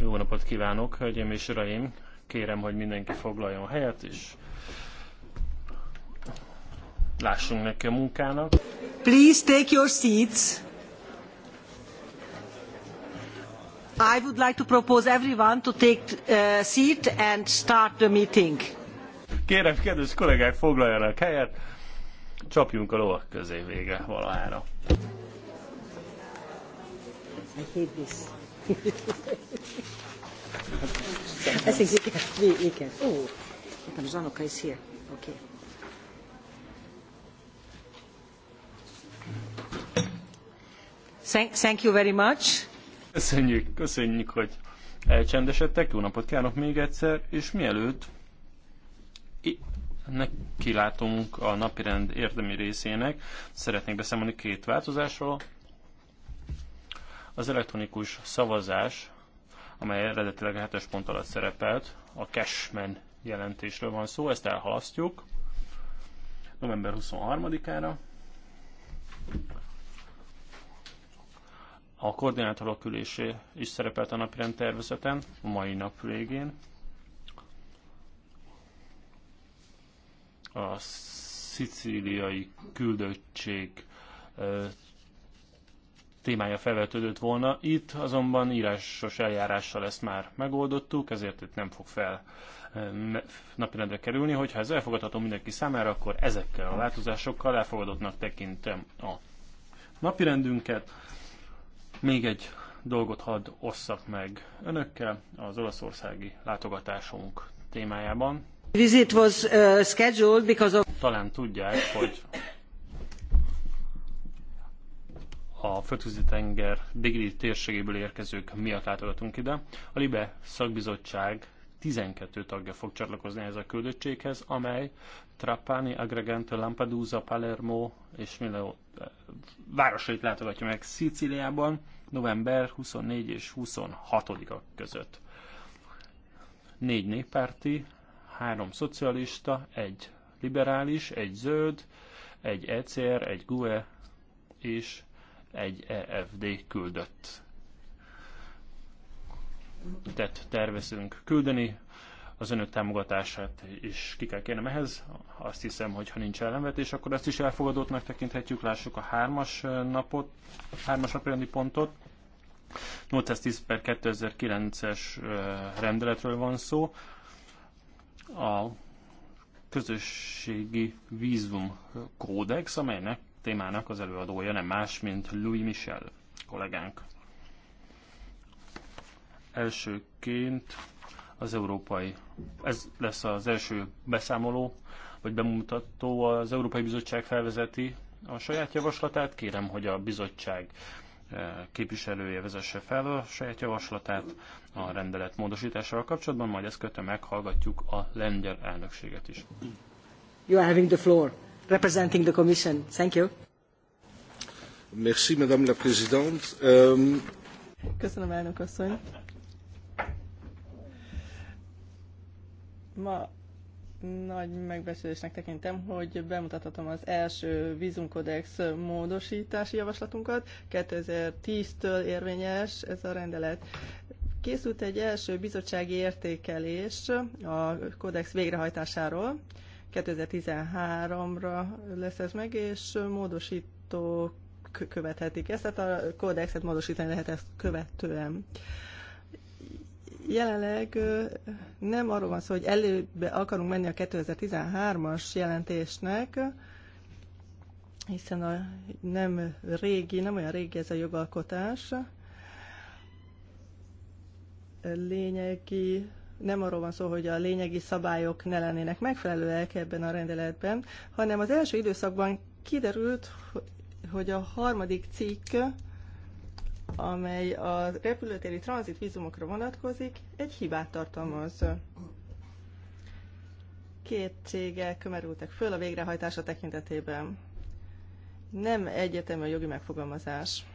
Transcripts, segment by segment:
Jó napot kívánok, hölgyeim és uraim! Kérem, hogy mindenki foglaljon helyet, és lássunk neki a munkának. Please take your seats. I would like to propose everyone to take a uh, seat and start the meeting. Kérem, kedves kollégák, foglaljanak helyet, csapjunk a lovak közé végre valahára. I hate this. I think you can. We, we can. Oh, Zanoka is here. Okay. Thank, thank you very much. Köszönjük, köszönjük, hogy elcsendesedtek. Jó napot kívánok még egyszer, és mielőtt nekilátunk a napirend érdemi részének, szeretnék beszámolni két változásról. Az elektronikus szavazás, amely eredetileg a 7-es pont alatt szerepelt, a Cashman jelentésről van szó, ezt elhalasztjuk november 23-ára. A koordinátorok ülésé is szerepelt a napirend tervezeten, a mai nap végén. A szicíliai küldöttség témája felvetődött volna. Itt azonban írásos eljárással ezt már megoldottuk, ezért itt nem fog fel eh, napirendre kerülni. Hogyha ez elfogadható mindenki számára, akkor ezekkel a változásokkal elfogadottnak tekintem a napirendünket. Még egy dolgot hadd osszak meg önökkel az olaszországi látogatásunk témájában. Visit was, uh, scheduled because of... Talán tudják, hogy a földközi tenger déli térségéből érkezők miatt látogatunk ide. A LIBE szakbizottság 12 tagja fog csatlakozni ehhez a küldöttséghez, amely Trapani, Agrigento, Lampedusa, Palermo és Milano eh, városait látogatja meg Szicíliában november 24 és 26-a között. Négy néppárti, három szocialista, egy liberális, egy zöld, egy ECR, egy GUE és egy EFD küldött. Tehát tervezünk küldeni, az önök támogatását is ki kell kérnem ehhez. Azt hiszem, hogy ha nincs ellenvetés, akkor ezt is elfogadottnak tekinthetjük. Lássuk a hármas napot, hármas napirendi pontot. 810 per 2009-es rendeletről van szó. A közösségi vízum kódex, amelynek témának az előadója nem más, mint Louis Michel kollégánk. Elsőként az európai, ez lesz az első beszámoló, vagy bemutató, az Európai Bizottság felvezeti a saját javaslatát. Kérem, hogy a bizottság eh, képviselője vezesse fel a saját javaslatát a rendelet módosításával kapcsolatban, majd ezt kötve meghallgatjuk a lengyel elnökséget is. You are having the floor representing the Commission. Thank you. Merci, Madame la Présidente. Um... Köszönöm, elnök asszony. Ma nagy megbeszélésnek tekintem, hogy bemutathatom az első vízumkodex módosítási javaslatunkat. 2010-től érvényes ez a rendelet. Készült egy első bizottsági értékelés a kodex végrehajtásáról, 2013-ra lesz ez meg, és módosítók követhetik ezt, tehát a kódexet módosítani lehet ezt követően. Jelenleg nem arról van szó, hogy előbb akarunk menni a 2013-as jelentésnek, hiszen a nem régi, nem olyan régi ez a jogalkotás. Lényegi nem arról van szó, hogy a lényegi szabályok ne lennének megfelelőek ebben a rendeletben, hanem az első időszakban kiderült, hogy a harmadik cikk, amely a repülőtéri tranzitvízumokra vonatkozik, egy hibát tartalmaz. Két Kétségek kömerültek föl a végrehajtása tekintetében. Nem egyetemű a jogi megfogalmazás.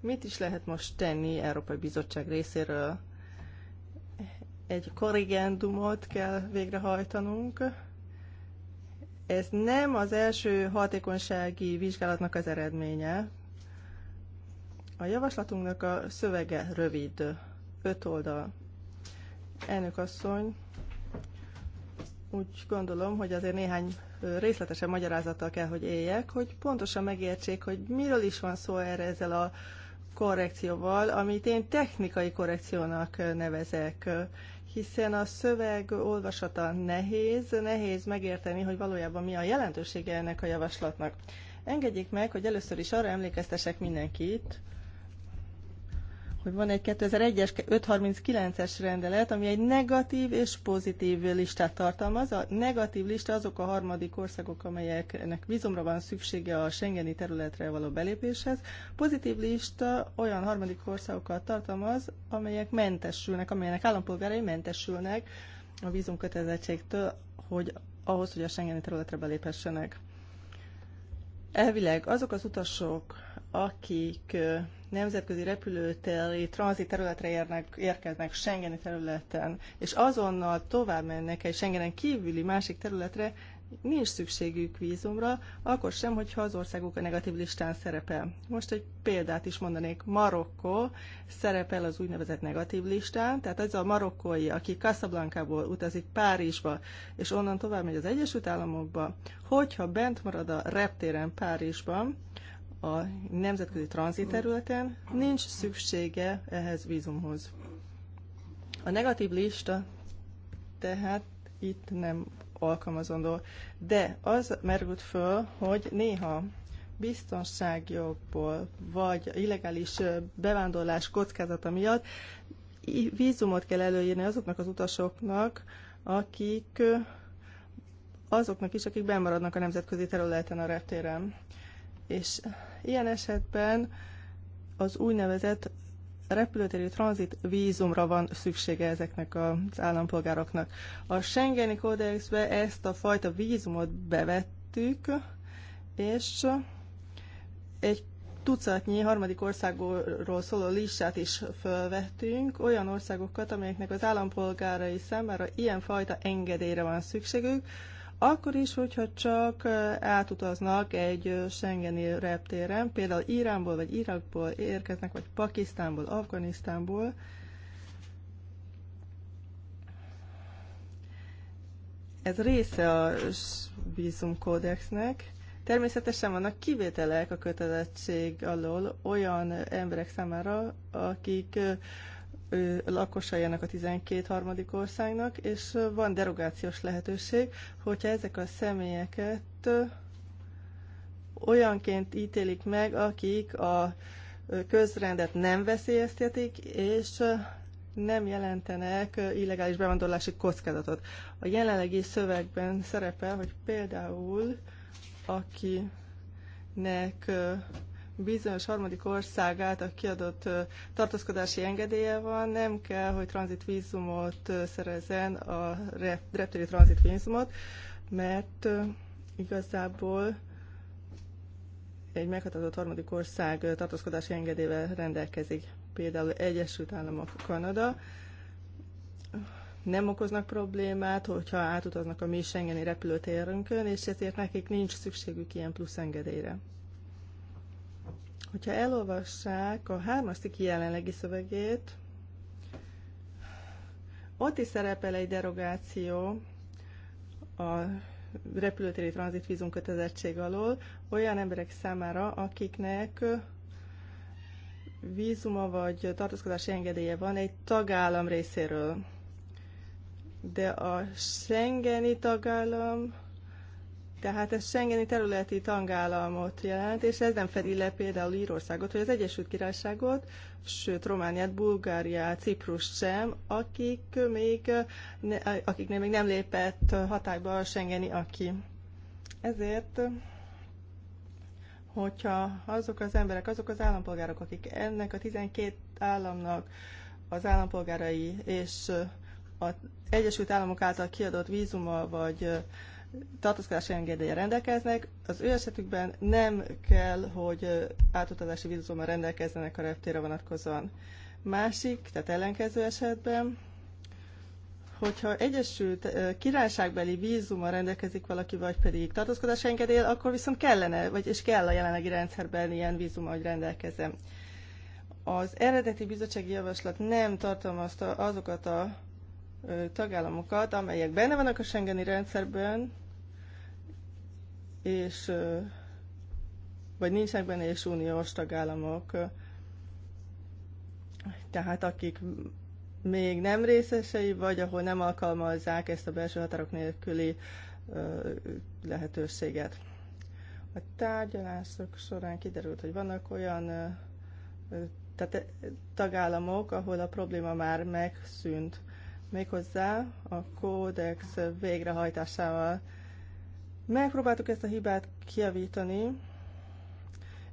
Mit is lehet most tenni Európai Bizottság részéről? egy korrigendumot kell végrehajtanunk. Ez nem az első hatékonysági vizsgálatnak az eredménye. A javaslatunknak a szövege rövid, öt oldal. Elnök asszony, úgy gondolom, hogy azért néhány részletesen magyarázattal kell, hogy éljek, hogy pontosan megértsék, hogy miről is van szó erre ezzel a korrekcióval, amit én technikai korrekciónak nevezek hiszen a szöveg olvasata nehéz, nehéz megérteni, hogy valójában mi a jelentősége ennek a javaslatnak. Engedjék meg, hogy először is arra emlékeztesek mindenkit, hogy van egy 2001-es 539-es rendelet, ami egy negatív és pozitív listát tartalmaz. A negatív lista azok a harmadik országok, amelyeknek vízumra van szüksége a Schengeni területre való belépéshez. Pozitív lista olyan harmadik országokat tartalmaz, amelyek mentesülnek, amelyek állampolgárai mentesülnek a vízum kötelezettségtől, hogy ahhoz, hogy a Schengeni területre beléphessenek. Elvileg azok az utasok, akik nemzetközi repülőtéri tranzit területre érnek, érkeznek Schengeni területen, és azonnal tovább mennek egy Schengenen kívüli másik területre, nincs szükségük vízumra, akkor sem, hogyha az országuk a negatív listán szerepel. Most egy példát is mondanék. Marokkó szerepel az úgynevezett negatív listán, tehát ez a marokkói, aki Casablanca-ból utazik Párizsba, és onnan tovább megy az Egyesült Államokba, hogyha bent marad a reptéren Párizsban, a nemzetközi területen nincs szüksége ehhez vízumhoz. A negatív lista tehát itt nem alkalmazandó, de az merült föl, hogy néha biztonságjogból vagy illegális bevándorlás kockázata miatt vízumot kell előírni azoknak az utasoknak, akik azoknak is, akik bemaradnak a nemzetközi területen a reptéren és ilyen esetben az úgynevezett repülőtéri tranzit vízumra van szüksége ezeknek az állampolgároknak. A Schengeni Kódexbe ezt a fajta vízumot bevettük, és egy tucatnyi harmadik országról szóló listát is felvettünk olyan országokat, amelyeknek az állampolgárai számára ilyen fajta engedélyre van szükségük, akkor is, hogyha csak átutaznak egy Schengeni reptéren, például Iránból vagy Irakból érkeznek, vagy Pakisztánból, Afganisztánból, ez része a vízumkódexnek. Természetesen vannak kivételek a kötelezettség alól olyan emberek számára, akik lakosai ennek a 12 harmadik országnak, és van derogációs lehetőség, hogyha ezek a személyeket olyanként ítélik meg, akik a közrendet nem veszélyeztetik, és nem jelentenek illegális bevándorlási kockázatot. A jelenlegi szövegben szerepel, hogy például akinek bizonyos harmadik ország által kiadott tartózkodási engedélye van, nem kell, hogy tranzitvízumot szerezen, a reptéri tranzitvízumot, mert igazából egy meghatározott harmadik ország tartózkodási engedélyvel rendelkezik, például Egyesült Államok, Kanada, nem okoznak problémát, hogyha átutaznak a mi Schengeni repülőtérünkön, és ezért nekik nincs szükségük ilyen plusz engedélyre. Hogyha elolvassák a hármasztik jelenlegi szövegét, ott is szerepel egy derogáció a repülőtéri tranzitvízum kötelezettség alól olyan emberek számára, akiknek vízuma vagy tartózkodási engedélye van egy tagállam részéről. De a Schengeni tagállam tehát ez Schengeni területi tangállamot jelent, és ez nem fedi le például Írországot, vagy az Egyesült Királyságot, sőt Romániát, Bulgáriát, Ciprus sem, akik még, akiknél még nem lépett hatályba a Schengeni aki. Ezért hogyha azok az emberek, azok az állampolgárok, akik ennek a 12 államnak az állampolgárai és az Egyesült Államok által kiadott vízuma vagy tartózkodási engedélye rendelkeznek, az ő esetükben nem kell, hogy átutazási vízummal rendelkezzenek a reptére vonatkozóan. Másik, tehát ellenkező esetben, hogyha Egyesült Királyságbeli vízummal rendelkezik valaki, vagy pedig tartózkodási engedély, akkor viszont kellene, vagy és kell a jelenlegi rendszerben ilyen vízummal, hogy rendelkezem. Az eredeti bizottsági javaslat nem tartalmazta azokat a tagállamokat, amelyek benne vannak a Schengeni rendszerben, és vagy nincsenek benne, és uniós tagállamok. Tehát akik még nem részesei, vagy ahol nem alkalmazzák ezt a belső határok nélküli lehetőséget. A tárgyalások során kiderült, hogy vannak olyan tehát tagállamok, ahol a probléma már megszűnt. Méghozzá a kódex végrehajtásával Megpróbáltuk ezt a hibát kiavítani,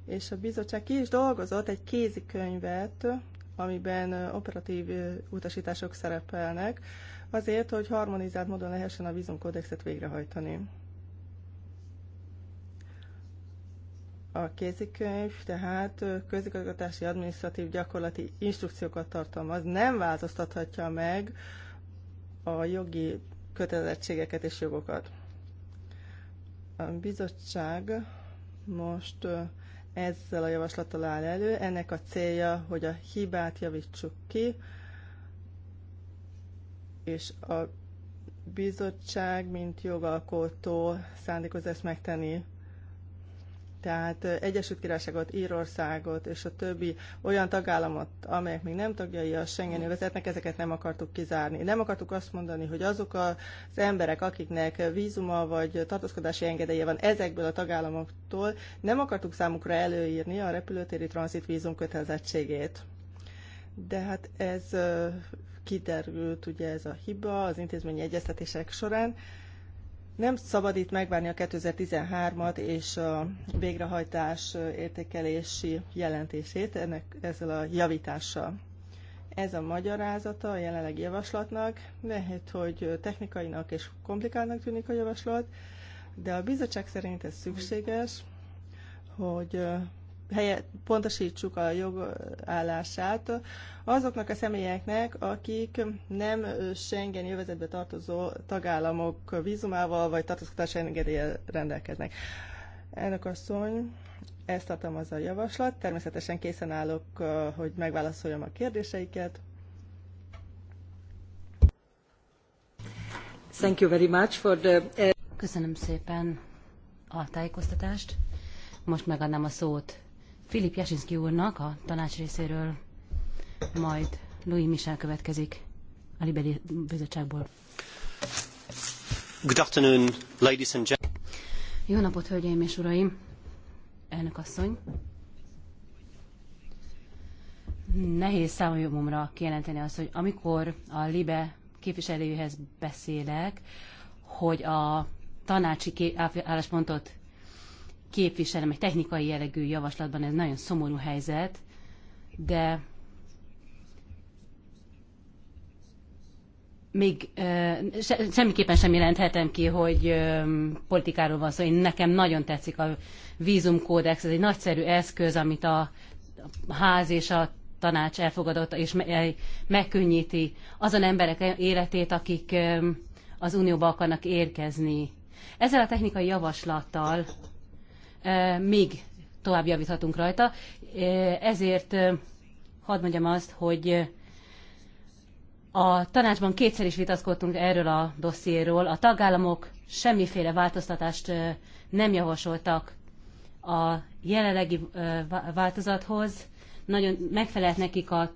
és a bizottság ki is dolgozott egy kézikönyvet, amiben operatív utasítások szerepelnek, azért, hogy harmonizált módon lehessen a vízumkódexet végrehajtani. A kézikönyv tehát közigazgatási adminisztratív gyakorlati instrukciókat tartalmaz, nem változtathatja meg a jogi kötelezettségeket és jogokat. A bizottság most ezzel a javaslattal áll elő. Ennek a célja, hogy a hibát javítsuk ki, és a bizottság, mint jogalkotó szándékoz ezt megtenni. Tehát Egyesült Királyságot, Írországot és a többi olyan tagállamot, amelyek még nem tagjai a Schengen övezetnek, ezeket nem akartuk kizárni. Nem akartuk azt mondani, hogy azok az emberek, akiknek vízuma vagy tartózkodási engedélye van ezekből a tagállamoktól, nem akartuk számukra előírni a repülőtéri tranzitvízum kötelezettségét. De hát ez kiderült, ugye ez a hiba az intézményi egyeztetések során, nem szabad itt megvárni a 2013-at és a végrehajtás értékelési jelentését ennek, ezzel a javítással. Ez a magyarázata a jelenlegi javaslatnak. Lehet, hogy technikainak és komplikálnak tűnik a javaslat, de a bizottság szerint ez szükséges, hogy helye, pontosítsuk a jogállását azoknak a személyeknek, akik nem Schengen jövezetbe tartozó tagállamok vízumával vagy tartozkodási engedéllyel rendelkeznek. Elnök asszony, ezt tartalmazza a javaslat. Természetesen készen állok, uh, hogy megválaszoljam a kérdéseiket. Thank you very much for the... Uh, Köszönöm szépen a tájékoztatást. Most megadnám a szót Filip Jasinski úrnak a tanács részéről, majd Louis Michel következik a Libeli Bizottságból. Good afternoon, ladies and gentlemen. Jó napot, hölgyeim és uraim! Elnök asszony! Nehéz számomra kijelenteni azt, hogy amikor a LIBE képviselőjéhez beszélek, hogy a tanácsi álláspontot képviselem egy technikai jellegű javaslatban, ez nagyon szomorú helyzet, de még se, semmiképpen sem jelenthetem ki, hogy politikáról van szó. Én nekem nagyon tetszik a vízumkódex, ez egy nagyszerű eszköz, amit a ház és a tanács elfogadott, és megkönnyíti azon emberek életét, akik az Unióba akarnak érkezni. Ezzel a technikai javaslattal még tovább javíthatunk rajta. Ezért hadd mondjam azt, hogy a tanácsban kétszer is vitatkoztunk erről a dossziéről. A tagállamok semmiféle változtatást nem javasoltak a jelenlegi változathoz. Nagyon megfelelt nekik a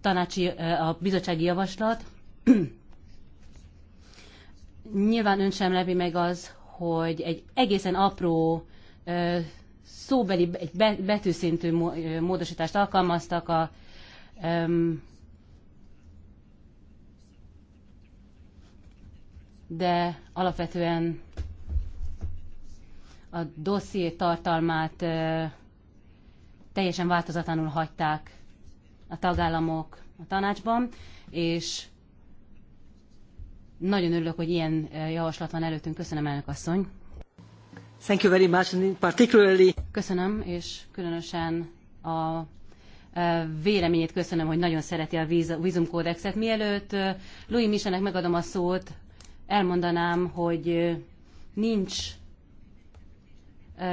tanácsi, a bizottsági javaslat. Nyilván ön sem lepi meg az, hogy egy egészen apró szóbeli, egy betűszintű módosítást alkalmaztak a de alapvetően a dosszié tartalmát teljesen változatlanul hagyták a tagállamok a tanácsban, és nagyon örülök, hogy ilyen eh, javaslat van előttünk. Köszönöm, elnök asszony. Thank you very much, and particularly... Köszönöm, és különösen a eh, véleményét köszönöm, hogy nagyon szereti a vízumkódexet. Mielőtt eh, Louis Michenek megadom a szót, elmondanám, hogy nincs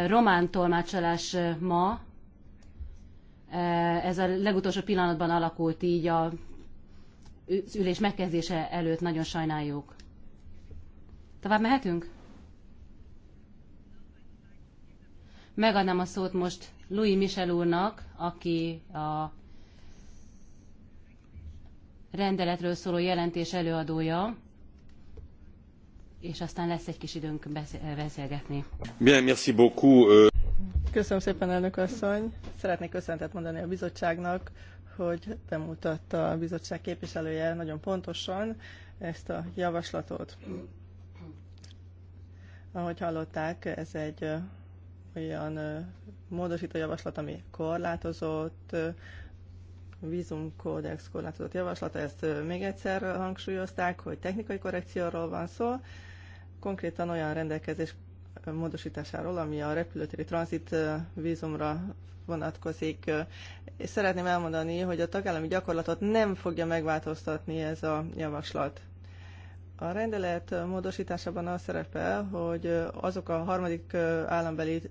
román tolmácsolás ma. Ez a legutolsó pillanatban alakult így a az ülés megkezdése előtt nagyon sajnáljuk. Tovább mehetünk? Megadnám a szót most Louis Michel úrnak, aki a rendeletről szóló jelentés előadója, és aztán lesz egy kis időnk beszélgetni. Bien, merci beaucoup. Euh. Köszönöm szépen, elnök asszony. Szeretnék köszöntet mondani a bizottságnak hogy bemutatta a bizottság képviselője nagyon pontosan ezt a javaslatot. Ahogy hallották, ez egy olyan módosító javaslat, ami korlátozott, vízumkódex korlátozott javaslat, ezt még egyszer hangsúlyozták, hogy technikai korrekcióról van szó, konkrétan olyan rendelkezés módosításáról, ami a repülőtéri tranzit vízumra vonatkozik. És szeretném elmondani, hogy a tagállami gyakorlatot nem fogja megváltoztatni ez a javaslat. A rendelet módosításában az szerepel, hogy azok a harmadik állambeli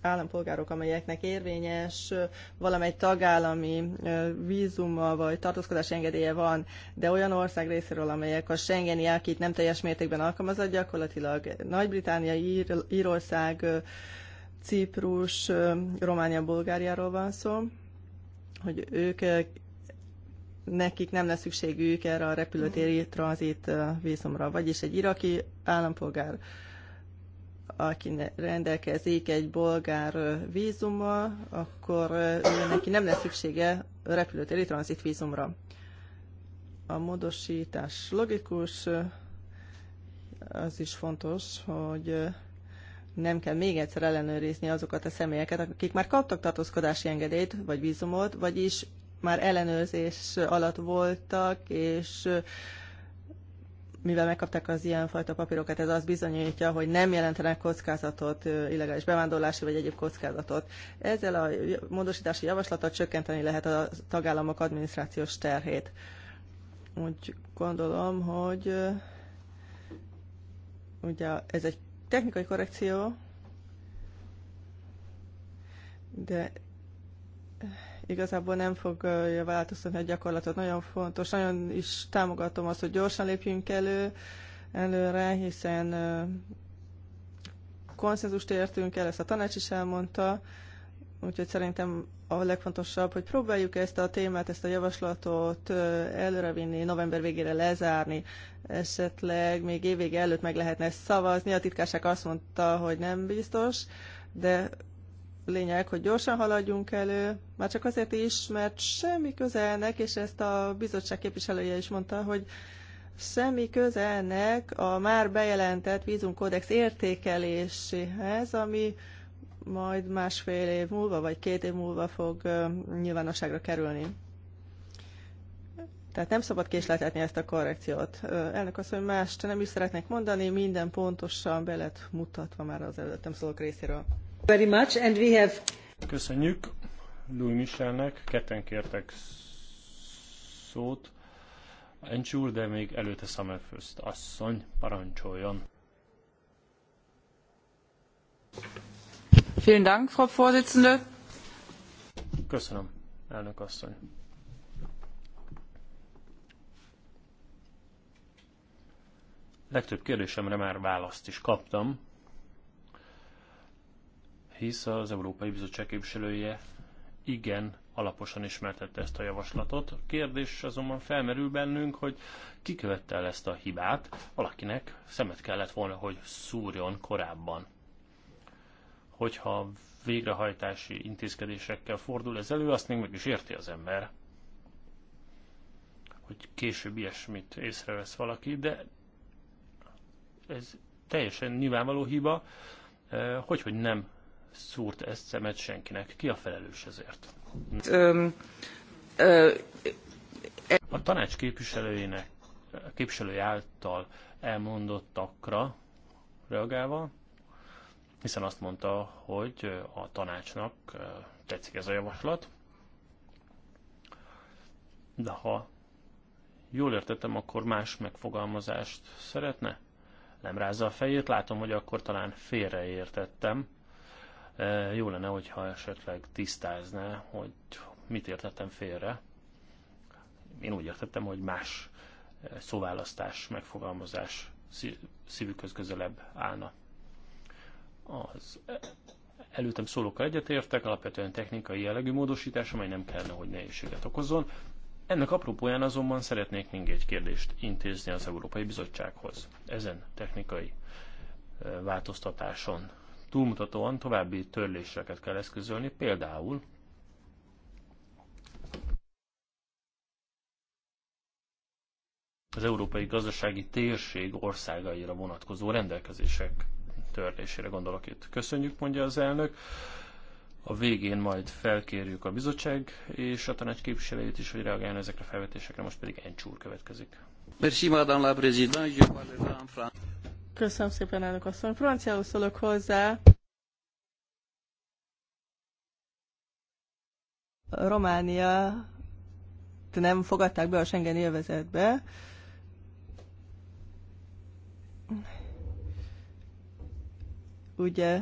állampolgárok, amelyeknek érvényes valamely tagállami vízuma vagy tartózkodási engedélye van, de olyan ország részéről, amelyek a Schengeni akit nem teljes mértékben alkalmazott, gyakorlatilag Nagy-Britannia, Ír- Írország, Ciprus, Románia, Bulgáriáról van szó, hogy ők nekik nem lesz szükségük erre a repülőtéri mhm. tranzit vízumra, vagyis egy iraki állampolgár, aki rendelkezik egy bolgár vízummal, akkor neki nem lesz szüksége repülőtéri tranzit vízumra. A módosítás logikus, az is fontos, hogy nem kell még egyszer ellenőrizni azokat a személyeket, akik már kaptak tartózkodási engedélyt, vagy vízumot, vagyis már ellenőrzés alatt voltak, és mivel megkapták az ilyenfajta papírokat, ez azt bizonyítja, hogy nem jelentenek kockázatot, illegális bevándorlási vagy egyéb kockázatot. Ezzel a módosítási javaslattal csökkenteni lehet a tagállamok adminisztrációs terhét. Úgy gondolom, hogy ugye ez egy technikai korrekció, de eh, igazából nem fogja eh, változtatni a gyakorlatot. Nagyon fontos, nagyon is támogatom azt, hogy gyorsan lépjünk elő, előre, hiszen eh, konszenzust értünk el, ezt a tanács is elmondta, Úgyhogy szerintem a legfontosabb, hogy próbáljuk ezt a témát, ezt a javaslatot előrevinni, november végére lezárni. Esetleg még évvége előtt meg lehetne ezt szavazni. A titkárság azt mondta, hogy nem biztos, de lényeg, hogy gyorsan haladjunk elő, már csak azért is, mert semmi közelnek, és ezt a bizottság képviselője is mondta, hogy semmi közelnek a már bejelentett vízumkódex értékeléséhez, ami majd másfél év múlva, vagy két év múlva fog nyilvánosságra kerülni. Tehát nem szabad késletetni ezt a korrekciót. Elnök azt, más, mást nem is szeretnék mondani, minden pontosan be lett mutatva már az előttem szólók részéről. Very much, and we have... Köszönjük Louis Michelnek, ketten kértek szót. Encsúr, de még előtte Summerfest asszony parancsoljon. Frau Köszönöm, elnök asszony. Legtöbb kérdésemre már választ is kaptam, hisz az Európai Bizottság képviselője igen alaposan ismertette ezt a javaslatot. A kérdés azonban felmerül bennünk, hogy ki követte el ezt a hibát, valakinek szemet kellett volna, hogy szúrjon korábban hogyha végrehajtási intézkedésekkel fordul ez elő, azt még meg is érti az ember, hogy később ilyesmit észrevesz valaki, de ez teljesen nyilvánvaló hiba, eh, hogy, hogy nem szúrt ezt szemet senkinek. Ki a felelős ezért? E- a tanács képviselőjének, képviselői által elmondottakra reagálva, hiszen azt mondta, hogy a tanácsnak tetszik ez a javaslat. De ha jól értettem, akkor más megfogalmazást szeretne? Nem rázza a fejét, látom, hogy akkor talán félreértettem. Jó lenne, hogyha esetleg tisztázná, hogy mit értettem félre. Én úgy értettem, hogy más szóválasztás, megfogalmazás szívük közelebb állna. Az előttem szólókkal egyetértek, alapvetően technikai jellegű módosítás, amely nem kellene, hogy nehézséget okozzon. Ennek apropóján azonban szeretnék még egy kérdést intézni az Európai Bizottsághoz. Ezen technikai e, változtatáson túlmutatóan további törléseket kell eszközölni, például az európai gazdasági térség országaira vonatkozó rendelkezések törlésére gondolok itt. Köszönjük, mondja az elnök. A végén majd felkérjük a bizottság és a tanács képviselőjét is, hogy reagáljon ezekre a felvetésekre, most pedig Encsúr következik. Merci, madame la présidente. Köszönöm szépen, elnök asszony. Franciául szólok hozzá. Románia nem fogadták be a Schengen élvezetbe, ugye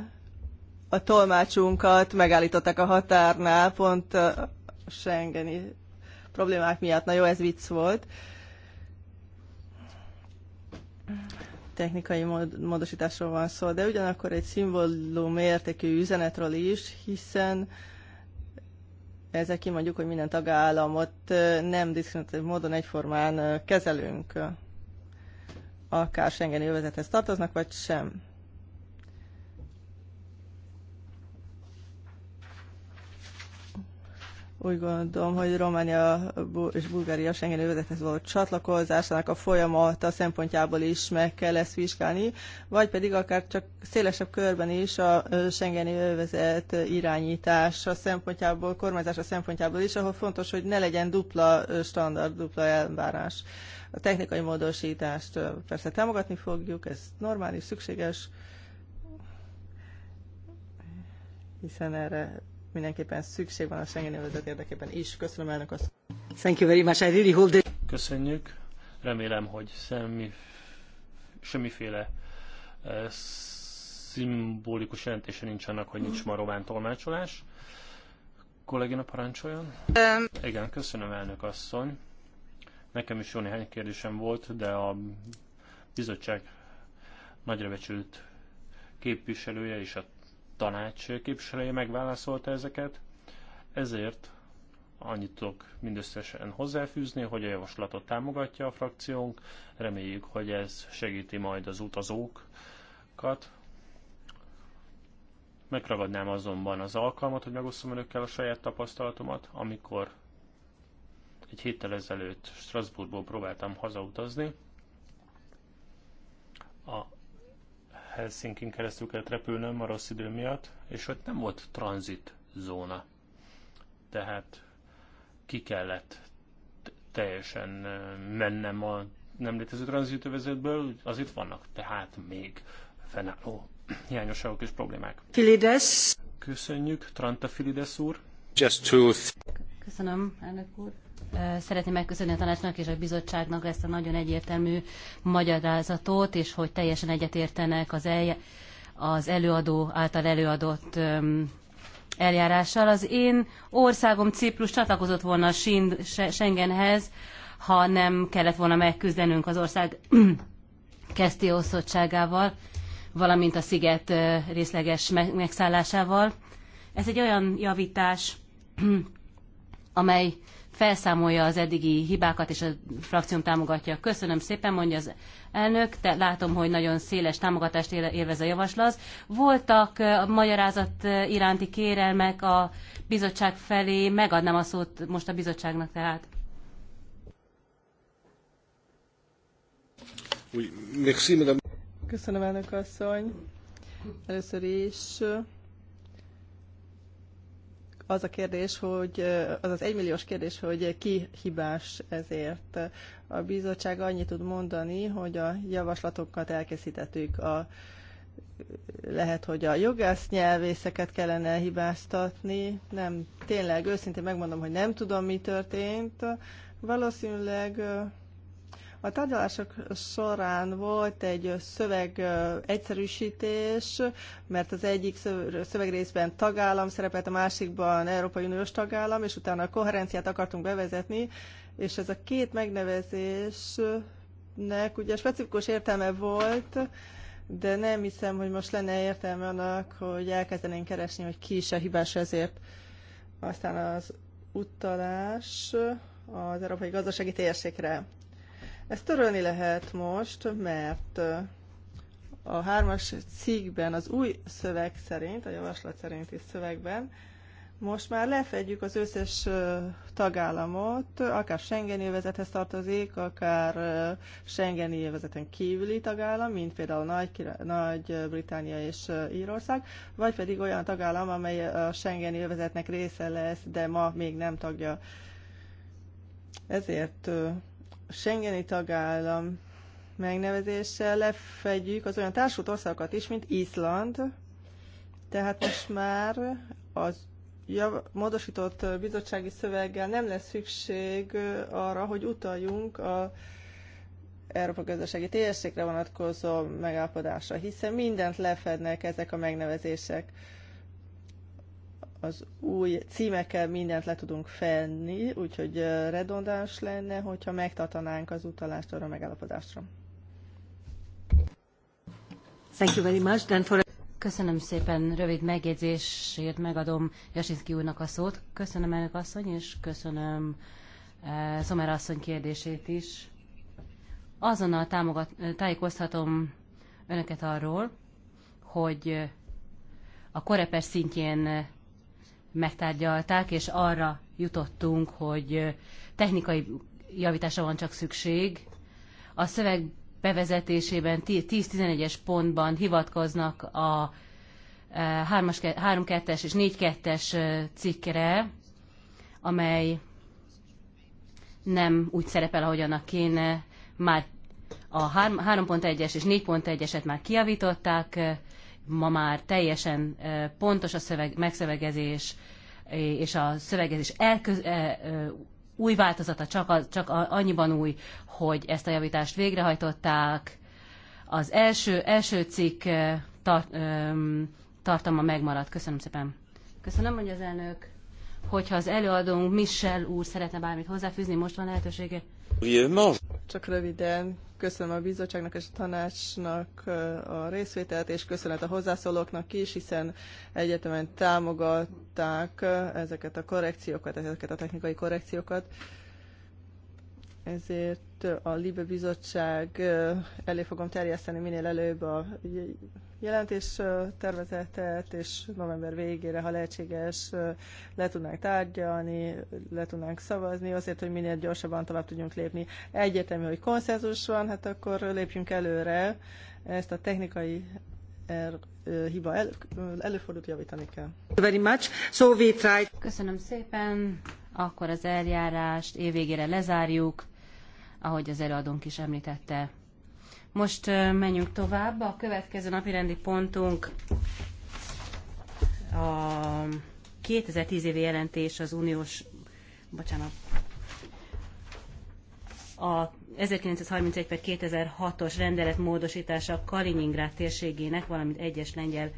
a tolmácsunkat megállították a határnál, pont a Schengeni problémák miatt. Na jó, ez vicc volt. Technikai mód, módosításról van szó, de ugyanakkor egy szimbólum értékű üzenetről is, hiszen ki kimondjuk, hogy minden tagállamot nem diszkriminatív módon egyformán kezelünk, akár Schengeni övezethez tartoznak, vagy sem. Úgy gondolom, hogy Románia és Bulgária Schengen övezethez való csatlakozásának a folyamata szempontjából is meg kell ezt vizsgálni, vagy pedig akár csak szélesebb körben is a Schengeni övezet irányítása szempontjából, kormányzása szempontjából is, ahol fontos, hogy ne legyen dupla standard, dupla elvárás. A technikai módosítást persze támogatni fogjuk, ez normális, szükséges, hiszen erre mindenképpen szükség van a Schengen övezet érdekében is. Köszönöm elnök azt. Thank you very much. I really hold it. Köszönjük. Remélem, hogy semmi, semmiféle uh, szimbolikus jelentése nincs annak, hogy nincs ma román tolmácsolás. Kollégina parancsoljon. Um. Igen, köszönöm elnök asszony. Nekem is jó néhány kérdésem volt, de a bizottság nagyra becsült képviselője és a tanács képviselője megválaszolta ezeket, ezért annyit tudok mindösszesen hozzáfűzni, hogy a javaslatot támogatja a frakciónk, reméljük, hogy ez segíti majd az utazókat. Megragadnám azonban az alkalmat, hogy megosztom önökkel a saját tapasztalatomat, amikor egy héttel ezelőtt Strasbourgból próbáltam hazautazni. A Helsinkin keresztül kellett repülnöm a rossz idő miatt, és ott nem volt tranzit zóna. Tehát ki kellett teljesen mennem a nem létező tranzitövezetből, itt vannak tehát még fennálló hiányosságok és problémák. Filides. Köszönjük, Tranta Filides úr. Just truth. Köszönöm, elnök úr szeretném megköszönni a tanácsnak és a bizottságnak ezt a nagyon egyértelmű magyarázatot, és hogy teljesen egyetértenek az, el, az előadó által előadott eljárással. Az én országom Ciprus csatlakozott volna a Schengenhez, ha nem kellett volna megküzdenünk az ország keszti osztottságával, valamint a sziget részleges megszállásával. Ez egy olyan javítás, amely felszámolja az eddigi hibákat, és a frakcióm támogatja. Köszönöm szépen, mondja az elnök. Te, látom, hogy nagyon széles támogatást élvez a javaslat. Voltak a magyarázat iránti kérelmek a bizottság felé. Megadnám a szót most a bizottságnak tehát. Köszönöm, elnök asszony. Először is az a kérdés, hogy az az egymilliós kérdés, hogy ki hibás ezért. A bizottság annyit tud mondani, hogy a javaslatokat elkészítettük. A, lehet, hogy a jogász nyelvészeket kellene hibáztatni. Nem, tényleg, őszintén megmondom, hogy nem tudom, mi történt. Valószínűleg a tárgyalások során volt egy szöveg egyszerűsítés, mert az egyik szövegrészben tagállam szerepelt, a másikban Európai Uniós tagállam, és utána a koherenciát akartunk bevezetni, és ez a két megnevezésnek ugye specifikus értelme volt, de nem hiszem, hogy most lenne értelme annak, hogy elkezdenénk keresni, hogy ki is a hibás ezért. Aztán az utalás az Európai Gazdasági Térségre. Ezt törölni lehet most, mert a hármas cikkben, az új szöveg szerint, a javaslat szerinti szövegben, most már lefedjük az összes tagállamot, akár Schengen élvezethez tartozik, akár Schengen élvezeten kívüli tagállam, mint például Nagy- Nagy-Britannia és Írország, vagy pedig olyan tagállam, amely a Schengen élvezetnek része lesz, de ma még nem tagja. Ezért Schengeni tagállam megnevezéssel lefedjük az olyan társult országokat is, mint Izland. Tehát most már az jav, módosított bizottsági szöveggel nem lesz szükség arra, hogy utaljunk a Európa Gazdasági Térségre vonatkozó megállapodásra, hiszen mindent lefednek ezek a megnevezések az új címekkel mindent le tudunk fenni, úgyhogy redondáns lenne, hogyha megtartanánk az utalást arra a megállapodásra. Thank you very much. Then for... Köszönöm szépen, rövid megjegyzésért megadom Jasinski úrnak a szót. Köszönöm elnök asszony, és köszönöm uh, Szomer asszony kérdését is. Azonnal támogat, tájékoztatom önöket arról, hogy a korepes szintjén megtárgyalták, és arra jutottunk, hogy technikai javításra van csak szükség. A szöveg bevezetésében 10-11-es pontban hivatkoznak a 3-2-es és 4-2-es cikkre, amely nem úgy szerepel, ahogy annak kéne. Már a 3.1-es és 4.1-eset már kiavították, ma már teljesen pontos a szöveg, megszövegezés, és a szövegezés elköz, új változata csak, a, csak annyiban új, hogy ezt a javítást végrehajtották. Az első, első cikk tart, tartalma megmaradt. Köszönöm szépen. Köszönöm, hogy az elnök. Hogyha az előadónk Michel úr szeretne bármit hozzáfűzni, most van lehetősége. Csak röviden köszönöm a bizottságnak és a tanácsnak a részvételt, és köszönet a hozzászólóknak is, hiszen egyetemen támogatták ezeket a korrekciókat, ezeket a technikai korrekciókat ezért a Libe Bizottság elé fogom terjeszteni minél előbb a jelentés tervezetet, és november végére, ha lehetséges, le tudnánk tárgyalni, le tudnánk szavazni, azért, hogy minél gyorsabban tovább tudjunk lépni. Egyetemű, hogy konszenzus van, hát akkor lépjünk előre. Ezt a technikai er, hiba el, előfordult, javítani kell. Very much. So we try. Köszönöm szépen. Akkor az eljárást évvégére lezárjuk ahogy az előadónk is említette. Most menjünk tovább. A következő napi rendi pontunk a 2010 évi jelentés az uniós, bocsánat, a 1931 per 2006-os rendelet módosítása Kaliningrád térségének, valamint egyes lengyel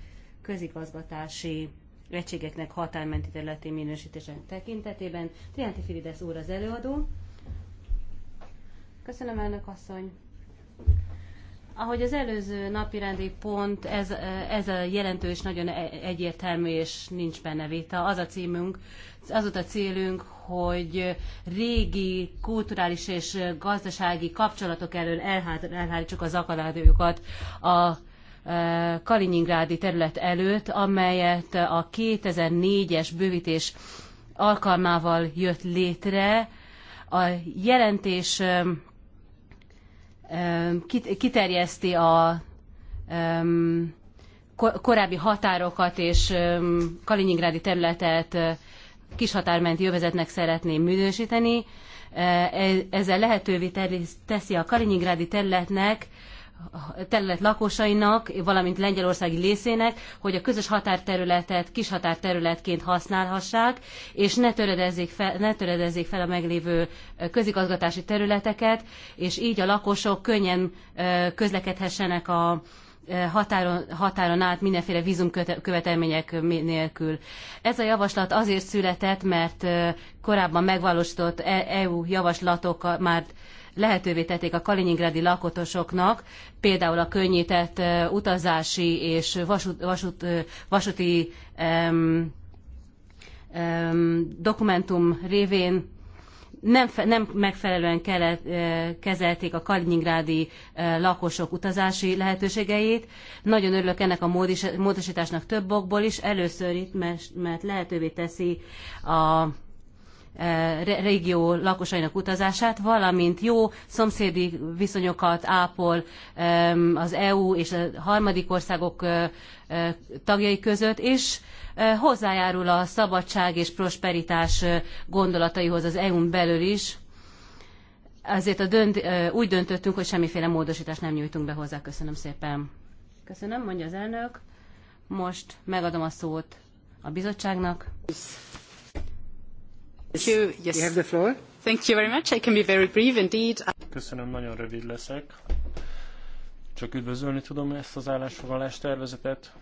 közigazgatási egységeknek határmenti területi minősítése tekintetében. Trianti Filides úr az előadó. Köszönöm, elnök asszony. Ahogy az előző napi rendi pont, ez, ez a jelentős nagyon e- egyértelmű, és nincs benne vita. Az a címünk, az a célunk, hogy régi kulturális és gazdasági kapcsolatok elől elhárítsuk az akadályokat a e, Kaliningrádi terület előtt, amelyet a 2004-es bővítés alkalmával jött létre. A jelentés e, kiterjeszti a korábbi határokat és Kaliningrádi területet kishatármenti jövezetnek szeretném minősíteni. E-, ezzel lehetővé teszi a Kaliningrádi területnek, terület lakosainak, valamint lengyelországi részének, hogy a közös határterületet kis határterületként használhassák, és ne töredezzék fel, ne töredezzék fel a meglévő közigazgatási területeket, és így a lakosok könnyen közlekedhessenek a határon, határon át mindenféle vízumkövetelmények nélkül. Ez a javaslat azért született, mert korábban megvalósított EU e javaslatok már lehetővé tették a kaliningradi lakotosoknak, például a könnyített utazási és vasút, vasút, vasúti um, um, dokumentum révén nem, nem megfelelően kellett, kezelték a kaliningrádi lakosok utazási lehetőségeit. Nagyon örülök ennek a módosításnak több okból is. Először itt, mert lehetővé teszi a Eh, régió lakosainak utazását, valamint jó szomszédi viszonyokat ápol az EU és a harmadik országok eh, eh, tagjai között, és hozzájárul a szabadság és prosperitás gondolataihoz az EU-n belül is. Ezért a dönt, úgy döntöttünk, hogy semmiféle módosítást nem nyújtunk be hozzá. Köszönöm szépen. Köszönöm, mondja az elnök. Most megadom a szót a bizottságnak. Köszönöm, nagyon rövid leszek. Csak üdvözölni tudom ezt az állásfoglalás tervezetet,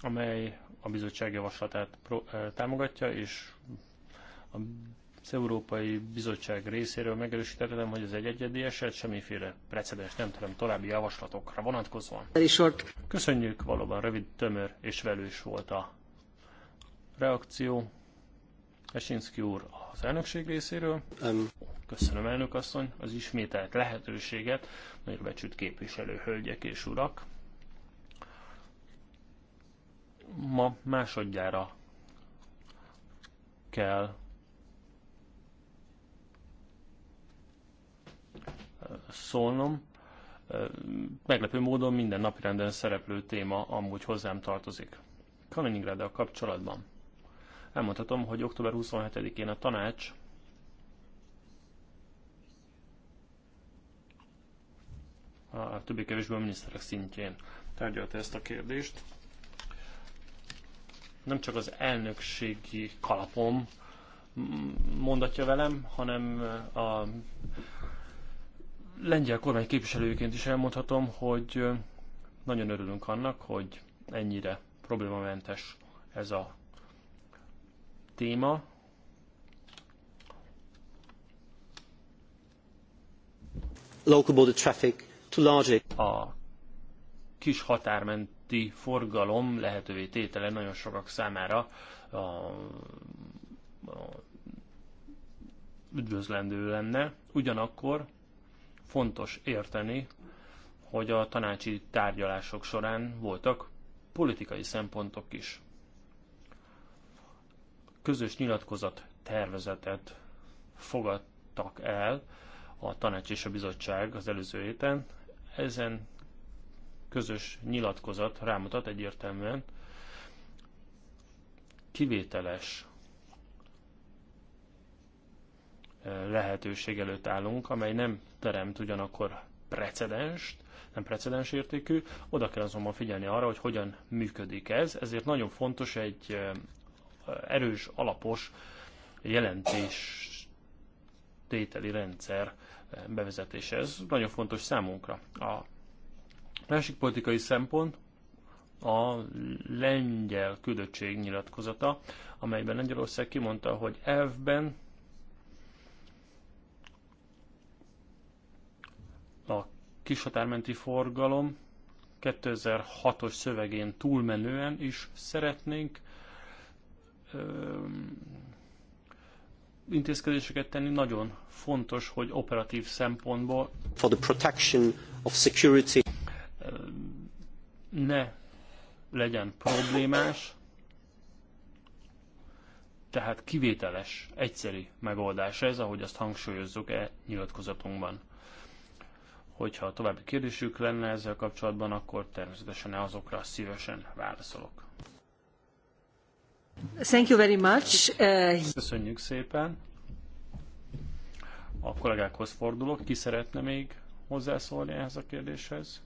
amely a bizottság javaslatát támogatja, és az Európai Bizottság részéről megerősítettem, hogy ez egy egyedi eset, semmiféle precedens nem terem további javaslatokra vonatkozóan. Köszönjük, valóban rövid, tömör és velős volt a reakció. Esinszki úr az elnökség részéről. Um. Köszönöm elnök asszony az ismételt lehetőséget, nagyon becsült képviselő hölgyek és urak. Ma másodjára kell eh, szólnom. Eh, meglepő módon minden napirenden szereplő téma amúgy hozzám tartozik. a kapcsolatban elmondhatom, hogy október 27-én a tanács a többé-kevésbé a miniszterek szintjén tárgyalta ezt a kérdést. Nem csak az elnökségi kalapom mondatja velem, hanem a lengyel kormány képviselőként is elmondhatom, hogy nagyon örülünk annak, hogy ennyire problémamentes ez a téma. Local border traffic to large... A kis határmenti forgalom lehetővé tétele nagyon sokak számára a, a, üdvözlendő lenne. Ugyanakkor fontos érteni, hogy a tanácsi tárgyalások során voltak politikai szempontok is közös nyilatkozat tervezetet fogadtak el a tanács és a bizottság az előző héten. Ezen közös nyilatkozat rámutat egyértelműen kivételes lehetőség előtt állunk, amely nem teremt ugyanakkor precedenst, nem precedens értékű, oda kell azonban figyelni arra, hogy hogyan működik ez, ezért nagyon fontos egy erős, alapos jelentés tételi rendszer bevezetése. Ez nagyon fontos számunkra. A másik politikai szempont a lengyel küldöttség nyilatkozata, amelyben Lengyelország kimondta, hogy elvben a kishatármenti forgalom 2006-os szövegén túlmenően is szeretnénk intézkedéseket tenni, nagyon fontos, hogy operatív szempontból For the protection of security. ne legyen problémás, tehát kivételes, egyszeri megoldás ez, ahogy azt hangsúlyozzuk e nyilatkozatunkban. Hogyha további kérdésük lenne ezzel kapcsolatban, akkor természetesen azokra szívesen válaszolok. Thank you very much. Uh, Köszönjük szépen. A kollégákhoz fordulok. Ki szeretne még hozzászólni ehhez a kérdéshez?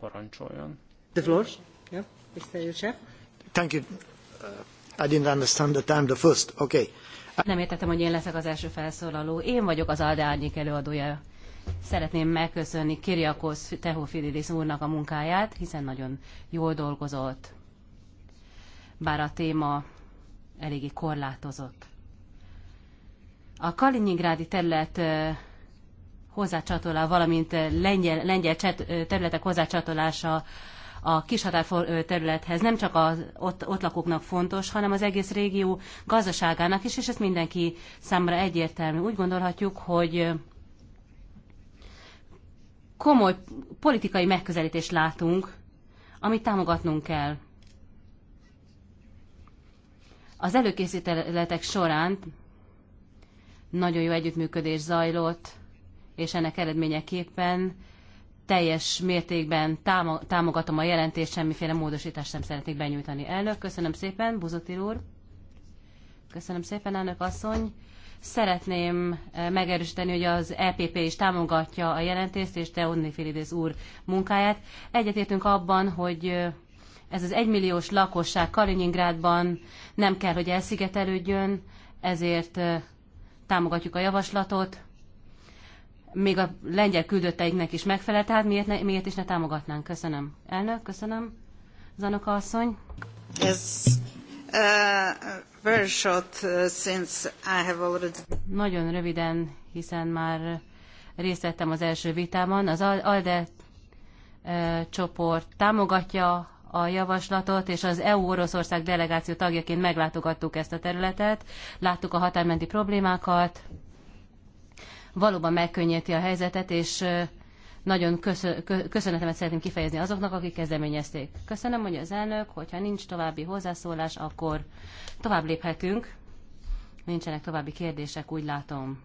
Parancsoljon. The floor. Yeah, Mr. Thank you. Uh, I didn't understand that I'm the first. Okay. Nem értettem, hogy én leszek az első felszólaló. Én vagyok az Alde Árnyék előadója. Szeretném megköszönni Kiriakos Tehofilidis úrnak a munkáját, hiszen nagyon jól dolgozott bár a téma eléggé korlátozott. A Kaliningrádi terület hozzácsatolá, valamint lengyel, lengyel területek hozzácsatolása a kishatár területhez nem csak az ott, ott lakóknak fontos, hanem az egész régió gazdaságának is, és ezt mindenki számára egyértelmű. Úgy gondolhatjuk, hogy komoly politikai megközelítést látunk, amit támogatnunk kell. Az előkészíteletek során nagyon jó együttműködés zajlott, és ennek eredményeképpen teljes mértékben támogatom a jelentést, semmiféle módosítást nem szeretnék benyújtani. Elnök, köszönöm szépen, Buzotil úr. Köszönöm szépen, elnök asszony. Szeretném eh, megerősíteni, hogy az EPP is támogatja a jelentést és Teodni Filidész úr munkáját. Egyetértünk abban, hogy eh, ez az egymilliós lakosság Kaliningrádban nem kell, hogy elszigetelődjön, ezért támogatjuk a javaslatot. Még a lengyel küldötteiknek is megfelelt, tehát miért, ne, miért is ne támogatnánk? Köszönöm. Elnök, köszönöm. Zanoka asszony. Yes. Uh, very short, uh, since I have already... Nagyon röviden, hiszen már részt vettem az első vitában. Az ALDE csoport támogatja a javaslatot, és az EU-Oroszország delegáció tagjaként meglátogattuk ezt a területet, láttuk a határmenti problémákat, valóban megkönnyíti a helyzetet, és nagyon köszönetemet szeretném kifejezni azoknak, akik kezdeményezték. Köszönöm, hogy az elnök, hogyha nincs további hozzászólás, akkor tovább léphetünk. Nincsenek további kérdések, úgy látom.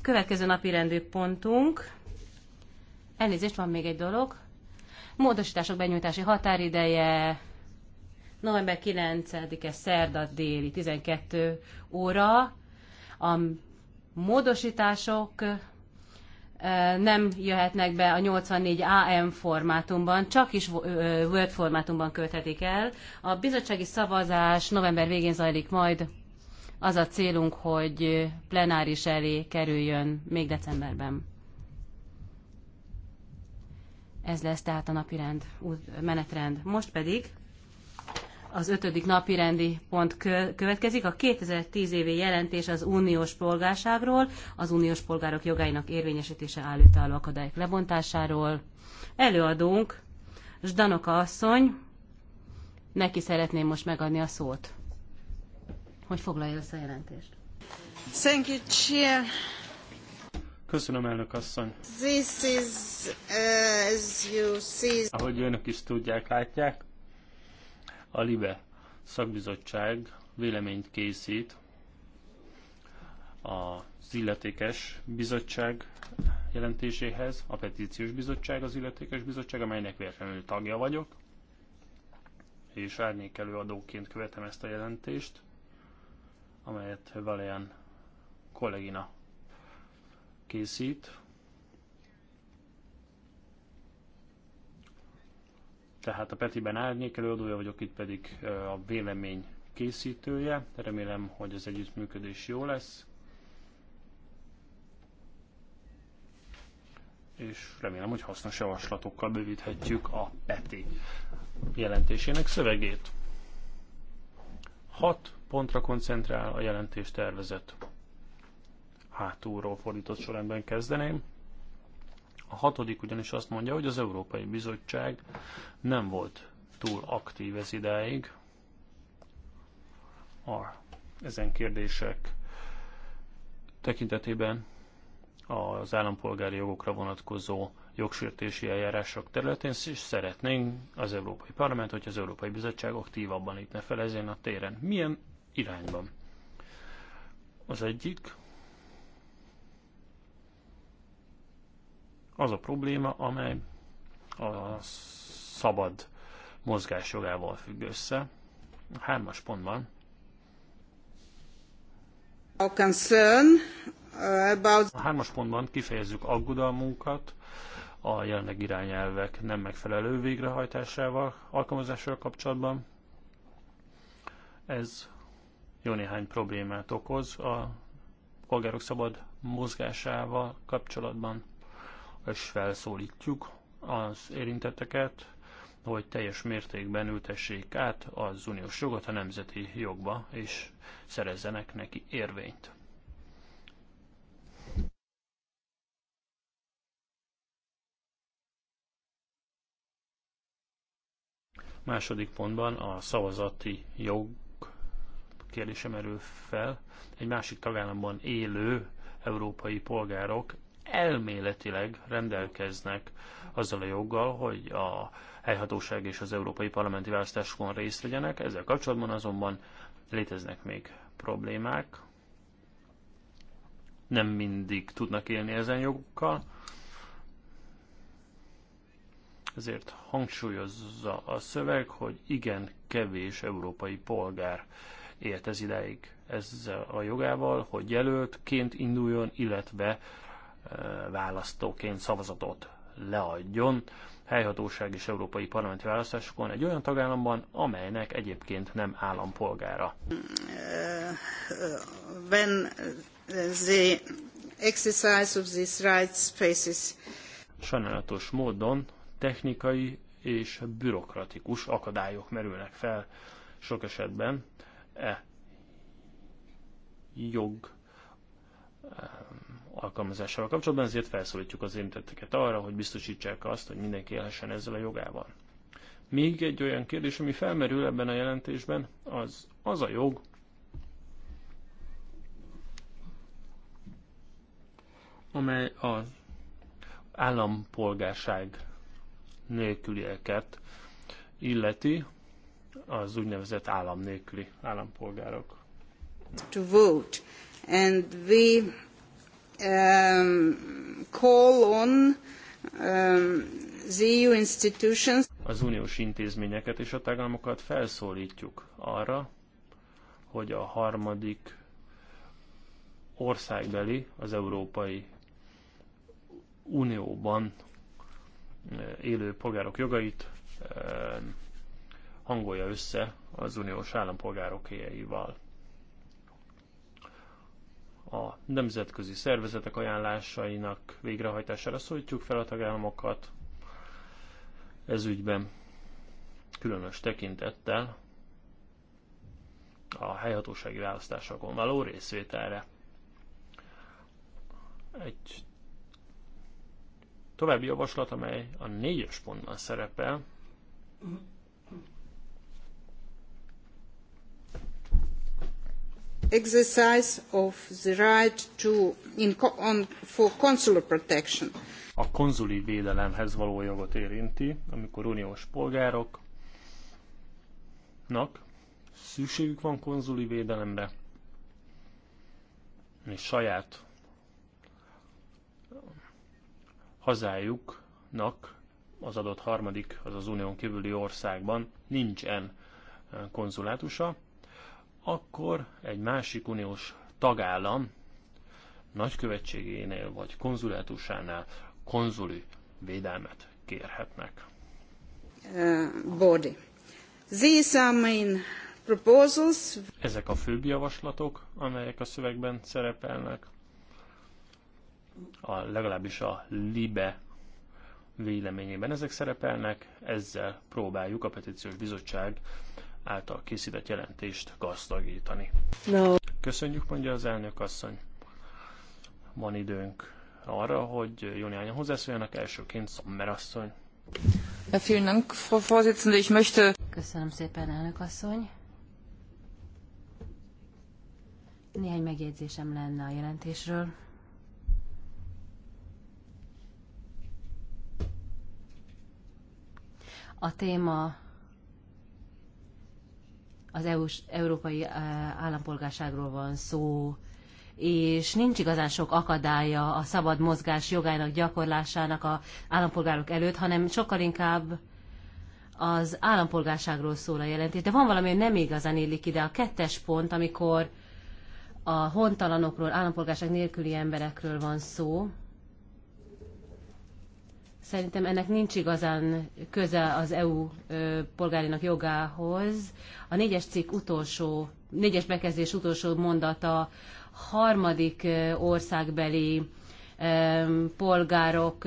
Következő napi rendű pontunk. Elnézést, van még egy dolog. Módosítások benyújtási határideje november 9-e szerda déli 12 óra. A módosítások nem jöhetnek be a 84 AM formátumban, csak is Word formátumban költhetik el. A bizottsági szavazás november végén zajlik majd. Az a célunk, hogy plenáris elé kerüljön még decemberben. Ez lesz tehát a napirend, menetrend. Most pedig az ötödik napirendi pont következik, a 2010 évi jelentés az uniós polgárságról, az uniós polgárok jogáinak érvényesítése állítáló akadályok lebontásáról. Előadónk Danoka asszony, neki szeretném most megadni a szót, hogy foglalja össze a jelentést. Thank you, Chair. Köszönöm, elnök asszony. This is, uh, as you see... Ahogy önök is tudják, látják, a LIBE szakbizottság véleményt készít az illetékes bizottság jelentéséhez, a petíciós bizottság az illetékes bizottság, amelynek véletlenül tagja vagyok, és árnyék előadóként követem ezt a jelentést, amelyet Valéan kollégina készít. Tehát a Petiben árnyék előadója vagyok, itt pedig a vélemény készítője. Remélem, hogy az együttműködés jó lesz. és remélem, hogy hasznos javaslatokkal bővíthetjük a PETI jelentésének szövegét. Hat pontra koncentrál a jelentés tervezet hátulról fordított sorrendben kezdeném. A hatodik ugyanis azt mondja, hogy az Európai Bizottság nem volt túl aktív ez idáig a ezen kérdések tekintetében az állampolgári jogokra vonatkozó jogsértési eljárások területén, és szeretnénk az Európai Parlament, hogy az Európai Bizottság aktívabban lépne fel ezen a téren. Milyen irányban? Az egyik, az a probléma, amely a szabad mozgás jogával függ össze. A hármas pontban. A concern uh, about... A hármas pontban kifejezzük aggodalmunkat a jelenleg irányelvek nem megfelelő végrehajtásával, alkalmazással kapcsolatban. Ez jó néhány problémát okoz a polgárok szabad mozgásával kapcsolatban és felszólítjuk az érintetteket, hogy teljes mértékben ültessék át az uniós jogot a nemzeti jogba, és szerezzenek neki érvényt. Második pontban a szavazati jog kérdése merül fel. Egy másik tagállamban élő európai polgárok elméletileg rendelkeznek azzal a joggal, hogy a helyhatóság és az európai parlamenti választásokon részt vegyenek. Ezzel kapcsolatban azonban léteznek még problémák. Nem mindig tudnak élni ezen jogokkal. Ezért hangsúlyozza a szöveg, hogy igen kevés európai polgár élt ez idáig ezzel a jogával, hogy jelöltként induljon, illetve választóként szavazatot leadjon helyhatóság és európai parlamenti választásokon egy olyan tagállamban, amelynek egyébként nem állampolgára. When the exercise of these rights faces Sajnálatos módon technikai és bürokratikus akadályok merülnek fel sok esetben e jog alkalmazásával kapcsolatban, ezért felszólítjuk az érintetteket arra, hogy biztosítsák azt, hogy mindenki élhessen ezzel a jogával. Még egy olyan kérdés, ami felmerül ebben a jelentésben, az az a jog, amely az állampolgárság nélkülieket illeti, az úgynevezett állam nélküli állampolgárok. To vote. And we um, call on um, the EU institutions. Az uniós intézményeket és a tagállamokat felszólítjuk arra, hogy a harmadik országbeli, az Európai Unióban eh, élő polgárok jogait eh, hangolja össze az uniós állampolgárokéjaival a nemzetközi szervezetek ajánlásainak végrehajtására szólítjuk fel a tagállamokat ez ügyben, különös tekintettel a helyhatósági választásokon való részvételre. Egy további javaslat, amely a négyes pontban szerepel, exercise of the right to in, on, for consular protection. A konzuli védelemhez való jogot érinti, amikor uniós polgároknak szükségük van konzuli védelemre, és saját hazájuknak az adott harmadik, az az unión kívüli országban nincsen konzulátusa, akkor egy másik uniós tagállam nagykövetségénél vagy konzulátusánál konzuli védelmet kérhetnek. Uh, body. These are main proposals. Ezek a főbb javaslatok, amelyek a szövegben szerepelnek. A, legalábbis a LIBE véleményében ezek szerepelnek, ezzel próbáljuk a petíciós bizottság által készített jelentést gazdagítani. No. Köszönjük, mondja az elnök asszony. Van időnk arra, hogy jó néhányan hozzászóljanak, elsőként Szommer asszony. Köszönöm szépen, elnök asszony. Néhány megjegyzésem lenne a jelentésről. A téma az EU-s, európai e, állampolgárságról van szó, és nincs igazán sok akadálya a szabad mozgás jogának gyakorlásának a állampolgárok előtt, hanem sokkal inkább az állampolgárságról szól a jelentés. De van valami, ami nem igazán illik ide. A kettes pont, amikor a hontalanokról, állampolgárság nélküli emberekről van szó, Szerintem ennek nincs igazán köze az EU polgárinak jogához. A négyes cikk utolsó, négyes bekezdés utolsó mondata harmadik országbeli polgárok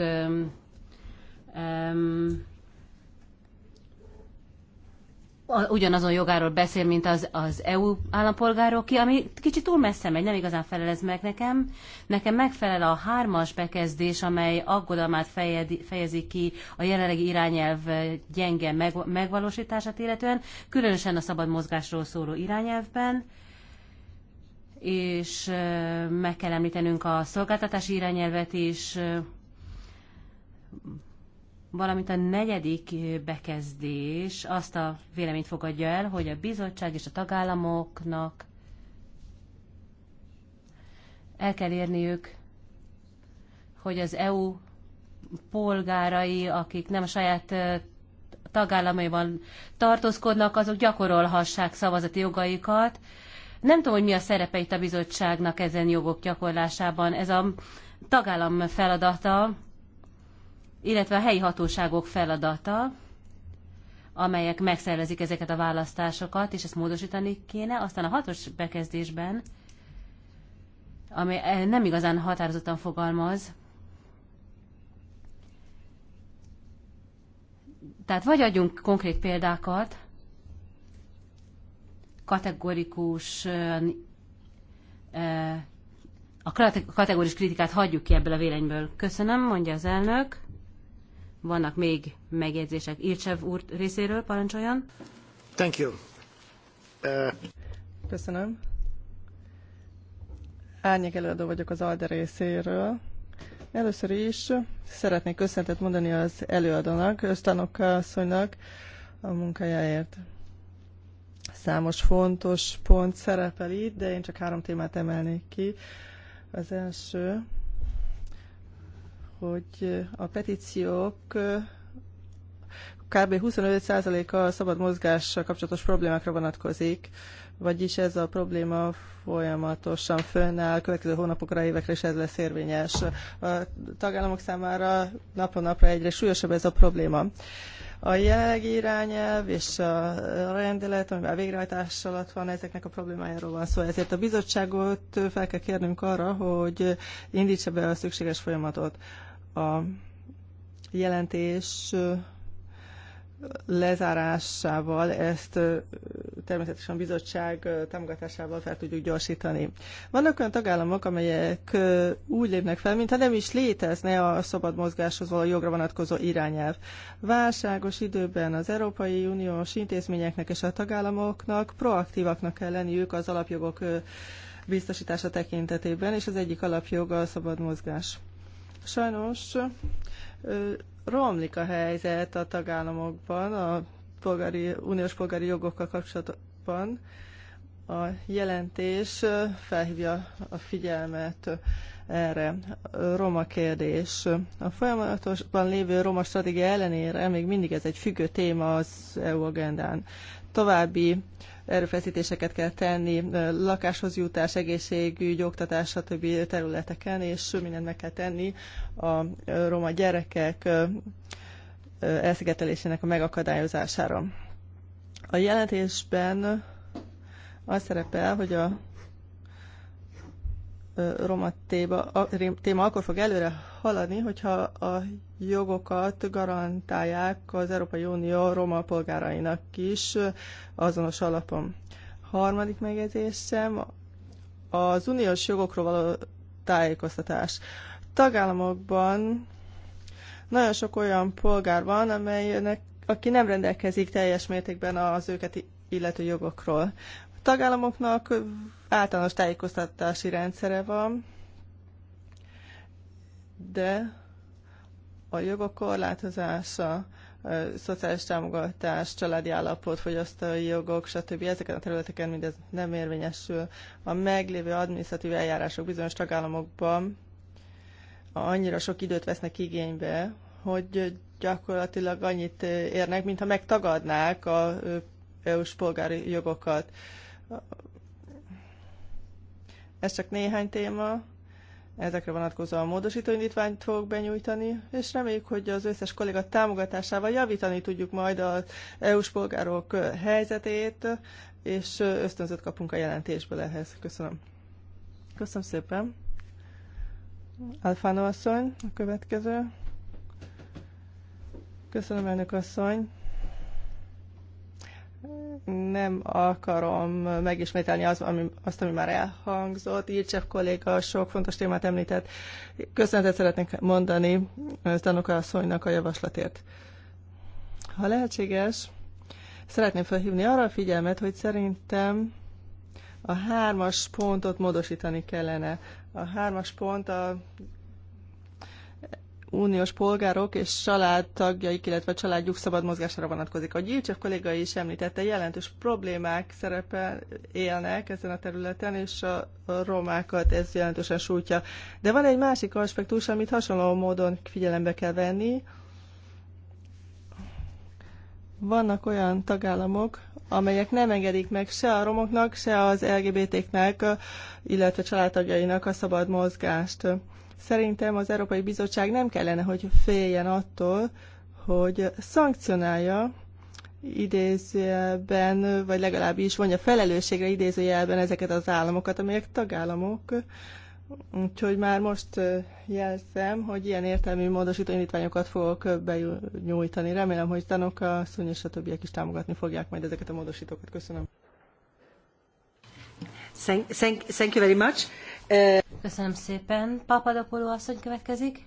ugyanazon jogáról beszél, mint az, az EU állampolgároké, ami kicsit túl messze megy, nem igazán felel ez meg nekem. Nekem megfelel a hármas bekezdés, amely aggodalmát fejedi, fejezi ki a jelenlegi irányelv gyenge meg, megvalósítását illetően, különösen a szabad mozgásról szóló irányelvben és meg kell említenünk a szolgáltatási irányelvet is, valamint a negyedik bekezdés azt a véleményt fogadja el, hogy a bizottság és a tagállamoknak el kell érniük, hogy az EU polgárai, akik nem a saját tagállamaiban tartózkodnak, azok gyakorolhassák szavazati jogaikat. Nem tudom, hogy mi a szerepe itt a bizottságnak ezen jogok gyakorlásában. Ez a tagállam feladata, illetve a helyi hatóságok feladata, amelyek megszervezik ezeket a választásokat, és ezt módosítani kéne. Aztán a hatos bekezdésben, ami eh, nem igazán határozottan fogalmaz, tehát vagy adjunk konkrét példákat, kategorikus eh, eh, a kategóris kritikát hagyjuk ki ebből a véleményből Köszönöm, mondja az elnök. Vannak még megjegyzések. Ircsev úr részéről parancsoljon. Thank you. Uh... Köszönöm. Árnyék előadó vagyok az ALDE részéről. Először is szeretnék köszöntet mondani az előadónak, Ösztánok asszonynak a munkájáért. Számos fontos pont szerepel itt, de én csak három témát emelnék ki. Az első, hogy a petíciók kb. 25%-a a szabad mozgással kapcsolatos problémákra vonatkozik, vagyis ez a probléma folyamatosan fönnáll, következő hónapokra, évekre is ez lesz érvényes. A tagállamok számára napon napra egyre súlyosabb ez a probléma. A jelenlegi irányelv és a rendelet, amivel végrehajtás alatt van, ezeknek a problémájáról van szó. Szóval ezért a bizottságot fel kell kérnünk arra, hogy indítsa be a szükséges folyamatot a jelentés lezárásával ezt természetesen a bizottság támogatásával fel tudjuk gyorsítani. Vannak olyan tagállamok, amelyek úgy lépnek fel, mintha nem is létezne a szabad mozgáshoz való jogra vonatkozó irányelv. Válságos időben az Európai Uniós intézményeknek és a tagállamoknak proaktívaknak kell lenniük az alapjogok biztosítása tekintetében, és az egyik alapjog a szabad mozgás. Sajnos romlik a helyzet a tagállamokban, a polgári, uniós polgári jogokkal kapcsolatban. A jelentés felhívja a figyelmet erre. Roma kérdés. A folyamatosban lévő roma stratégia ellenére még mindig ez egy függő téma az EU agendán. További erőfeszítéseket kell tenni lakáshoz jutás, egészségügy, oktatás, stb. területeken, és mindent meg kell tenni a roma gyerekek elszigetelésének a megakadályozására. A jelentésben az szerepel, hogy a roma téma, téma akkor fog előre haladni, hogyha a jogokat garantálják az Európai Unió roma polgárainak is azonos alapon. Harmadik megjegyzésem, az uniós jogokról való tájékoztatás. Tagállamokban nagyon sok olyan polgár van, amelynek, aki nem rendelkezik teljes mértékben az őket illető jogokról tagállamoknak általános tájékoztatási rendszere van, de a jogok korlátozása, szociális támogatás, családi állapot, fogyasztói jogok, stb. ezeken a területeken mindez nem érvényesül. A meglévő adminisztratív eljárások bizonyos tagállamokban annyira sok időt vesznek igénybe, hogy gyakorlatilag annyit érnek, mintha megtagadnák a EU-s polgári jogokat. Ez csak néhány téma, ezekre vonatkozóan módosító indítványt fogok benyújtani, és reméljük, hogy az összes kolléga támogatásával javítani tudjuk majd az EU-s polgárok helyzetét, és ösztönzőt kapunk a jelentésből ehhez. Köszönöm. Köszönöm szépen. Alfano asszony, a következő. Köszönöm, elnök asszony nem akarom megismételni az, ami, azt, ami már elhangzott. Ilcsev kolléga sok fontos témát említett. Köszönetet szeretnék mondani Zdanuka asszonynak a javaslatért. Ha lehetséges, szeretném felhívni arra a figyelmet, hogy szerintem a hármas pontot módosítani kellene. A hármas pont a uniós polgárok és családtagjaik, illetve családjuk szabad mozgására vonatkozik. A Gyilcsev kolléga is említette, jelentős problémák szerepel, élnek ezen a területen, és a romákat ez jelentősen sújtja. De van egy másik aspektus, amit hasonló módon figyelembe kell venni. Vannak olyan tagállamok, amelyek nem engedik meg se a romoknak, se az LGBT-knek, illetve családtagjainak a szabad mozgást. Szerintem az Európai Bizottság nem kellene, hogy féljen attól, hogy szankcionálja idézőjelben, vagy legalábbis vonja felelősségre idézőjelben ezeket az államokat, amelyek tagállamok. Úgyhogy már most jelzem, hogy ilyen értelmű módosító indítványokat fogok benyújtani. Remélem, hogy a Szony és a többiek is támogatni fogják majd ezeket a módosítókat. Köszönöm. Thank, thank, thank you very much. Köszönöm szépen. Papadopoulou asszony következik.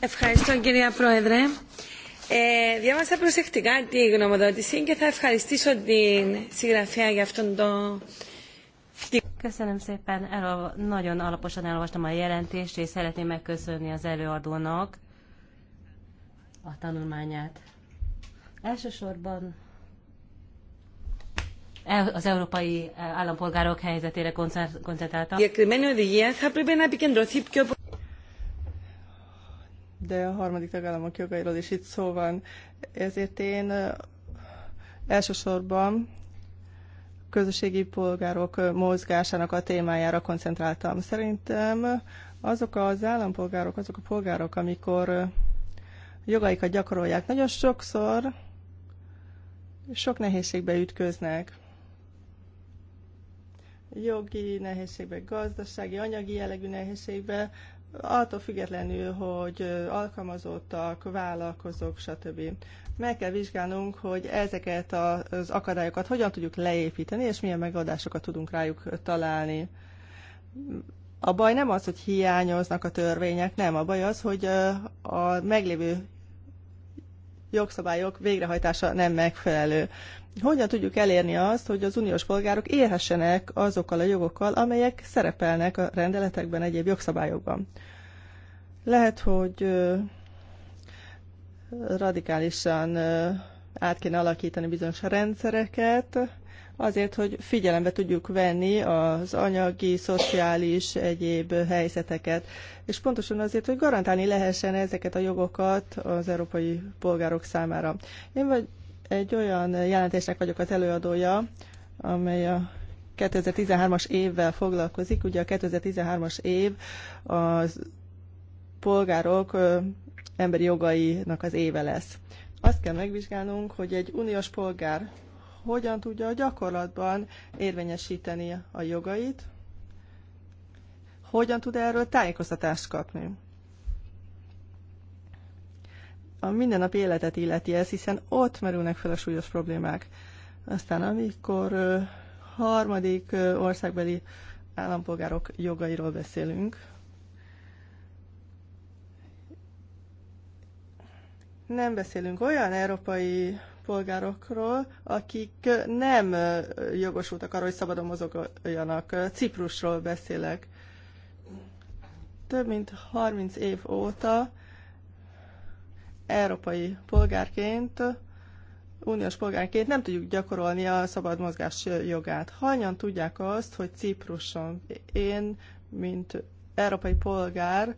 Ευχαριστώ κυρία Πρόεδρε. Ε, διάβασα προσεκτικά τη γνωμοδότηση και θα ευχαριστήσω την συγγραφέα για αυτόν τον Köszönöm szépen, Elol, nagyon alaposan elolvastam a jelentést, és szeretném megköszönni az előadónak a tanulmányát. Elsősorban E- az európai e, állampolgárok helyzetére koncentráltak. De a harmadik tagállamok jogairól is itt szó van. Ezért én e, elsősorban közösségi polgárok mozgásának a témájára koncentráltam. Szerintem azok az állampolgárok, azok a polgárok, amikor jogaikat gyakorolják, nagyon sokszor sok nehézségbe ütköznek jogi nehézségbe, gazdasági, anyagi jellegű nehézségbe, attól függetlenül, hogy alkalmazottak, vállalkozók, stb. Meg kell vizsgálnunk, hogy ezeket az akadályokat hogyan tudjuk leépíteni, és milyen megoldásokat tudunk rájuk találni. A baj nem az, hogy hiányoznak a törvények, nem. A baj az, hogy a meglévő jogszabályok végrehajtása nem megfelelő. Hogyan tudjuk elérni azt, hogy az uniós polgárok élhessenek azokkal a jogokkal, amelyek szerepelnek a rendeletekben, egyéb jogszabályokban? Lehet, hogy radikálisan át kéne alakítani bizonyos rendszereket, azért, hogy figyelembe tudjuk venni az anyagi, szociális, egyéb helyzeteket, és pontosan azért, hogy garantálni lehessen ezeket a jogokat az európai polgárok számára. Én vagy egy olyan jelentésnek vagyok az előadója, amely a 2013-as évvel foglalkozik. Ugye a 2013-as év az polgárok emberi jogainak az éve lesz. Azt kell megvizsgálnunk, hogy egy uniós polgár hogyan tudja a gyakorlatban érvényesíteni a jogait, hogyan tud erről tájékoztatást kapni. A mindennapi életet illeti ez, hiszen ott merülnek fel a súlyos problémák. Aztán amikor harmadik országbeli állampolgárok jogairól beszélünk, nem beszélünk olyan európai polgárokról, akik nem jogosultak arra, hogy szabadon mozogjanak. Ciprusról beszélek. Több mint 30 év óta európai polgárként, uniós polgárként nem tudjuk gyakorolni a szabad mozgás jogát. Hányan tudják azt, hogy Cipruson én, mint európai polgár,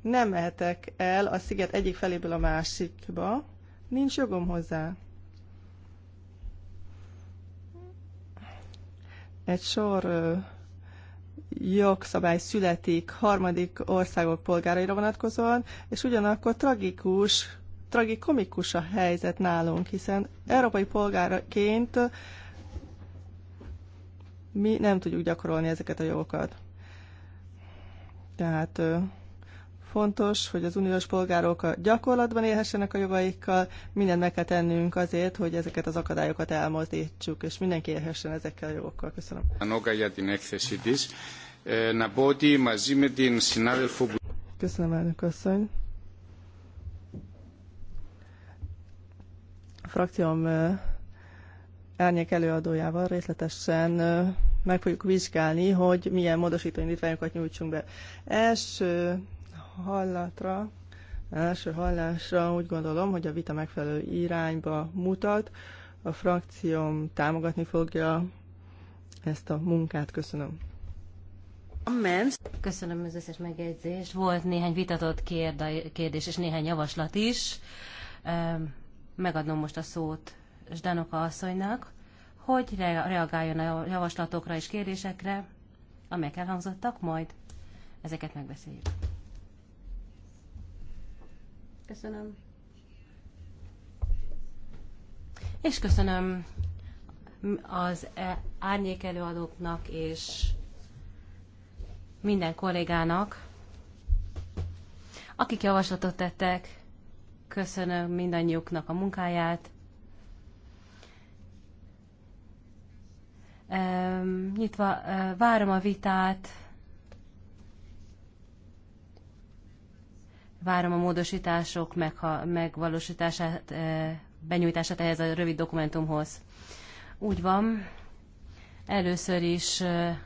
nem mehetek el a sziget egyik feléből a másikba, nincs jogom hozzá. egy sor jogszabály születik harmadik országok polgáraira vonatkozóan, és ugyanakkor tragikus, tragikomikus a helyzet nálunk, hiszen európai polgárként mi nem tudjuk gyakorolni ezeket a jogokat. Tehát Fontos, hogy az uniós polgárok a gyakorlatban élhessenek a jogaikkal, mindent meg kell tennünk azért, hogy ezeket az akadályokat elmozdítsuk, és mindenki élhessen ezekkel a jogokkal. Köszönöm. Eh, Köszönöm, elnök asszony. A frakcióm eh, árnyék előadójával részletesen eh, meg fogjuk vizsgálni, hogy milyen módosító indítványokat nyújtsunk be. Első hallatra, első hallásra úgy gondolom, hogy a vita megfelelő irányba mutat. A frakcióm támogatni fogja ezt a munkát. Köszönöm. Köszönöm az összes megjegyzést. Volt néhány vitatott kérdés és néhány javaslat is. Megadom most a szót Zsdanoka asszonynak, hogy reagáljon a javaslatokra és kérdésekre, amelyek elhangzottak, majd ezeket megbeszéljük. Köszönöm. És köszönöm az e- árnyék előadóknak és minden kollégának, akik javaslatot tettek, köszönöm mindannyiuknak a munkáját. Nyitva várom a vitát, Várom a módosítások megha- megvalósítását, eh, benyújtását ehhez a rövid dokumentumhoz. Úgy van, először is eh,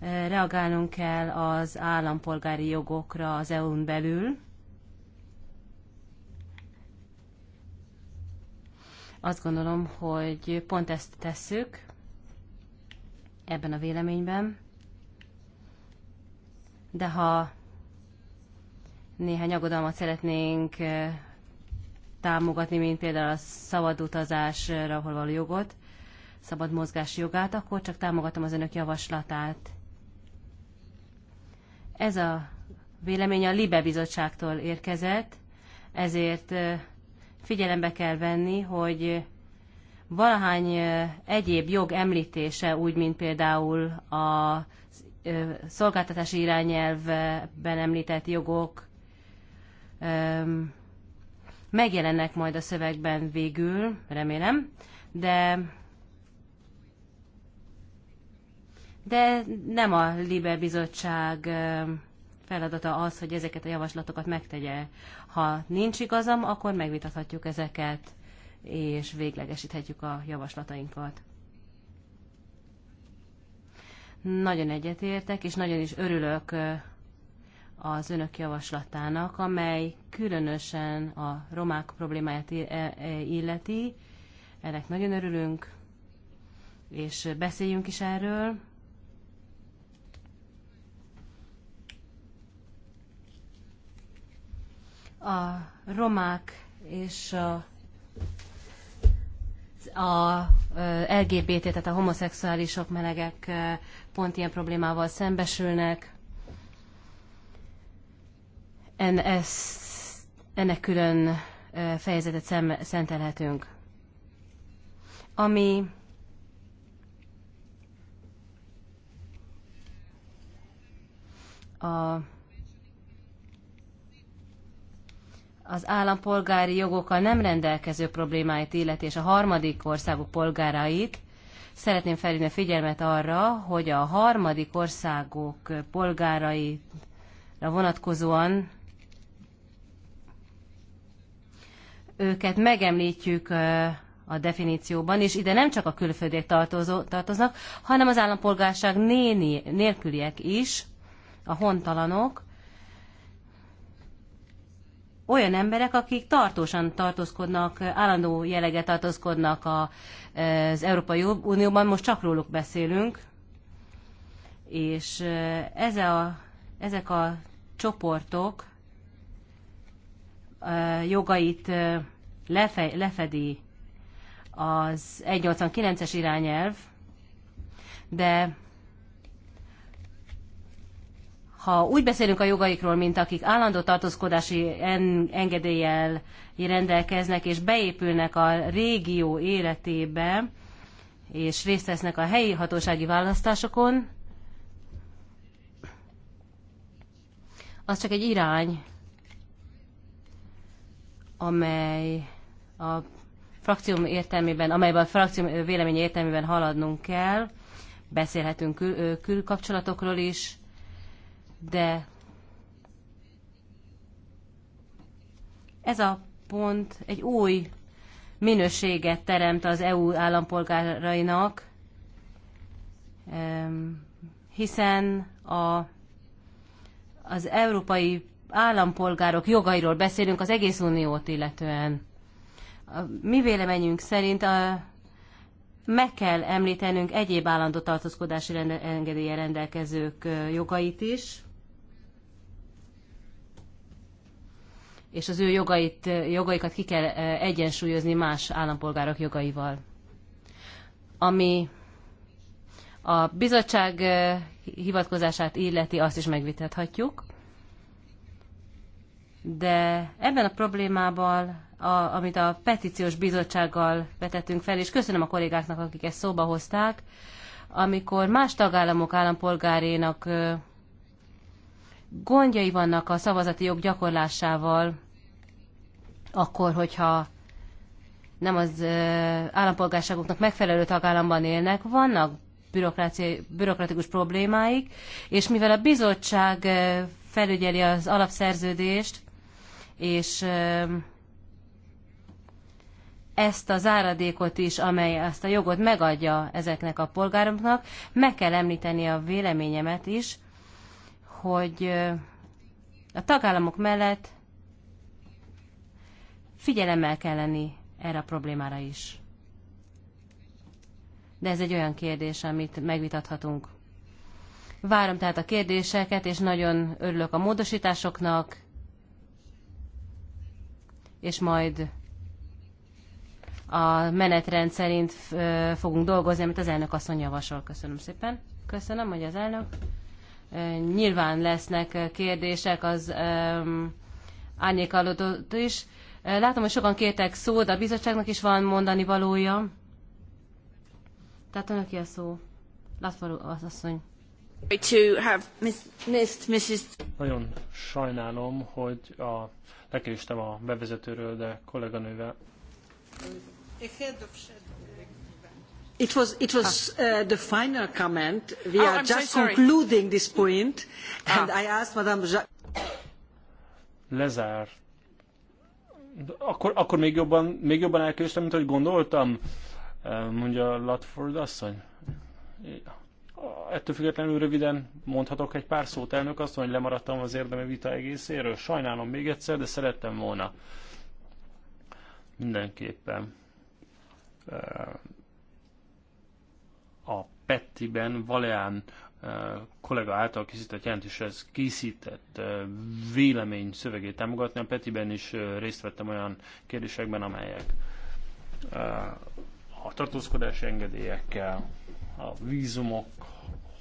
eh, reagálnunk kell az állampolgári jogokra az EU-n belül. Azt gondolom, hogy pont ezt tesszük ebben a véleményben, de ha néhány aggodalmat szeretnénk eh, támogatni, mint például a szabad utazásra való jogot, szabad mozgás jogát, akkor csak támogatom az önök javaslatát. Ez a vélemény a Libe bizottságtól érkezett, ezért eh, figyelembe kell venni, hogy valahány eh, egyéb jog említése, úgy, mint például a szolgáltatási irányelvben említett jogok, megjelennek majd a szövegben végül, remélem, de de nem a Liber Bizottság feladata az, hogy ezeket a javaslatokat megtegye. Ha nincs igazam, akkor megvitathatjuk ezeket, és véglegesíthetjük a javaslatainkat. Nagyon egyetértek, és nagyon is örülök az önök javaslatának, amely különösen a romák problémáját e- e- illeti. Ennek nagyon örülünk, és beszéljünk is erről. A romák és a a LGBT, tehát a homoszexuálisok, melegek pont ilyen problémával szembesülnek en, ez, ennek külön fejezetet szem, szentelhetünk. Ami a, az állampolgári jogokkal nem rendelkező problémáit illeti, és a harmadik országok polgárait, szeretném felhívni a figyelmet arra, hogy a harmadik országok polgáraira vonatkozóan őket megemlítjük a definícióban, és ide nem csak a külföldiek tartozó, tartoznak, hanem az állampolgárság néni, nélküliek is, a hontalanok, olyan emberek, akik tartósan tartózkodnak, állandó jellege tartózkodnak a, az Európai Unióban, most csak róluk beszélünk, és ez a, ezek a csoportok jogait lefe, lefedi az 189-es irányelv, de ha úgy beszélünk a jogaikról, mint akik állandó tartózkodási engedéllyel rendelkeznek, és beépülnek a régió életébe, és részt vesznek a helyi hatósági választásokon, az csak egy irány, amely a frakcióm értelmében, amelyben a frakcióm véleménye értelmében haladnunk kell. Beszélhetünk kül- külkapcsolatokról is, de ez a pont egy új minőséget teremt az EU állampolgárainak, hiszen a, az európai állampolgárok jogairól beszélünk az egész uniót illetően. A mi véleményünk szerint a, meg kell említenünk egyéb állandó tartózkodási rende, engedélye rendelkezők jogait is, és az ő jogait, jogaikat ki kell egyensúlyozni más állampolgárok jogaival. Ami a bizottság hivatkozását illeti, azt is megvitathatjuk de ebben a problémában a, amit a petíciós bizottsággal vetettünk fel, és köszönöm a kollégáknak, akik ezt szóba hozták, amikor más tagállamok állampolgárénak gondjai vannak a szavazati jog gyakorlásával, akkor, hogyha nem az állampolgárságoknak megfelelő tagállamban élnek, vannak bürokratikus problémáik, és mivel a bizottság felügyeli az alapszerződést, és ezt az áradékot is, amely ezt a jogot megadja ezeknek a polgároknak, meg kell említeni a véleményemet is, hogy a tagállamok mellett figyelemmel kell lenni erre a problémára is. De ez egy olyan kérdés, amit megvitathatunk. Várom tehát a kérdéseket, és nagyon örülök a módosításoknak, és majd a menetrend szerint fogunk dolgozni, amit az elnök asszony javasol. Köszönöm szépen. Köszönöm, hogy az elnök. Nyilván lesznek kérdések az árnyékalatot is. Látom, hogy sokan kértek szót, a bizottságnak is van mondani valója. Tehát önöki a szó. Látvaró az asszony. To have missed Mrs. Nagyon sajnálom, hogy a Lekéstem a bevezetőről, de kolléganővel. It was, it was ah. uh, the final comment. We oh, are I'm just so concluding this point, ah. and ah. I asked Madame. Ja Lezár. Akkor, akkor még jobban, még jobban elkéstem, mint hogy gondoltam, uh, mondja Latford asszony. Yeah ettől függetlenül röviden mondhatok egy pár szót, elnök azt hogy lemaradtam az érdemi vita egészéről. Sajnálom még egyszer, de szerettem volna. Mindenképpen. E, a Pettiben Valeán e, kollega által készített jelentéshez készített e, vélemény szövegét támogatni. A Petiben is részt vettem olyan kérdésekben, amelyek a tartózkodási engedélyekkel, a vízumok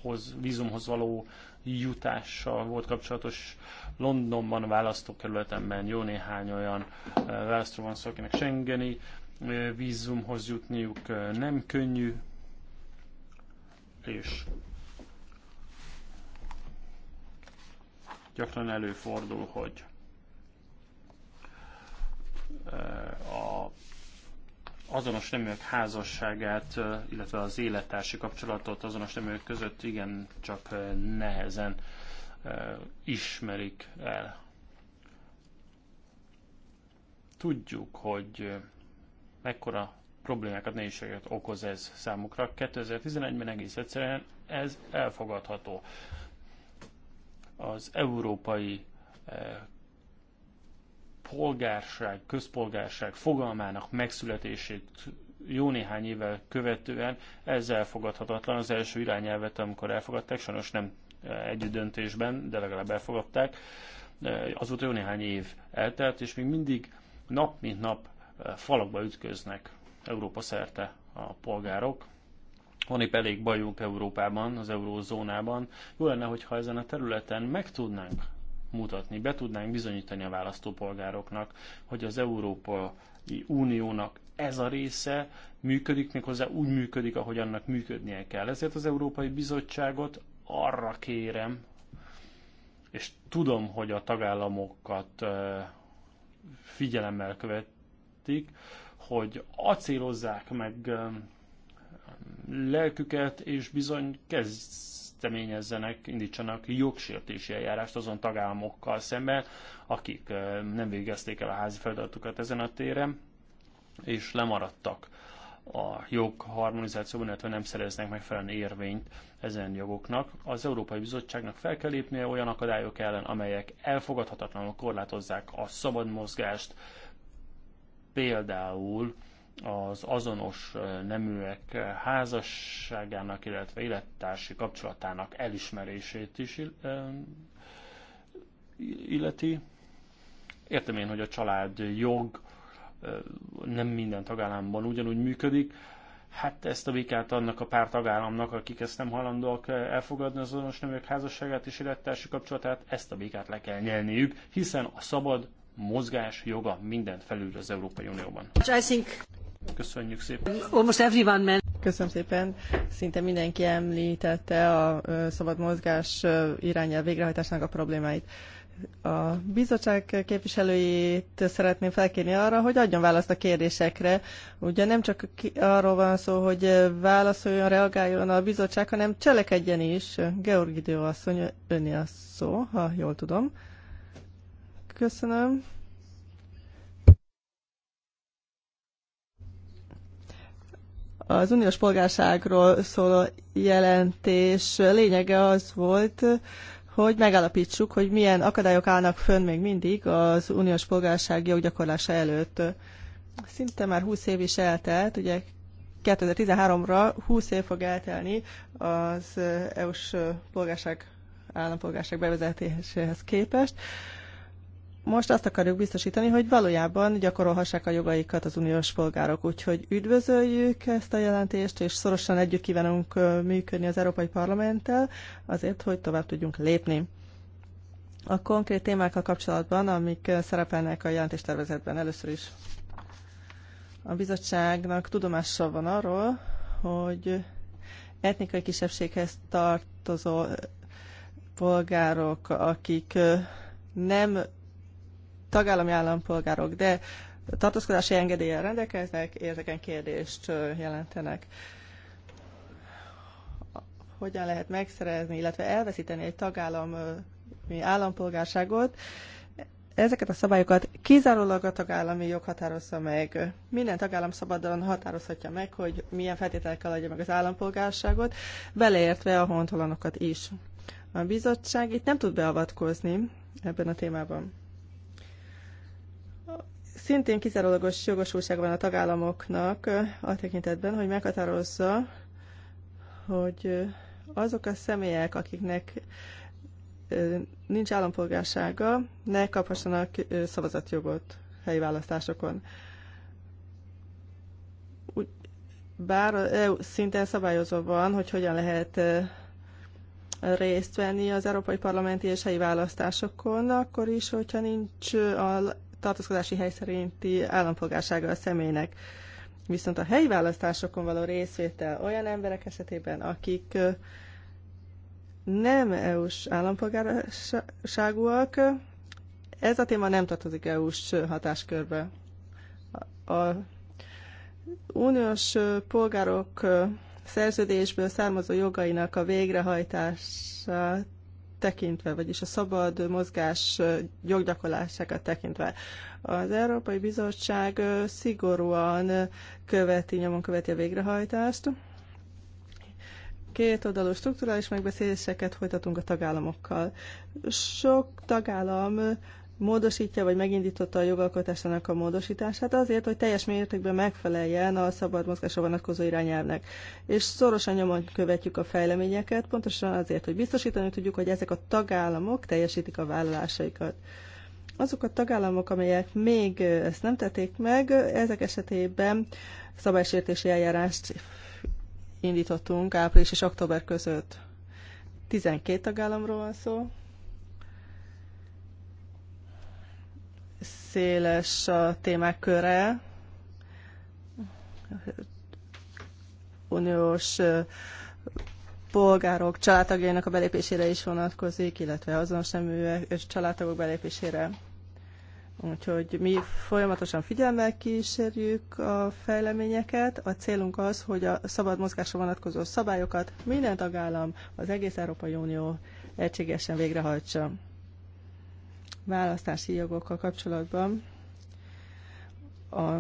vízumhoz, vízumhoz való jutással volt kapcsolatos Londonban, a választókerületemben jó néhány olyan eh, választó van szó, akinek Schengeni eh, vízumhoz jutniuk eh, nem könnyű, és gyakran előfordul, hogy a azonos neműek házasságát, illetve az élettársi kapcsolatot azonos neműek között igen csak nehezen ismerik el. Tudjuk, hogy mekkora problémákat, nehézségeket okoz ez számukra. 2011-ben egész egyszerűen ez elfogadható. Az európai polgárság, közpolgárság fogalmának megszületését jó néhány évvel követően ez elfogadhatatlan. Az első irányelvet, amikor elfogadták, sajnos nem eh, együtt döntésben, de legalább elfogadták, eh, azóta jó néhány év eltelt, és még mindig nap mint nap eh, falakba ütköznek Európa szerte a polgárok. Van épp elég bajunk Európában, az eurózónában. Jó lenne, hogyha ezen a területen meg tudnánk mutatni. Be tudnánk bizonyítani a választópolgároknak, hogy az Európai Uniónak ez a része működik, méghozzá úgy működik, ahogy annak működnie kell. Ezért az Európai Bizottságot arra kérem, és tudom, hogy a tagállamokat figyelemmel követik, hogy acélozzák meg lelküket, és bizony kezd kezdeményezzenek, indítsanak jogsértési eljárást azon tagállamokkal szemben, akik nem végezték el a házi feladatukat ezen a téren, és lemaradtak a jogharmonizációban, illetve nem szereznek megfelelően érvényt ezen jogoknak. Az Európai Bizottságnak fel kell lépnie olyan akadályok ellen, amelyek elfogadhatatlanul korlátozzák a szabad mozgást, például az azonos neműek házasságának, illetve élettársi kapcsolatának elismerését is illeti. Értem én, hogy a család jog nem minden tagállamban ugyanúgy működik. Hát ezt a vikát annak a pár tagállamnak, akik ezt nem hajlandóak elfogadni az azonos neműek házasságát és élettársi kapcsolatát, ezt a vikát le kell nyelniük, hiszen a szabad mozgás joga mindent felül az Európai Unióban. Köszönjük szépen. Almost everyone man. Köszönöm szépen. Szinte mindenki említette a szabad mozgás irányel végrehajtásának a problémáit. A bizottság képviselőjét szeretném felkérni arra, hogy adjon választ a kérdésekre. Ugye nem csak arról van szó, hogy válaszoljon, reagáljon a bizottság, hanem cselekedjen is. Georgidő asszony, önni a szó, ha jól tudom. Köszönöm. Az uniós polgárságról szóló jelentés lényege az volt, hogy megállapítsuk, hogy milyen akadályok állnak fönn még mindig az uniós polgárság joggyakorlása előtt. Szinte már 20 év is eltelt, ugye 2013-ra 20 év fog eltelni az EU-s polgárság állampolgárság bevezetéséhez képest most azt akarjuk biztosítani, hogy valójában gyakorolhassák a jogaikat az uniós polgárok. Úgyhogy üdvözöljük ezt a jelentést, és szorosan együtt kívánunk működni az Európai Parlamenttel azért, hogy tovább tudjunk lépni. A konkrét témákkal kapcsolatban, amik szerepelnek a jelentéstervezetben először is. A bizottságnak tudomással van arról, hogy etnikai kisebbséghez tartozó polgárok, akik nem tagállami állampolgárok, de tartózkodási engedéllyel rendelkeznek, érzeken kérdést jelentenek. Hogyan lehet megszerezni, illetve elveszíteni egy tagállami állampolgárságot? Ezeket a szabályokat kizárólag a tagállami jog határozza meg. Minden tagállam szabadon határozhatja meg, hogy milyen feltételekkel adja meg az állampolgárságot, beleértve a hontolanokat is. A bizottság itt nem tud beavatkozni ebben a témában. Szintén kizárólagos jogosultság van a tagállamoknak a tekintetben, hogy meghatározza, hogy azok a személyek, akiknek nincs állampolgársága, ne kaphassanak szavazatjogot helyi választásokon. Úgy, bár EU szinten szabályozó van, hogy hogyan lehet részt venni az európai parlamenti és helyi választásokon, akkor is, hogyha nincs a tartózkodási hely szerinti állampolgársága a személynek. Viszont a helyi választásokon való részvétel olyan emberek esetében, akik nem EU-s állampolgárságúak, ez a téma nem tartozik EU-s hatáskörbe. A uniós polgárok szerződésből származó jogainak a végrehajtását tekintve, vagyis a szabad mozgás joggyakorlásákat tekintve. Az Európai Bizottság szigorúan követi, nyomon követi a végrehajtást. Két oldalú strukturális megbeszéléseket folytatunk a tagállamokkal. Sok tagállam módosítja vagy megindította a jogalkotásának a módosítását azért, hogy teljes mértékben megfeleljen a szabad mozgásra vonatkozó irányelvnek. És szorosan nyomon követjük a fejleményeket, pontosan azért, hogy biztosítani tudjuk, hogy ezek a tagállamok teljesítik a vállalásaikat. Azok a tagállamok, amelyek még ezt nem tették meg, ezek esetében szabálysértési eljárást indítottunk április és október között. 12 tagállamról van szó, széles a témák uniós polgárok családtagjainak a belépésére is vonatkozik, illetve azonos neműek és családtagok belépésére. Úgyhogy mi folyamatosan figyelmel kísérjük a fejleményeket. A célunk az, hogy a szabad mozgásra vonatkozó szabályokat minden tagállam, az egész Európai Unió egységesen végrehajtsa választási jogokkal kapcsolatban a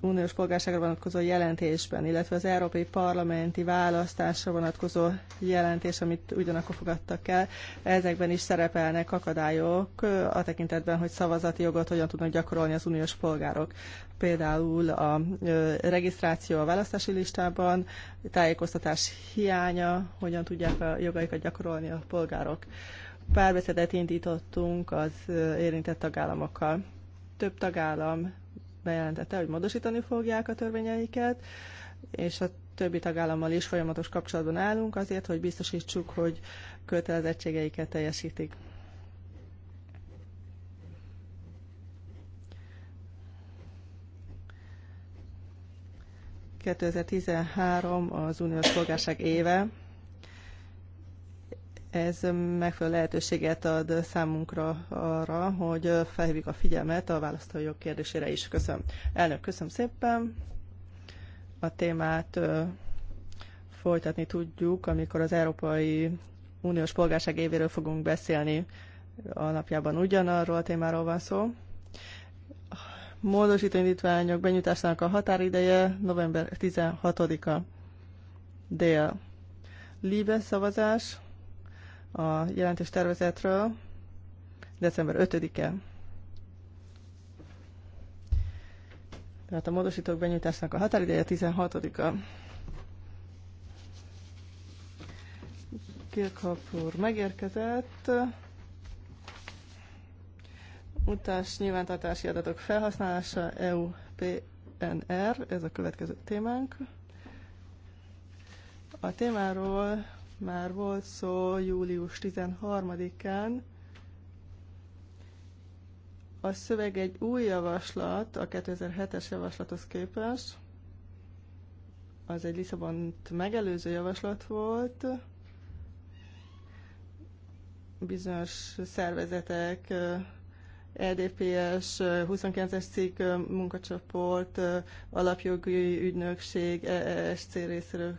uniós polgárságra vonatkozó jelentésben, illetve az európai parlamenti választásra vonatkozó jelentés, amit ugyanakkor fogadtak el, ezekben is szerepelnek akadályok a tekintetben, hogy szavazati jogot hogyan tudnak gyakorolni az uniós polgárok. Például a regisztráció a választási listában, tájékoztatás hiánya, hogyan tudják a jogaikat gyakorolni a polgárok párbeszedet indítottunk az érintett tagállamokkal. Több tagállam bejelentette, hogy módosítani fogják a törvényeiket, és a többi tagállammal is folyamatos kapcsolatban állunk azért, hogy biztosítsuk, hogy kötelezettségeiket teljesítik. ...2013 az uniós polgárság éve, ez megfelelő lehetőséget ad számunkra arra, hogy felhívjuk a figyelmet a választójog kérdésére is. Köszönöm. Elnök, köszönöm szépen. A témát folytatni tudjuk, amikor az Európai Uniós Polgárság évéről fogunk beszélni. A napjában ugyanarról a témáról van szó. Módosító indítványok benyújtásának a határideje november 16-a dél. Libe szavazás a jelentés tervezetről december 5-e. Tehát a módosítók benyújtásnak a határideje 16-a. Kirchhoff úr megérkezett. Utás nyilvántartási adatok felhasználása EU PNR, ez a következő témánk. A témáról már volt szó július 13-án. A szöveg egy új javaslat a 2007-es javaslathoz képest. Az egy Lisszabont megelőző javaslat volt. Bizonyos szervezetek LDPS, 29-es cikk munkacsoport, alapjogi ügynökség, ESC e részéről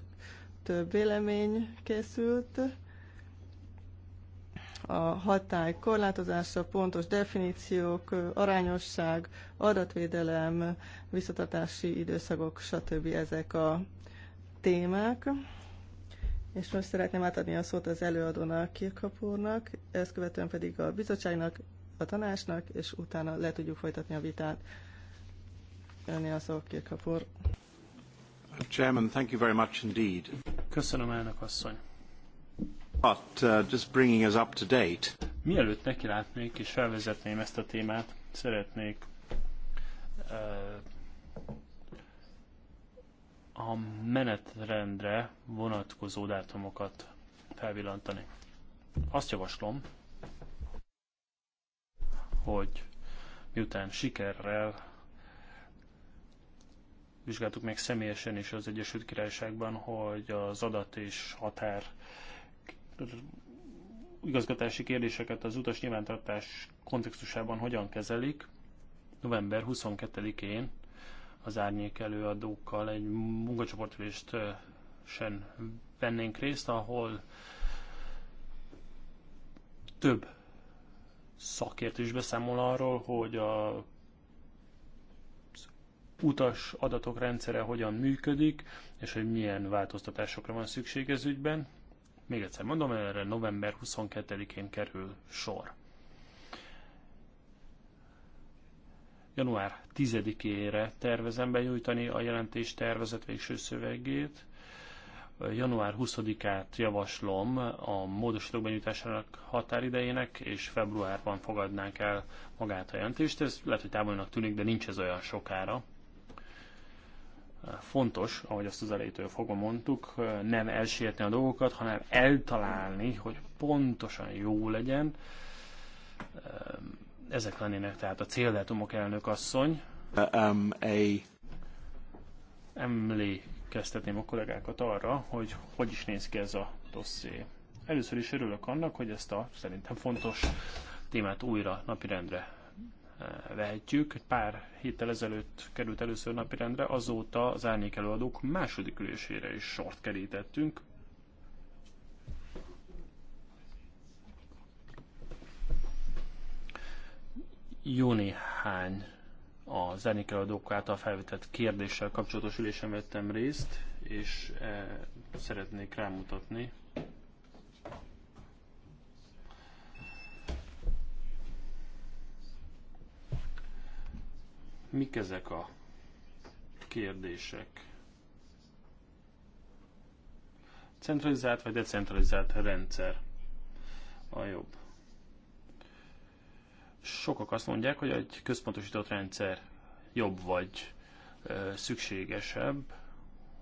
több vélemény készült. A hatály korlátozása, pontos definíciók, arányosság, adatvédelem, visszatartási időszakok, stb. ezek a témák. És most szeretném átadni a szót az előadónak, Kirkapúrnak, ezt követően pedig a bizottságnak, a tanácsnak, és utána le tudjuk folytatni a vitát. Önnél a szó, Kirkapúr. Chairman, thank you very much indeed. Köszönöm, elnök asszony. But, uh, just bringing us up to date. Mielőtt nekilátnék és felvezetném ezt a témát, szeretnék uh, a menetrendre vonatkozó dátumokat felvillantani. Azt javaslom, hogy miután sikerrel vizsgáltuk meg személyesen is az Egyesült Királyságban, hogy az adat és határ igazgatási kérdéseket az utas nyilvántartás kontextusában hogyan kezelik. November 22-én az árnyék előadókkal egy munkacsoportülést sen vennénk részt, ahol több szakért is beszámol arról, hogy a utas adatok rendszere hogyan működik, és hogy milyen változtatásokra van szükség ez ügyben. Még egyszer mondom, erre november 22-én kerül sor. Január 10-ére tervezem benyújtani a jelentés tervezet végső szövegét. Január 20-át javaslom a módosítók benyújtásának határidejének, és februárban fogadnánk el magát a jelentést. Ez lehet, hogy távolnak tűnik, de nincs ez olyan sokára fontos, ahogy azt az elejétől fogva mondtuk, nem elsietni a dolgokat, hanem eltalálni, hogy pontosan jó legyen. Ezek lennének tehát a céldátumok, elnök asszony. um, a... Emlékeztetném a kollégákat arra, hogy hogy is néz ki ez a dosszé. Először is örülök annak, hogy ezt a szerintem fontos témát újra napirendre vehetjük. hogy pár héttel ezelőtt került először napirendre, azóta az árnyék előadók második ülésére is sort kerítettünk. Jó néhány a árnyék előadók által felvetett kérdéssel kapcsolatos ülésen vettem részt, és e, szeretnék rámutatni, Mik ezek a kérdések? Centralizált vagy decentralizált rendszer a jobb? Sokak azt mondják, hogy egy központosított rendszer jobb vagy szükségesebb,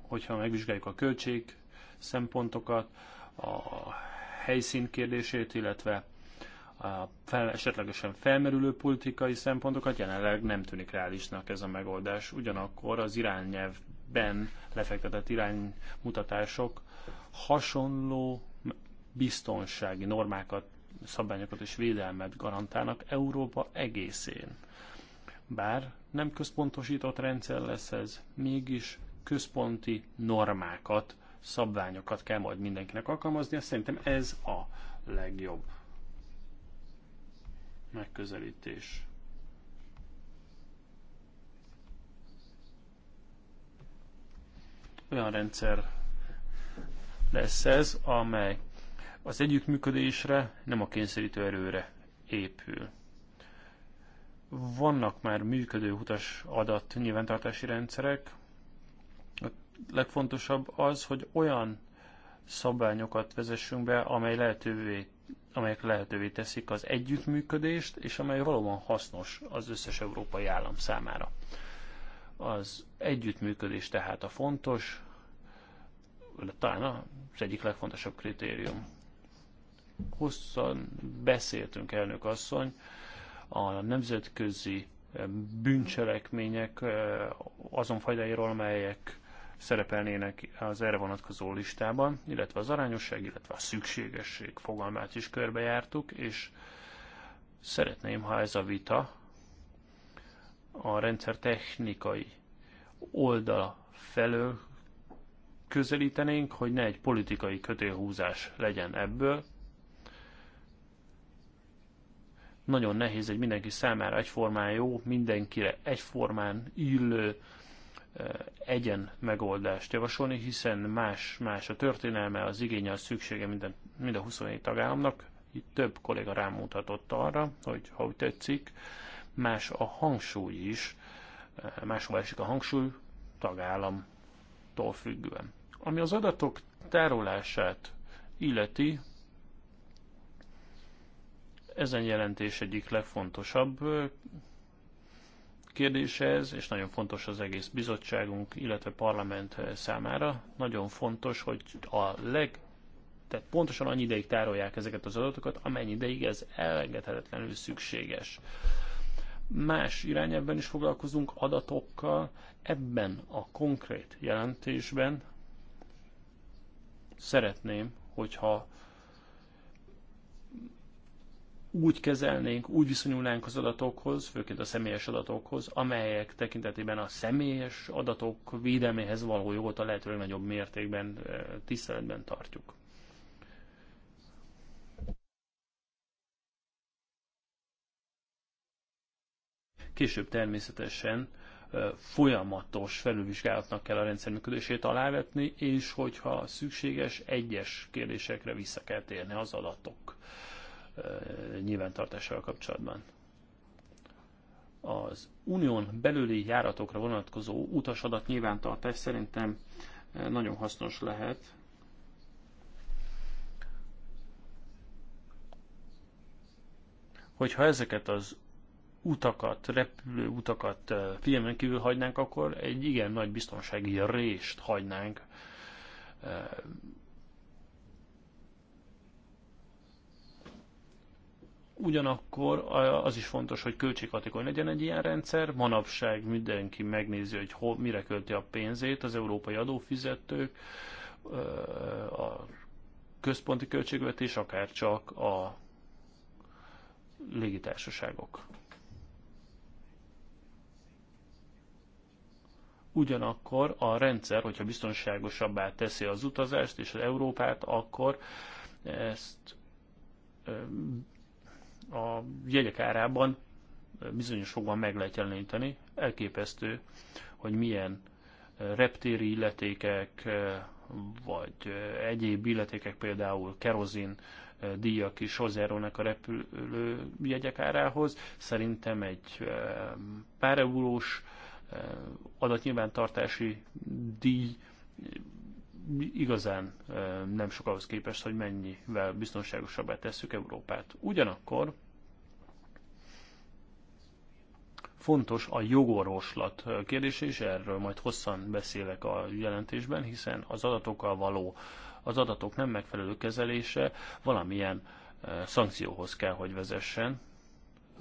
hogyha megvizsgáljuk a költség szempontokat, a helyszín kérdését, illetve a fel, esetlegesen felmerülő politikai szempontokat, jelenleg nem tűnik reálisnak ez a megoldás. Ugyanakkor az irányelvben lefektetett iránymutatások hasonló biztonsági normákat, szabványokat és védelmet garantálnak Európa egészén. Bár nem központosított rendszer lesz ez, mégis központi normákat, szabványokat kell majd mindenkinek alkalmazni, szerintem ez a legjobb megközelítés. Olyan rendszer lesz ez, amely az együttműködésre, nem a kényszerítő erőre épül. Vannak már működő utas adat nyilvántartási rendszerek. A legfontosabb az, hogy olyan szabványokat vezessünk be, amely lehetővé amelyek lehetővé teszik az együttműködést, és amely valóban hasznos az összes európai állam számára. Az együttműködés tehát a fontos, talán az egyik legfontosabb kritérium. Hosszan beszéltünk, elnök asszony, a nemzetközi bűncselekmények eh, azon fajtáiról, amelyek szerepelnének az erre vonatkozó listában, illetve az arányosság, illetve a szükségesség fogalmát is körbejártuk, és szeretném, ha ez a vita a rendszer technikai oldala felől közelítenénk, hogy ne egy politikai kötélhúzás legyen ebből. Nagyon nehéz egy mindenki számára egyformán jó, mindenkire egyformán illő egyen megoldást javasolni, hiszen más-más a történelme, az igénye, a szüksége minden, mind a 27 tagállamnak. Itt több kolléga rámutatott arra, hogy ha úgy tetszik, más a hangsúly is, máshova esik a hangsúly tagállamtól függően. Ami az adatok tárolását illeti, ezen jelentés egyik legfontosabb kérdése ez, és nagyon fontos az egész bizottságunk, illetve parlament eh, számára. Nagyon fontos, hogy a leg tehát pontosan annyi ideig tárolják ezeket az adatokat, amennyi ideig ez elengedhetetlenül szükséges. Más irányában is foglalkozunk adatokkal, ebben a konkrét jelentésben szeretném, hogyha úgy kezelnénk, úgy viszonyulnánk az adatokhoz, főként a személyes adatokhoz, amelyek tekintetében a személyes adatok védelméhez való jogot a lehető legnagyobb mértékben eh, tiszteletben tartjuk. Később természetesen eh, folyamatos felülvizsgálatnak kell a rendszer működését alávetni, és hogyha szükséges, egyes kérdésekre vissza kell térni az adatok nyilvántartással kapcsolatban. Az unión belüli járatokra vonatkozó utasadat nyilvántartás szerintem nagyon hasznos lehet. Hogyha ezeket az utakat, utakat figyelmen kívül hagynánk, akkor egy igen nagy biztonsági rést hagynánk Ugyanakkor az is fontos, hogy költséghatékony legyen egy ilyen rendszer. Manapság mindenki megnézi, hogy hol, mire költi a pénzét az európai adófizetők, a központi költségvetés, akár csak a légitársaságok. Ugyanakkor a rendszer, hogyha biztonságosabbá teszi az utazást és az Európát, akkor ezt a jegyek árában bizonyos fokban meg lehet jeleníteni. Elképesztő, hogy milyen eh, reptéri illetékek, eh, vagy eh, egyéb illetékek, például kerozin díjak is hozzájárulnak a repülő jegyek árához. Szerintem egy pár eurós adatnyilvántartási díj igazán nem sok ahhoz képest, hogy mennyivel biztonságosabbá tesszük Európát. Ugyanakkor fontos a jogorvoslat kérdése, és erről majd hosszan beszélek a jelentésben, hiszen az adatokkal való, az adatok nem megfelelő kezelése valamilyen szankcióhoz kell, hogy vezessen.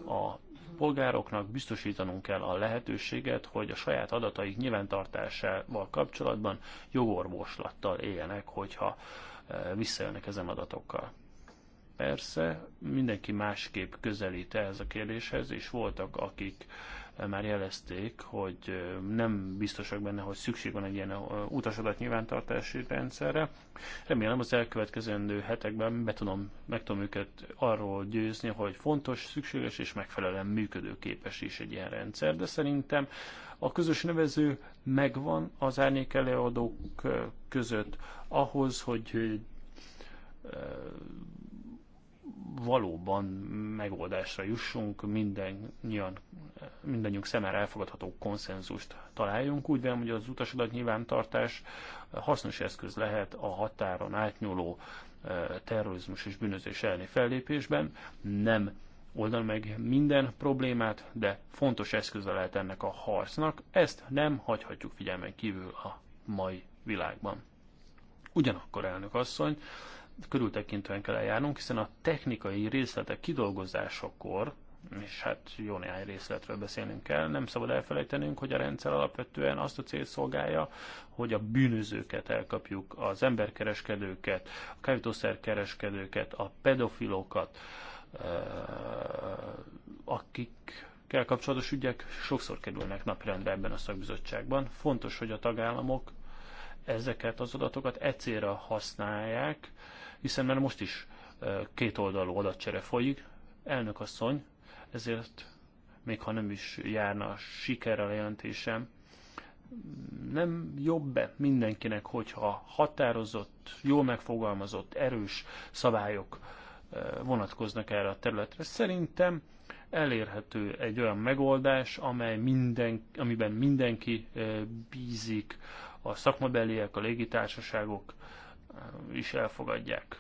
A polgároknak biztosítanunk kell a lehetőséget, hogy a saját adataik nyilvántartásával kapcsolatban jogorvoslattal éljenek, hogyha e, visszajönnek ezen adatokkal. Persze, mindenki másképp közelít ehhez a kérdéshez, és voltak, akik már jelezték, hogy nem biztosak benne, hogy szükség van egy ilyen utasadat nyilvántartási rendszerre. Remélem az elkövetkezendő hetekben be tudom, meg tudom őket arról győzni, hogy fontos, szükséges és megfelelően működőképes is egy ilyen rendszer, de szerintem a közös nevező megvan az árnyék előadók között ahhoz, hogy valóban megoldásra jussunk, mindannyian, mindannyiunk szemére elfogadható konszenzust találjunk. Úgy vélem, hogy az utasodat nyilvántartás hasznos eszköz lehet a határon átnyúló terrorizmus és bűnözés elleni fellépésben. Nem oldan meg minden problémát, de fontos eszköze lehet ennek a harcnak. Ezt nem hagyhatjuk figyelmen kívül a mai világban. Ugyanakkor elnök asszony, körültekintően kell eljárnunk, hiszen a technikai részletek kidolgozásakor, és hát jó néhány részletről beszélnünk kell, nem szabad elfelejtenünk, hogy a rendszer alapvetően azt a cél szolgálja, hogy a bűnözőket elkapjuk, az emberkereskedőket, a kábítószerkereskedőket, a pedofilokat, eh, akik kell kapcsolatos ügyek sokszor kerülnek napirendre ebben a szakbizottságban. Fontos, hogy a tagállamok ezeket az adatokat e célra használják, hiszen már most is kétoldalú adatcsere folyik. Elnök asszony, ezért még ha nem is járna sikerrel a jelentésem, nem jobb-e mindenkinek, hogyha határozott, jól megfogalmazott, erős szabályok vonatkoznak erre a területre? Szerintem elérhető egy olyan megoldás, amely minden, amiben mindenki bízik, a szakmabeliek, a légitársaságok, is elfogadják.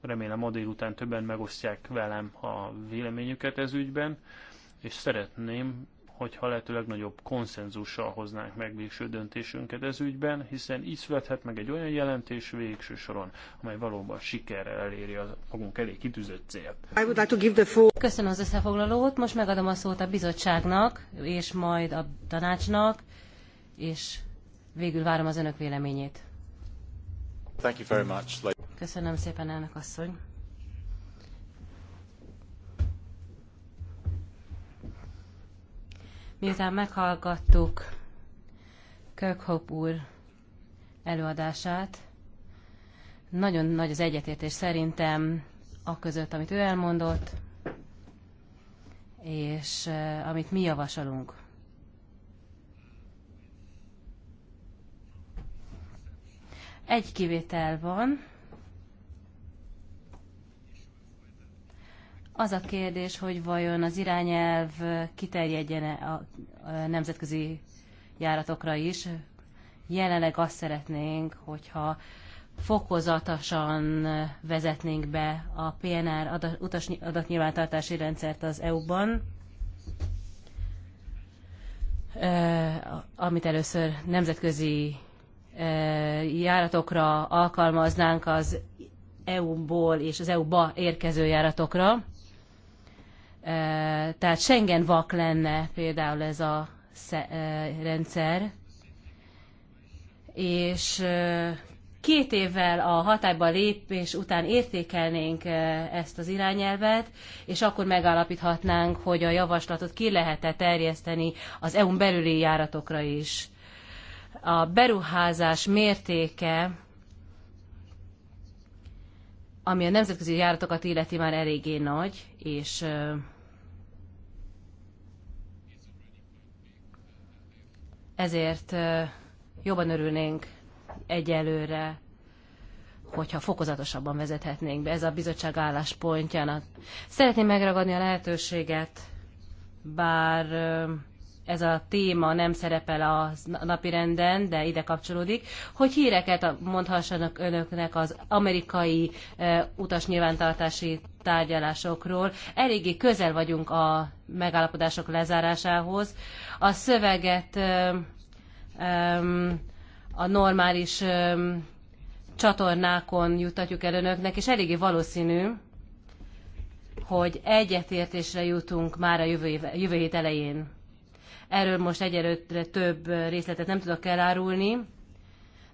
Remélem ma délután többen megosztják velem a véleményüket ez ügyben, és szeretném, hogyha lehetőleg nagyobb konszenzussal hoznánk meg végső döntésünket ez ügyben, hiszen így születhet meg egy olyan jelentés végső soron, amely valóban sikerrel eléri a magunk elé kitűzött célt. Like Köszönöm az összefoglalót, most megadom a szót a bizottságnak, és majd a tanácsnak, és végül várom az önök véleményét. Köszönöm szépen, elnök asszony. Miután meghallgattuk Kirkhope úr előadását, nagyon nagy az egyetértés szerintem a között, amit ő elmondott, és eh, amit mi javasolunk. Egy kivétel van. Az a kérdés, hogy vajon az irányelv kiterjedjen -e a nemzetközi járatokra is. Jelenleg azt szeretnénk, hogyha fokozatosan vezetnénk be a PNR adat, adatnyilvántartási rendszert az EU-ban, amit először nemzetközi járatokra alkalmaznánk az EU-ból és az EU-ba érkező járatokra. Tehát Schengen vak lenne például ez a rendszer. És két évvel a hatályba lépés után értékelnénk ezt az irányelvet, és akkor megállapíthatnánk, hogy a javaslatot ki lehet-e terjeszteni az EU-n belüli járatokra is a beruházás mértéke, ami a nemzetközi járatokat illeti már eléggé nagy, és ezért jobban örülnénk egyelőre, hogyha fokozatosabban vezethetnénk be. Ez a bizottság álláspontjának. Szeretném megragadni a lehetőséget, bár ez a téma nem szerepel a napirenden, de ide kapcsolódik, hogy híreket mondhassanak önöknek az amerikai e, utas utasnyilvántartási tárgyalásokról. Eléggé közel vagyunk a megállapodások lezárásához. A szöveget e, e, a normális csatornákon juttatjuk el önöknek, és eléggé valószínű, hogy egyetértésre jutunk már a jövő, éve, jövő hét elején Erről most egyelőre több részletet nem tudok elárulni,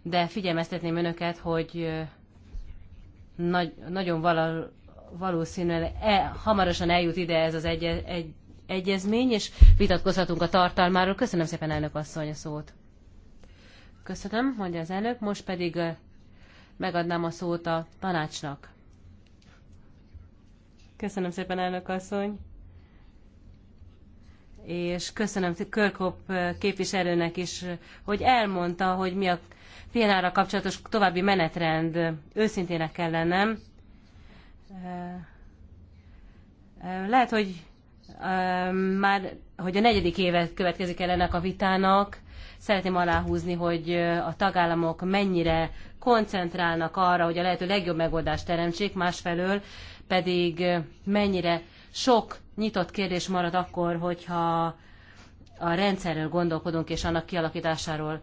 de figyelmeztetném önöket, hogy nagy, nagyon vala, valószínűleg e, hamarosan eljut ide ez az egy, egy, egyezmény, és vitatkozhatunk a tartalmáról. Köszönöm szépen, elnök asszony, a szót. Köszönöm, mondja az elnök. Most pedig megadnám a szót a tanácsnak. Köszönöm szépen, elnök asszony és köszönöm Körkop képviselőnek is, hogy elmondta, hogy mi a PNR-ra kapcsolatos további menetrend. Őszintének kell lennem. Lehet, hogy um, már hogy a negyedik évet következik el ennek a vitának, szeretném aláhúzni, hogy a tagállamok mennyire koncentrálnak arra, hogy a lehető legjobb megoldást teremtsék, másfelől pedig mennyire sok nyitott kérdés marad akkor, hogyha a rendszerről gondolkodunk és annak kialakításáról.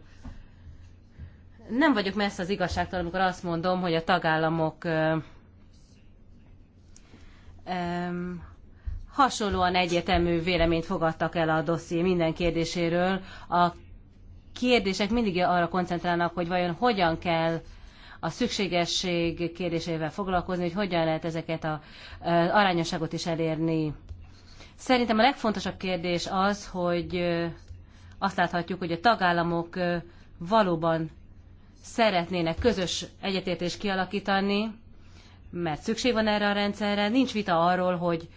Nem vagyok messze az igazságtól, amikor azt mondom, hogy a tagállamok ö, ö, hasonlóan egyetemű véleményt fogadtak el a dosszié minden kérdéséről. A kérdések mindig arra koncentrálnak, hogy vajon hogyan kell a szükségesség kérdésével foglalkozni, hogy hogyan lehet ezeket az arányosságot is elérni. Szerintem a legfontosabb kérdés az, hogy azt láthatjuk, hogy a tagállamok valóban szeretnének közös egyetértést kialakítani, mert szükség van erre a rendszerre, nincs vita arról, hogy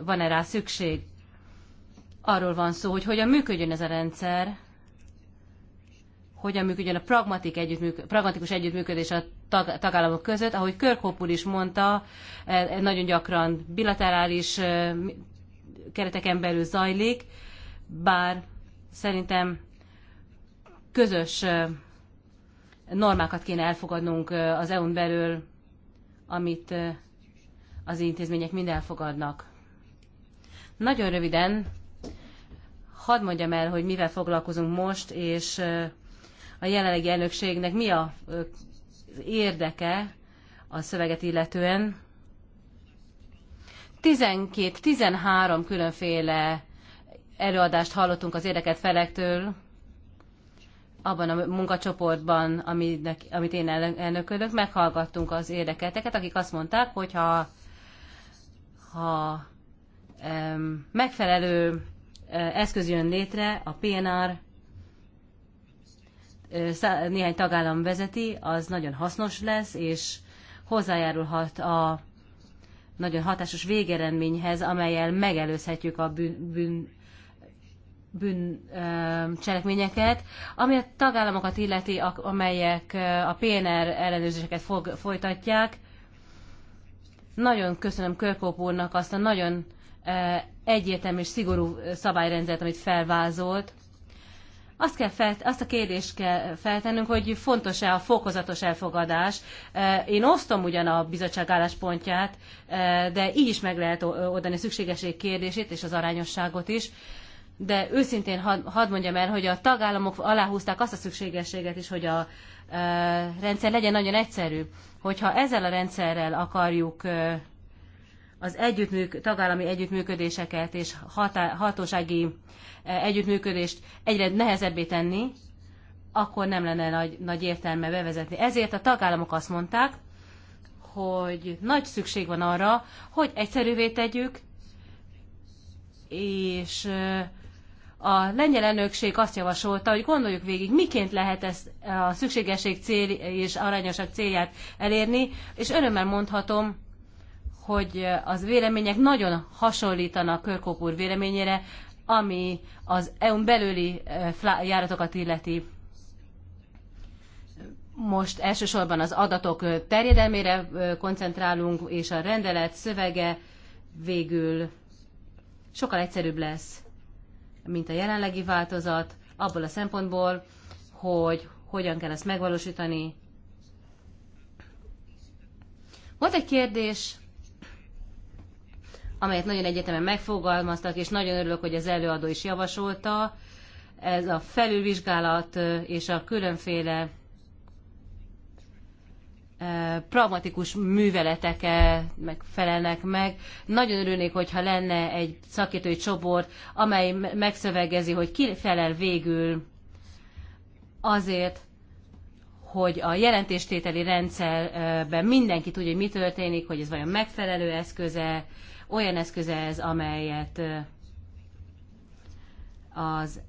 van-e rá szükség. Arról van szó, hogy hogyan működjön ez a rendszer, hogyan működjön a pragmatik együttműk, pragmatikus együttműködés a tag, tagállamok között. Ahogy Körkópul is mondta, e, e, nagyon gyakran bilaterális e, kereteken belül zajlik, bár szerintem közös normákat kéne elfogadnunk az EU-n belül, amit az intézmények mind elfogadnak. Nagyon röviden hadd mondjam el, hogy mivel foglalkozunk most, és a jelenlegi elnökségnek mi a érdeke a szöveget illetően. 12-13 különféle előadást hallottunk az érdeket felektől abban a munkacsoportban, aminek, amit én elnökölök, meghallgattunk az érdekelteket, akik azt mondták, hogy ha, ha em, megfelelő eszköz jön létre, a PNR néhány tagállam vezeti, az nagyon hasznos lesz, és hozzájárulhat a nagyon hatásos végeredményhez, amelyel megelőzhetjük a bűn, bűn bűn cselekményeket. ami a tagállamokat illeti, amelyek a PNR ellenőrzéseket folytatják. Nagyon köszönöm Körkóp úrnak azt a nagyon egyértelmű és szigorú szabályrendszert, amit felvázolt, azt, kell felt, azt a kérdést kell feltennünk, hogy fontos-e a fokozatos elfogadás. E, én osztom ugyan a bizottság álláspontját, e, de így is meg lehet oldani a szükségeség kérdését és az arányosságot is. De őszintén hadd had mondjam el, hogy a tagállamok aláhúzták azt a szükségességet is, hogy a e, rendszer legyen nagyon egyszerű. Hogyha ezzel a rendszerrel akarjuk az együttműk, tagállami együttműködéseket és hatá, hatósági eh, együttműködést egyre nehezebbé tenni, akkor nem lenne nagy, nagy értelme bevezetni. Ezért a tagállamok azt mondták, hogy nagy szükség van arra, hogy egyszerűvé tegyük, és eh, a lengyel elnökség azt javasolta, hogy gondoljuk végig, miként lehet ezt eh, a szükségesség cél és arányosak célját elérni, és örömmel mondhatom, hogy az vélemények nagyon hasonlítanak Körkóp úr véleményére, ami az EU-n belüli eh, járatokat illeti. Most elsősorban az adatok eh, terjedelmére eh, koncentrálunk, és a rendelet szövege végül sokkal egyszerűbb lesz, mint a jelenlegi változat, abból a szempontból, hogy hogyan kell ezt megvalósítani. Volt egy kérdés amelyet nagyon egyetemen megfogalmaztak, és nagyon örülök, hogy az előadó is javasolta. Ez a felülvizsgálat és a különféle pragmatikus műveletek megfelelnek meg. Nagyon örülnék, hogyha lenne egy szakértői csoport, amely megszövegezi, hogy ki felel végül azért, hogy a jelentéstételi rendszerben mindenki tudja, hogy mi történik, hogy ez vajon megfelelő eszköze, olyan eszköz ez, amelyet az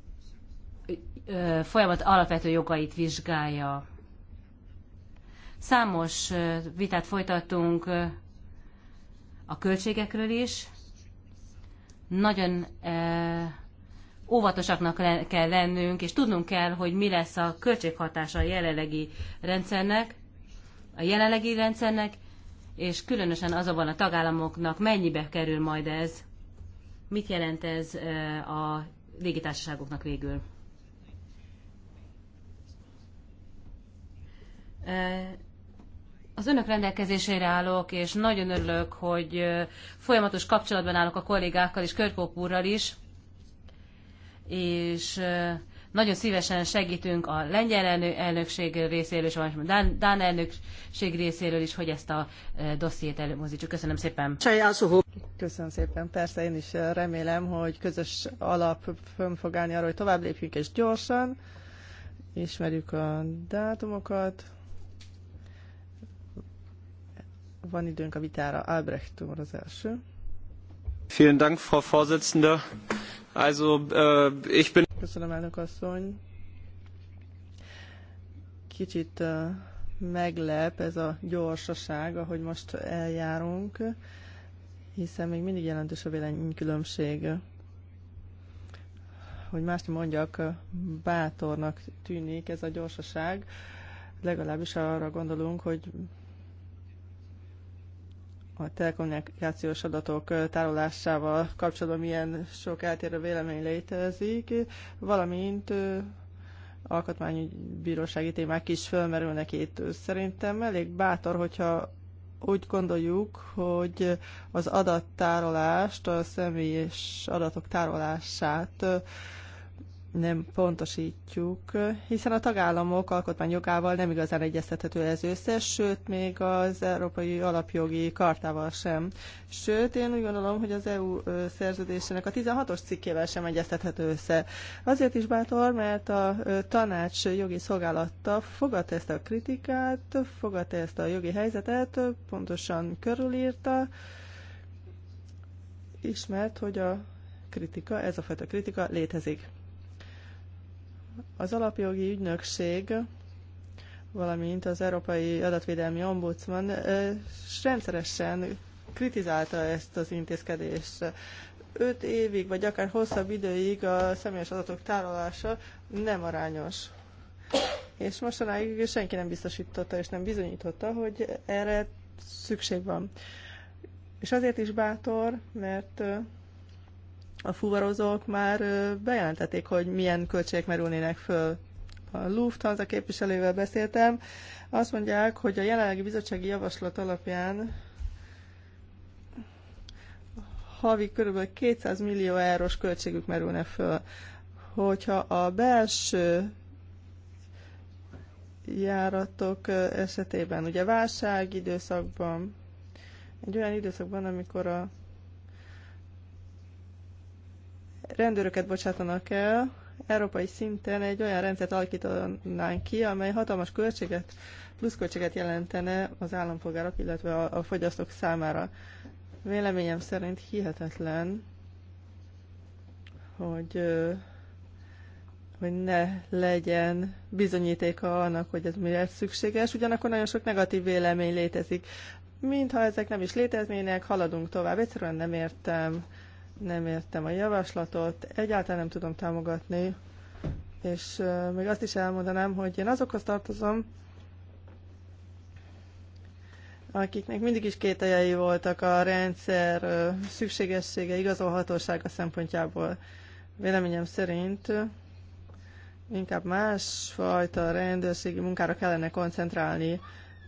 folyamat alapvető jogait vizsgálja. Számos vitát folytattunk a költségekről is. Nagyon óvatosaknak kell lennünk, és tudnunk kell, hogy mi lesz a költséghatása a jelenlegi rendszernek, a jelenlegi rendszernek, és különösen azokban a tagállamoknak mennyibe kerül majd ez, mit jelent ez a légitársaságoknak végül. Az önök rendelkezésére állok, és nagyon örülök, hogy folyamatos kapcsolatban állok a kollégákkal és Körkóp úrral is, és nagyon szívesen segítünk a lengyel elnökség részéről és a Dán, Dán elnökség részéről is, hogy ezt a e, dossziét előmozítsuk. Köszönöm szépen. Köszönöm szépen. Persze én is e, remélem, hogy közös alap fönn fog állni arra, hogy tovább lépjünk és gyorsan. Ismerjük a dátumokat. Van időnk a vitára. Albrecht úr az első. Vielen Dank, Frau Vorsitzende. Also, äh, ich bin Köszönöm, elnök asszony. Kicsit meglep ez a gyorsaság, ahogy most eljárunk, hiszen még mindig jelentős a véleménykülönbség. Hogy más nem mondjak, bátornak tűnik ez a gyorsaság, legalábbis arra gondolunk, hogy a telekommunikációs adatok tárolásával kapcsolatban milyen sok eltérő vélemény létezik, valamint alkotmánybírósági témák is fölmerülnek itt. Szerintem elég bátor, hogyha úgy gondoljuk, hogy az adattárolást, a személyes adatok tárolását nem pontosítjuk, hiszen a tagállamok alkotmányjogával nem igazán egyeztethető ez össze, sőt, még az Európai Alapjogi Kartával sem. Sőt, én úgy gondolom, hogy az EU szerződésének a 16-os cikkével sem egyeztethető össze. Azért is bátor, mert a tanács jogi szolgálata fogadta ezt a kritikát, fogadta ezt a jogi helyzetet, pontosan körülírta, ismert, hogy a kritika, ez a fajta kritika létezik. Az alapjogi ügynökség, valamint az Európai Adatvédelmi Ombudsman rendszeresen kritizálta ezt az intézkedést. 5 évig, vagy akár hosszabb időig a személyes adatok tárolása nem arányos. És mostanáig senki nem biztosította és nem bizonyította, hogy erre szükség van. És azért is bátor, mert a fuvarozók már bejelentették, hogy milyen költségek merülnének föl. A Lufthansa képviselővel beszéltem, azt mondják, hogy a jelenlegi bizottsági javaslat alapján havi kb. 200 millió eurós költségük merülne föl. Hogyha a belső járatok esetében, ugye válság időszakban, egy olyan időszakban, amikor a rendőröket bocsátanak el, európai szinten egy olyan rendszert alakítanánk ki, amely hatalmas költséget, pluszköltséget jelentene az állampolgárok, illetve a, a fogyasztók számára. Véleményem szerint hihetetlen, hogy, hogy ne legyen bizonyítéka annak, hogy ez mire szükséges, ugyanakkor nagyon sok negatív vélemény létezik. Mintha ezek nem is léteznének, haladunk tovább. Egyszerűen nem értem nem értem a javaslatot, egyáltalán nem tudom támogatni, és még azt is elmondanám, hogy én azokhoz tartozom, akiknek mindig is kételjei voltak a rendszer szükségessége, igazolhatósága szempontjából. Véleményem szerint inkább másfajta rendőrségi munkára kellene koncentrálni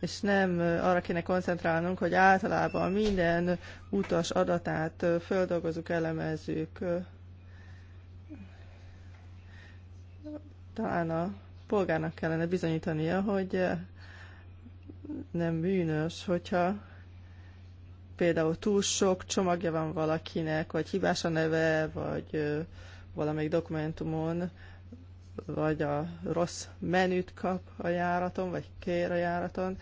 és nem arra kéne koncentrálnunk, hogy általában minden utas adatát földolgozunk, elemezzük. Talán a polgárnak kellene bizonyítania, hogy nem bűnös, hogyha például túl sok csomagja van valakinek, vagy hibás a neve, vagy valamelyik dokumentumon, vagy a rossz menüt kap a járaton, vagy kér a járaton.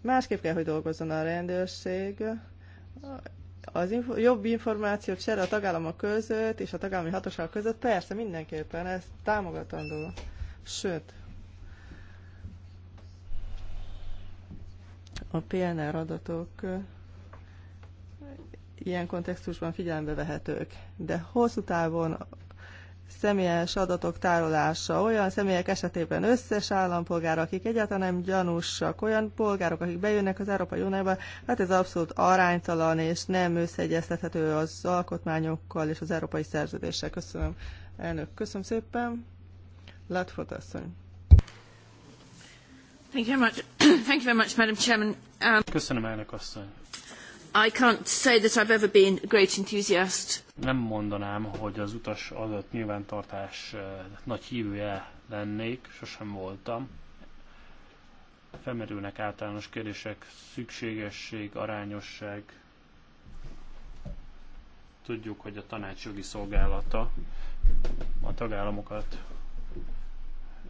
Másképp kell, hogy dolgozzon a rendőrség. Az inf- jobb információ csere a tagállamok között és a tagállami hatóság között, persze mindenképpen ez támogatandó. Sőt, a PNR adatok ilyen kontextusban figyelembe vehetők. De hosszú távon személyes adatok tárolása olyan személyek esetében összes állampolgár, akik egyáltalán nem gyanúsak, olyan polgárok, akik bejönnek az Európai Unióba, hát ez abszolút aránytalan és nem összeegyeztethető az alkotmányokkal és az európai szerződéssel. Köszönöm, elnök. Köszönöm szépen. Latford asszony. Thank you very much, Thank you very much Madam Chairman. Um... Köszönöm, elnök asszony. I can't say that I've ever been a great enthusiast. Nem mondanám, hogy az utas adott nyilvántartás eh, nagy hívője lennék, sosem voltam. Felmerülnek általános kérdések, szükségesség, arányosság. Tudjuk, hogy a tanácsjogi szolgálata a tagállamokat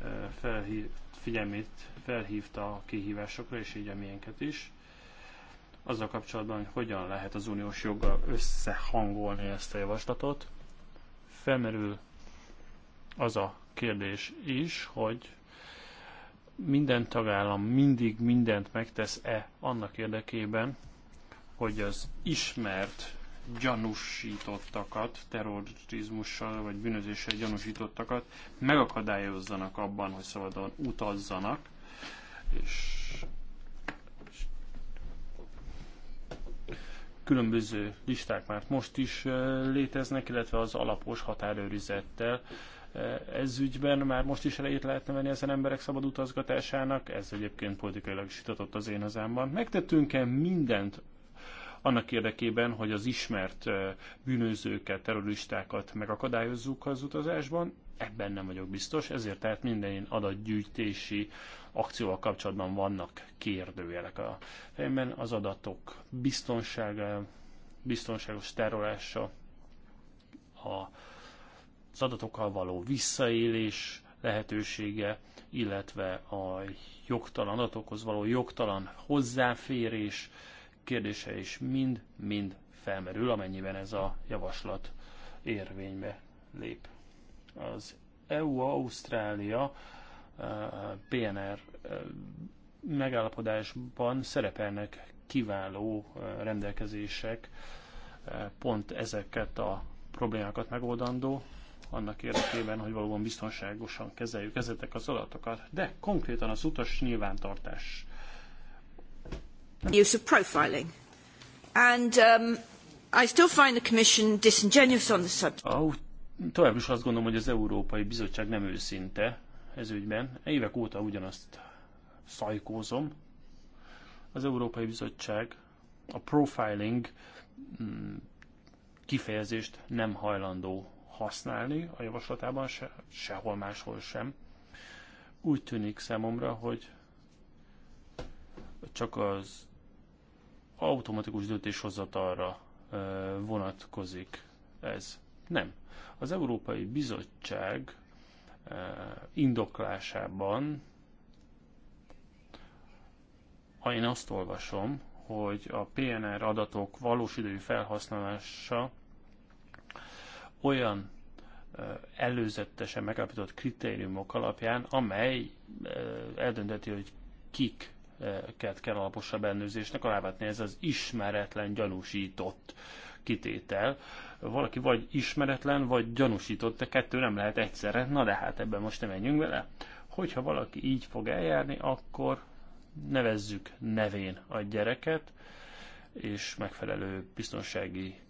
eh, felhív, figyelmét felhívta a kihívásokra, és így a miénket is azzal kapcsolatban, hogy hogyan lehet az uniós joggal összehangolni ezt a javaslatot. Felmerül az a kérdés is, hogy minden tagállam mindig mindent megtesz-e annak érdekében, hogy az ismert gyanúsítottakat, terrorizmussal vagy bűnözéssel gyanúsítottakat megakadályozzanak abban, hogy szabadon utazzanak, és Különböző listák már most is eh, léteznek, illetve az alapos határőrizettel eh, ez ügyben már most is elejét lehetne venni ezen emberek szabad utazgatásának, ez egyébként politikailag is hitatott az én hazámban. Megtettünk-e mindent annak érdekében, hogy az ismert eh, bűnözőket, terroristákat megakadályozzuk az utazásban? ebben nem vagyok biztos, ezért tehát minden ilyen adatgyűjtési akcióval kapcsolatban vannak kérdőjelek a fejemben. Az adatok biztonsága, biztonságos tárolása, a, az adatokkal való visszaélés lehetősége, illetve a jogtalan adatokhoz való jogtalan hozzáférés kérdése is mind-mind felmerül, amennyiben ez a javaslat érvénybe lép. Az EU-Ausztrália eh, PNR eh, megállapodásban szerepelnek kiváló eh, rendelkezések, pont ezeket a problémákat megoldandó, annak érdekében, hogy valóban biztonságosan kezeljük ezeket az adatokat, de konkrétan az utas nyilvántartás. Use of profiling. And um, I still find the Commission disingenuous on the subject. Tovább is azt gondolom, hogy az Európai Bizottság nem őszinte ez ügyben. Évek óta ugyanazt szajkózom. Az Európai Bizottság a profiling mm, kifejezést nem hajlandó használni a javaslatában, se, sehol máshol sem. Úgy tűnik számomra, hogy csak az automatikus döntéshozatalra vonatkozik ez. Nem. Az Európai Bizottság eh, indoklásában ha én azt olvasom, hogy a PNR adatok valós idejű felhasználása olyan eh, előzetesen megállapított kritériumok alapján, amely eh, eldönteti, hogy kik ket kell alaposabb ellenőrzésnek alávetni. Ez az ismeretlen, gyanúsított kitétel valaki vagy ismeretlen, vagy gyanúsított, de kettő nem lehet egyszerre. Na de hát ebben most nem menjünk bele. Hogyha valaki így fog eljárni, akkor nevezzük nevén a gyereket, és megfelelő biztonsági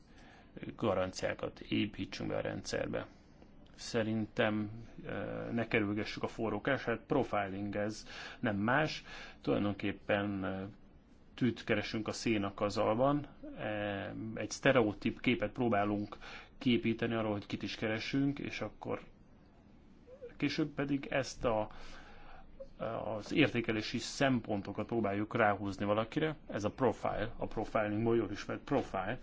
garanciákat építsünk be a rendszerbe. Szerintem eh, ne kerülgessük a forrókását, profiling ez nem más, tulajdonképpen eh, tűt keresünk a szénakazalban, e, egy sztereotíp képet próbálunk képíteni arról, hogy kit is keresünk, és akkor később pedig ezt a, az értékelési szempontokat próbáljuk ráhúzni valakire. Ez a profile, a profiling jól ismert profile.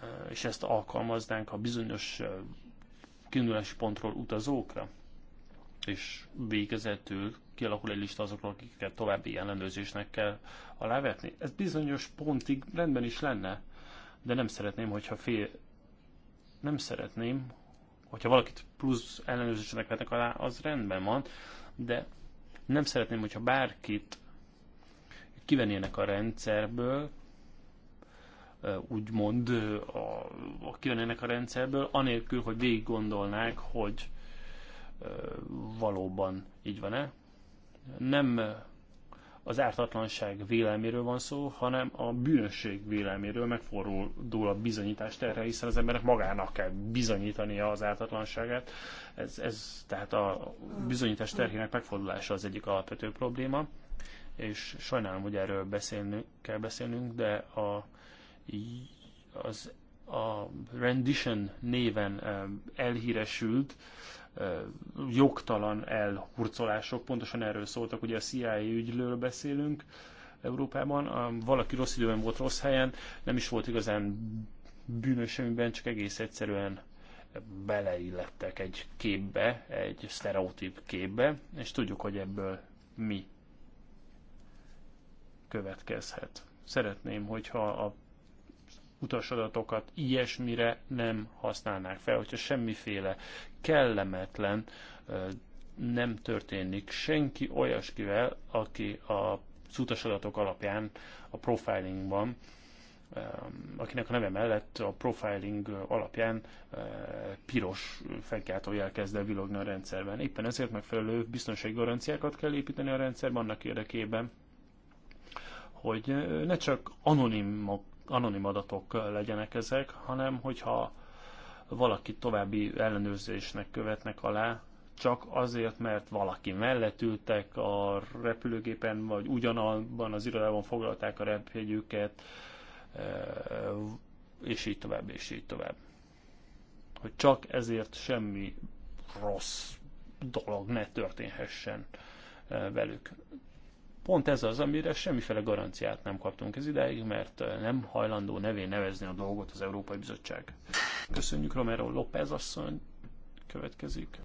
E, és ezt alkalmaznánk a bizonyos e, kiindulási pontról utazókra. És végezetül kialakul egy lista azokról, akiket további ellenőrzésnek kell alávetni. Ez bizonyos pontig rendben is lenne, de nem szeretném, hogyha fél... Nem szeretném, hogyha valakit plusz ellenőrzésnek vetnek alá, az rendben van, de nem szeretném, hogyha bárkit kivennének a rendszerből, úgymond a, a kivennének a rendszerből, anélkül, hogy végig gondolnák, hogy valóban így van-e nem az ártatlanság véleméről van szó, hanem a bűnösség véleméről megfordul a bizonyítás erre hiszen az embernek magának kell bizonyítania az ártatlanságát. Ez, ez tehát a bizonyítás terhének megfordulása az egyik alapvető probléma, és sajnálom, hogy erről beszélnünk, kell beszélnünk, de a, az, a Rendition néven eh, elhíresült jogtalan elhurcolások, pontosan erről szóltak, ugye a CIA ügyről beszélünk Európában, valaki rossz időben volt rossz helyen, nem is volt igazán bűnös semmiben, csak egész egyszerűen beleillettek egy képbe, egy sztereotíp képbe, és tudjuk, hogy ebből mi következhet. Szeretném, hogyha a utasadatokat ilyesmire nem használnák fel, hogyha semmiféle kellemetlen nem történik senki olyaskivel, aki a utasadatok alapján a profilingban, akinek a neve mellett a profiling alapján piros felkiáltó jel kezd el vilogni a rendszerben. Éppen ezért megfelelő biztonsági garanciákat kell építeni a rendszerben annak érdekében, hogy ne csak anonimok anonim adatok legyenek ezek, hanem hogyha valaki további ellenőrzésnek követnek alá, csak azért, mert valaki mellett ültek a repülőgépen, vagy ugyanabban az irodában foglalták a repjegyüket, e, és így tovább, és így tovább. Hogy csak ezért semmi rossz dolog ne történhessen e, velük. Pont ez az, amire semmiféle garanciát nem kaptunk ez idáig, mert eh, nem hajlandó nevén nevezni a dolgot az Európai Bizottság. Köszönjük Romero López asszony, következik.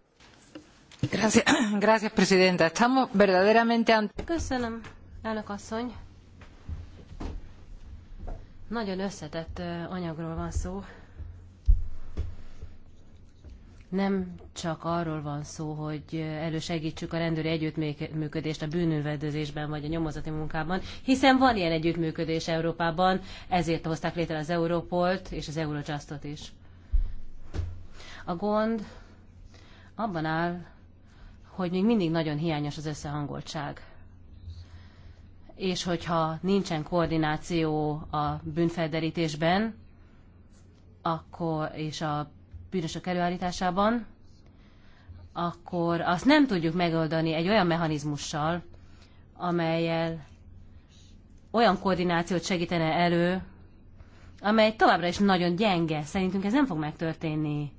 Gracias, gracias Presidenta. Estamos verdaderamente Köszönöm, elnök asszony. Nagyon összetett eh, anyagról van szó, nem csak arról van szó, hogy elősegítsük a rendőri együttműködést a bűnüldözésben vagy a nyomozati munkában, hiszen van ilyen együttműködés Európában, ezért hozták létre az Europolt és az Eurojustot is. A gond abban áll, hogy még mindig nagyon hiányos az összehangoltság. És hogyha nincsen koordináció a bűnfelderítésben, akkor és a bűnösök előállításában, akkor azt nem tudjuk megoldani egy olyan mechanizmussal, amelyel olyan koordinációt segítene elő, amely továbbra is nagyon gyenge. Szerintünk ez nem fog megtörténni.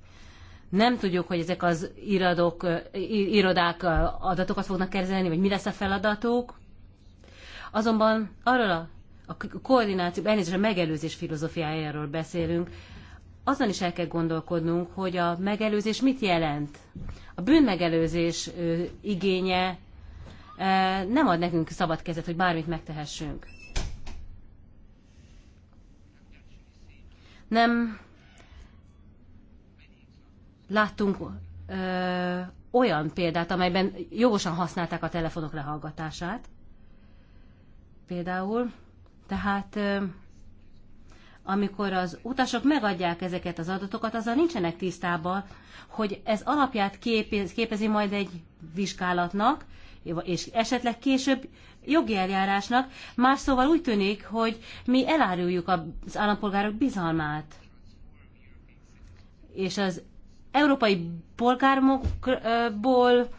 Nem tudjuk, hogy ezek az iradok, irodák adatokat fognak kezelni, vagy mi lesz a feladatuk. Azonban arról a, a koordináció, elnézést a megelőzés filozófiájáról beszélünk, azon is el kell gondolkodnunk, hogy a megelőzés mit jelent. A bűnmegelőzés igénye nem ad nekünk szabad kezet, hogy bármit megtehessünk. Nem láttunk ö, olyan példát, amelyben jogosan használták a telefonok lehallgatását. Például, tehát ö, amikor az utasok megadják ezeket az adatokat, azzal nincsenek tisztában, hogy ez alapját képez, képezi majd egy vizsgálatnak, és esetleg később jogi eljárásnak. Más szóval úgy tűnik, hogy mi eláruljuk az állampolgárok bizalmát. És az európai polgármokból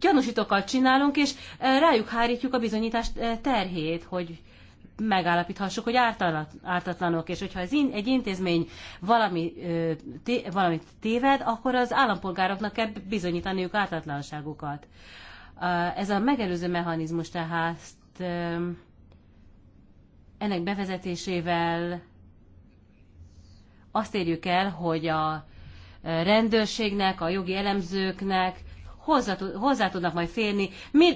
gyanúsítókat csinálunk, és rájuk hárítjuk a bizonyítás terhét, hogy megállapíthassuk, hogy ártatlanok, és hogyha az in, egy intézmény valami, té, valamit téved, akkor az állampolgároknak kell bizonyítaniuk ártatlanságukat. Ez a megelőző mechanizmus tehát ennek bevezetésével azt érjük el, hogy a rendőrségnek, a jogi elemzőknek hozzá, hozzá tudnak majd férni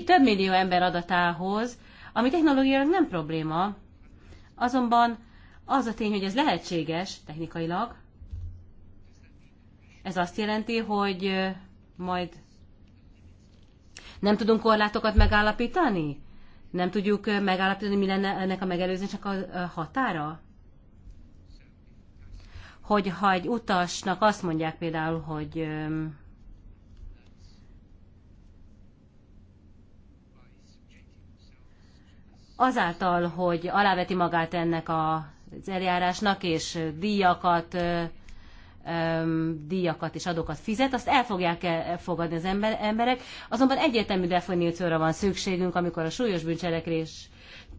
több millió ember adatához, ami technológiailag nem probléma, azonban az a tény, hogy ez lehetséges technikailag, ez azt jelenti, hogy majd nem tudunk korlátokat megállapítani? Nem tudjuk megállapítani, mi lenne ennek a megelőzésnek a határa? Hogy ha egy utasnak azt mondják például, hogy azáltal, hogy aláveti magát ennek az eljárásnak, és díjakat, díjakat és adókat fizet, azt el fogják e- fogadni az emberek. Azonban egyértelmű definícióra van szükségünk, amikor a súlyos bűncselekvés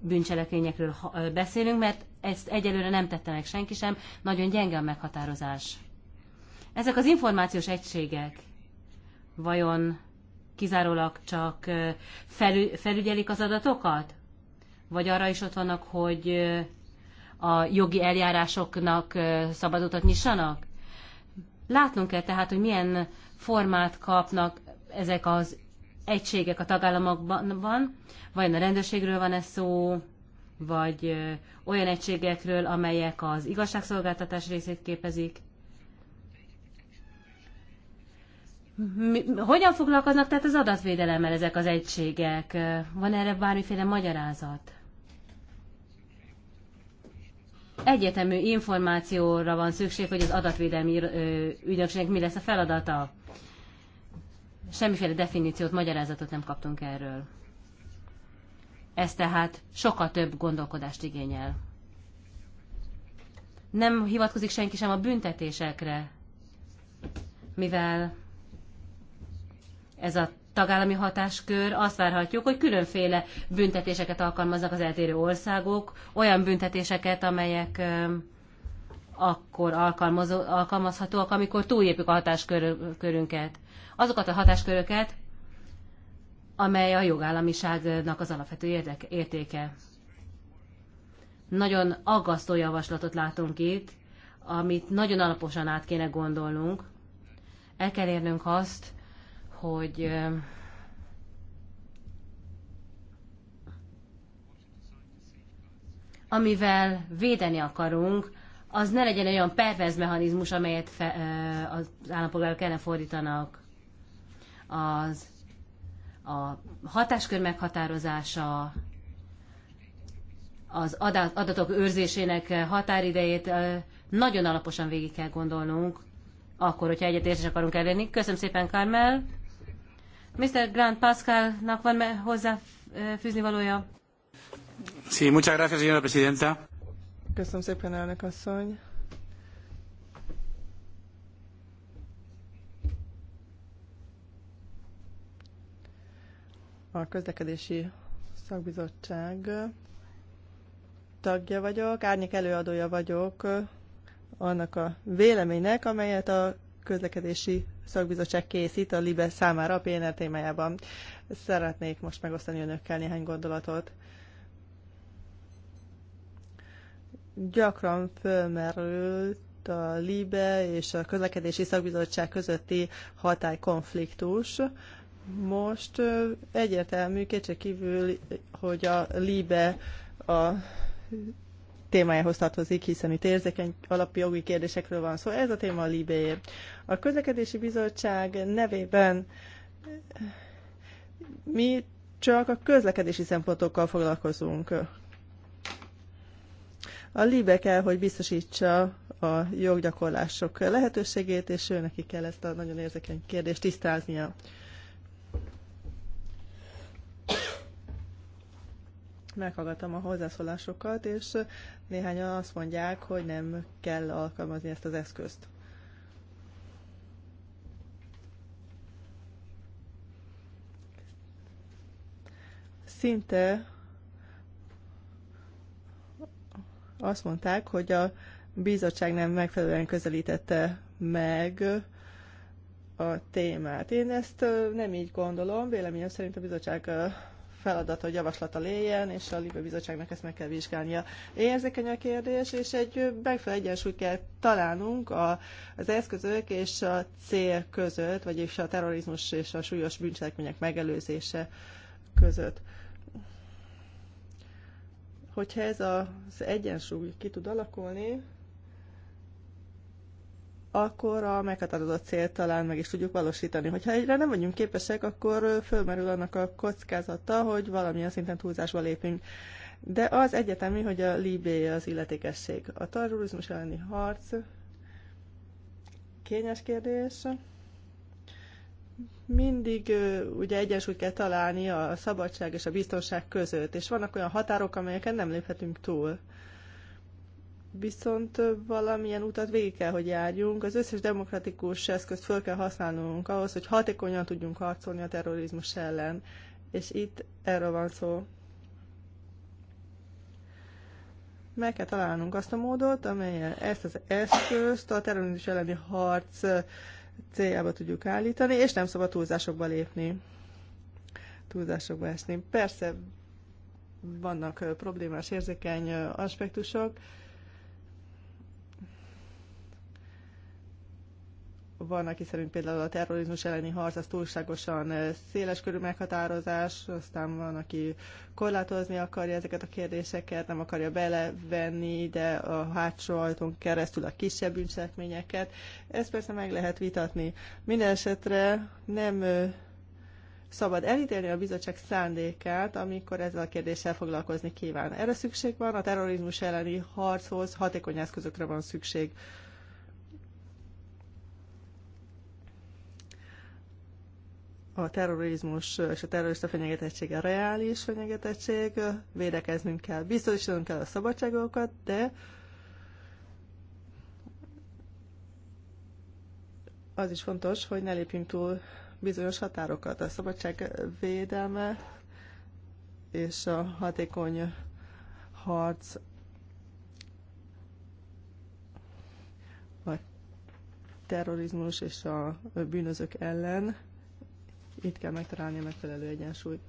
bűncselekményekről beszélünk, mert ezt egyelőre nem tette meg senki sem, nagyon gyenge a meghatározás. Ezek az információs egységek vajon kizárólag csak felügyelik az adatokat? vagy arra is ott vannak, hogy a jogi eljárásoknak szabad utat nyissanak? Látnunk kell tehát, hogy milyen formát kapnak ezek az egységek a tagállamokban, vajon a rendőrségről van ez szó, vagy olyan egységekről, amelyek az igazságszolgáltatás részét képezik. Mi, hogyan foglalkoznak tehát az adatvédelemmel ezek az egységek? Van erre bármiféle magyarázat? egyetemű információra van szükség, hogy az adatvédelmi ügynökségnek mi lesz a feladata. Semmiféle definíciót, magyarázatot nem kaptunk erről. Ez tehát sokkal több gondolkodást igényel. Nem hivatkozik senki sem a büntetésekre, mivel ez a tagállami hatáskör, azt várhatjuk, hogy különféle büntetéseket alkalmaznak az eltérő országok, olyan büntetéseket, amelyek akkor alkalmazhatóak, amikor túllépjük a hatáskörünket. Azokat a hatásköröket, amely a jogállamiságnak az alapvető érdek, értéke. Nagyon aggasztó javaslatot látunk itt, amit nagyon alaposan át kéne gondolnunk. El kell érnünk azt, hogy amivel védeni akarunk, az ne legyen olyan pervez mechanizmus, amelyet fe, az állampolgárok kellene fordítanak. Az, a hatáskör meghatározása, az adatok őrzésének határidejét nagyon alaposan végig kell gondolnunk, akkor, hogyha egyetértés akarunk elérni. Köszönöm szépen, Karmel! Mr. Grant Pascalnak van hozzáfűzni valója? Sí, muchas gracias, señora presidenta. Köszönöm szépen, elnök asszony. A közlekedési szakbizottság tagja vagyok, árnyék előadója vagyok annak a véleménynek, amelyet a közlekedési szakbizottság készít a LIBE számára a PNR témájában. Szeretnék most megosztani önökkel néhány gondolatot. Gyakran fölmerült a LIBE és a közlekedési szakbizottság közötti hatálykonfliktus. Most egyértelmű, kívül, hogy a LIBE a témájához tartozik, hiszen itt érzékeny alapjogi kérdésekről van szó. Szóval ez a téma a Libéé. A közlekedési bizottság nevében mi csak a közlekedési szempontokkal foglalkozunk. A Libe kell, hogy biztosítsa a joggyakorlások lehetőségét, és őnek kell ezt a nagyon érzékeny kérdést tisztáznia. meghallgattam a hozzászólásokat, és néhányan azt mondják, hogy nem kell alkalmazni ezt az eszközt. Szinte azt mondták, hogy a bizottság nem megfelelően közelítette meg a témát. Én ezt nem így gondolom, véleményem szerint a bizottság Feladat hogy javaslata léjen, és a Libe Bizottságnak ezt meg kell vizsgálnia. Érzékeny a kérdés, és egy megfelelő egyensúly kell találnunk a, az eszközök és a cél között, vagyis a terrorizmus és a súlyos bűncselekmények megelőzése között. Hogyha ez az egyensúly ki tud alakulni, akkor a meghatározott célt talán meg is tudjuk valósítani. Hogyha egyre nem vagyunk képesek, akkor fölmerül annak a kockázata, hogy valamilyen szinten túlzásba lépünk. De az egyetemi, hogy a libé az illetékesség. A terrorizmus elleni harc kényes kérdés. Mindig ugye egyensúlyt kell találni a szabadság és a biztonság között, és vannak olyan határok, amelyeken nem léphetünk túl viszont valamilyen utat végig kell, hogy járjunk. Az összes demokratikus eszközt föl kell használnunk ahhoz, hogy hatékonyan tudjunk harcolni a terrorizmus ellen. És itt erről van szó. Meg kell találnunk azt a módot, amelyen ezt az eszközt a terrorizmus elleni harc céljába tudjuk állítani, és nem szabad túlzásokba lépni. Túlzásokba esni. Persze vannak problémás érzékeny aspektusok, van, aki szerint például a terrorizmus elleni harc az túlságosan eh, széles körű meghatározás, aztán van, aki korlátozni akarja ezeket a kérdéseket, nem akarja belevenni, de a hátsó ajtón keresztül a kisebb bűncselekményeket. Ezt persze meg lehet vitatni. Minden esetre nem eh, szabad elítélni a bizottság szándékát, amikor ezzel a kérdéssel foglalkozni kíván. Erre szükség van, a terrorizmus elleni harchoz hatékony eszközökre van szükség. A terrorizmus és a terrorista fenyegetettség a reális fenyegetettség, védekeznünk kell, biztosítanunk kell a szabadságokat, de az is fontos, hogy ne lépjünk túl bizonyos határokat. A szabadság védelme és a hatékony harc a terrorizmus és a bűnözők ellen itt kell megtalálni a megfelelő egyensúlyt.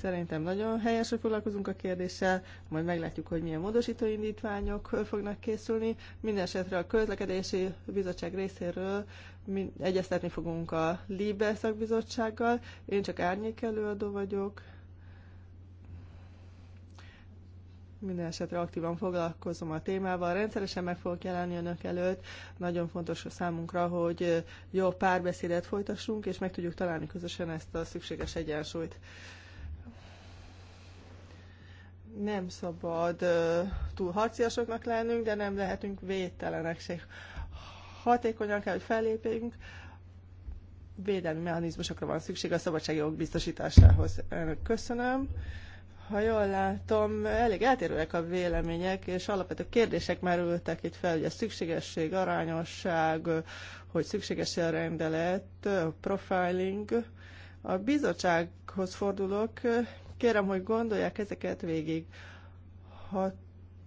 Szerintem nagyon helyes, foglalkozunk a kérdéssel, majd meglátjuk, hogy milyen módosító indítványok fognak készülni. Mindenesetre a közlekedési bizottság részéről mi egyeztetni fogunk a LIBE szakbizottsággal. Én csak árnyékelőadó vagyok, Minden esetre aktívan foglalkozom a témával, rendszeresen meg fogok jelenni önök előtt. Nagyon fontos a számunkra, hogy jó párbeszédet folytassunk, és meg tudjuk találni közösen ezt a szükséges egyensúlyt. Nem szabad túl harciasoknak lennünk, de nem lehetünk védtelenek se. Hatékonyan kell, hogy fellépjünk, védelmi mechanizmusokra van szükség a szabadságjogok biztosításához. Köszönöm. Ha jól látom, elég eltérőek a vélemények, és alapvető kérdések merültek itt fel, hogy a szükségesség, arányosság, hogy szükséges a rendelet, profiling. A bizottsághoz fordulok, kérem, hogy gondolják ezeket végig. Ha,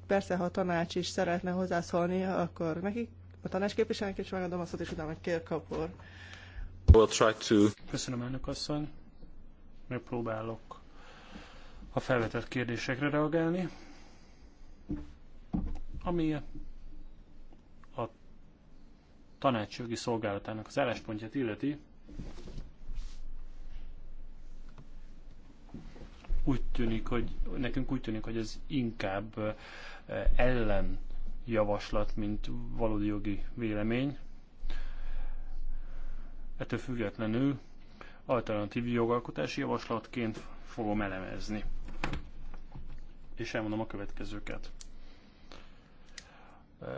persze, ha a tanács is szeretne hozzászólni, akkor nekik, a tanács képviselőnek is megadom a és utána kér kapor. We'll try to... Köszönöm, elnök asszony. Megpróbálok a felvetett kérdésekre reagálni, ami a tanácsjogi szolgálatának az álláspontját illeti. Úgy tűnik, hogy nekünk úgy tűnik, hogy ez inkább ellen javaslat, mint valódi jogi vélemény. Ettől függetlenül alternatív jogalkotási javaslatként fogom elemezni és elmondom a következőket.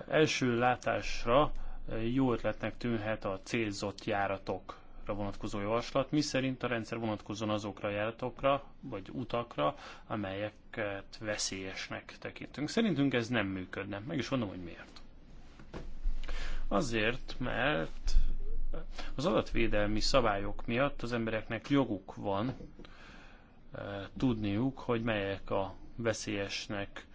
Első látásra eh, jó ötletnek tűnhet a célzott járatok vonatkozó javaslat, miszerint a rendszer vonatkozon azokra a járatokra vagy utakra, amelyeket veszélyesnek tekintünk. Szerintünk ez nem működne. Meg is mondom, hogy miért. Azért, mert az adatvédelmi szabályok miatt az embereknek joguk van eh, tudniuk, hogy melyek a veszélyesnek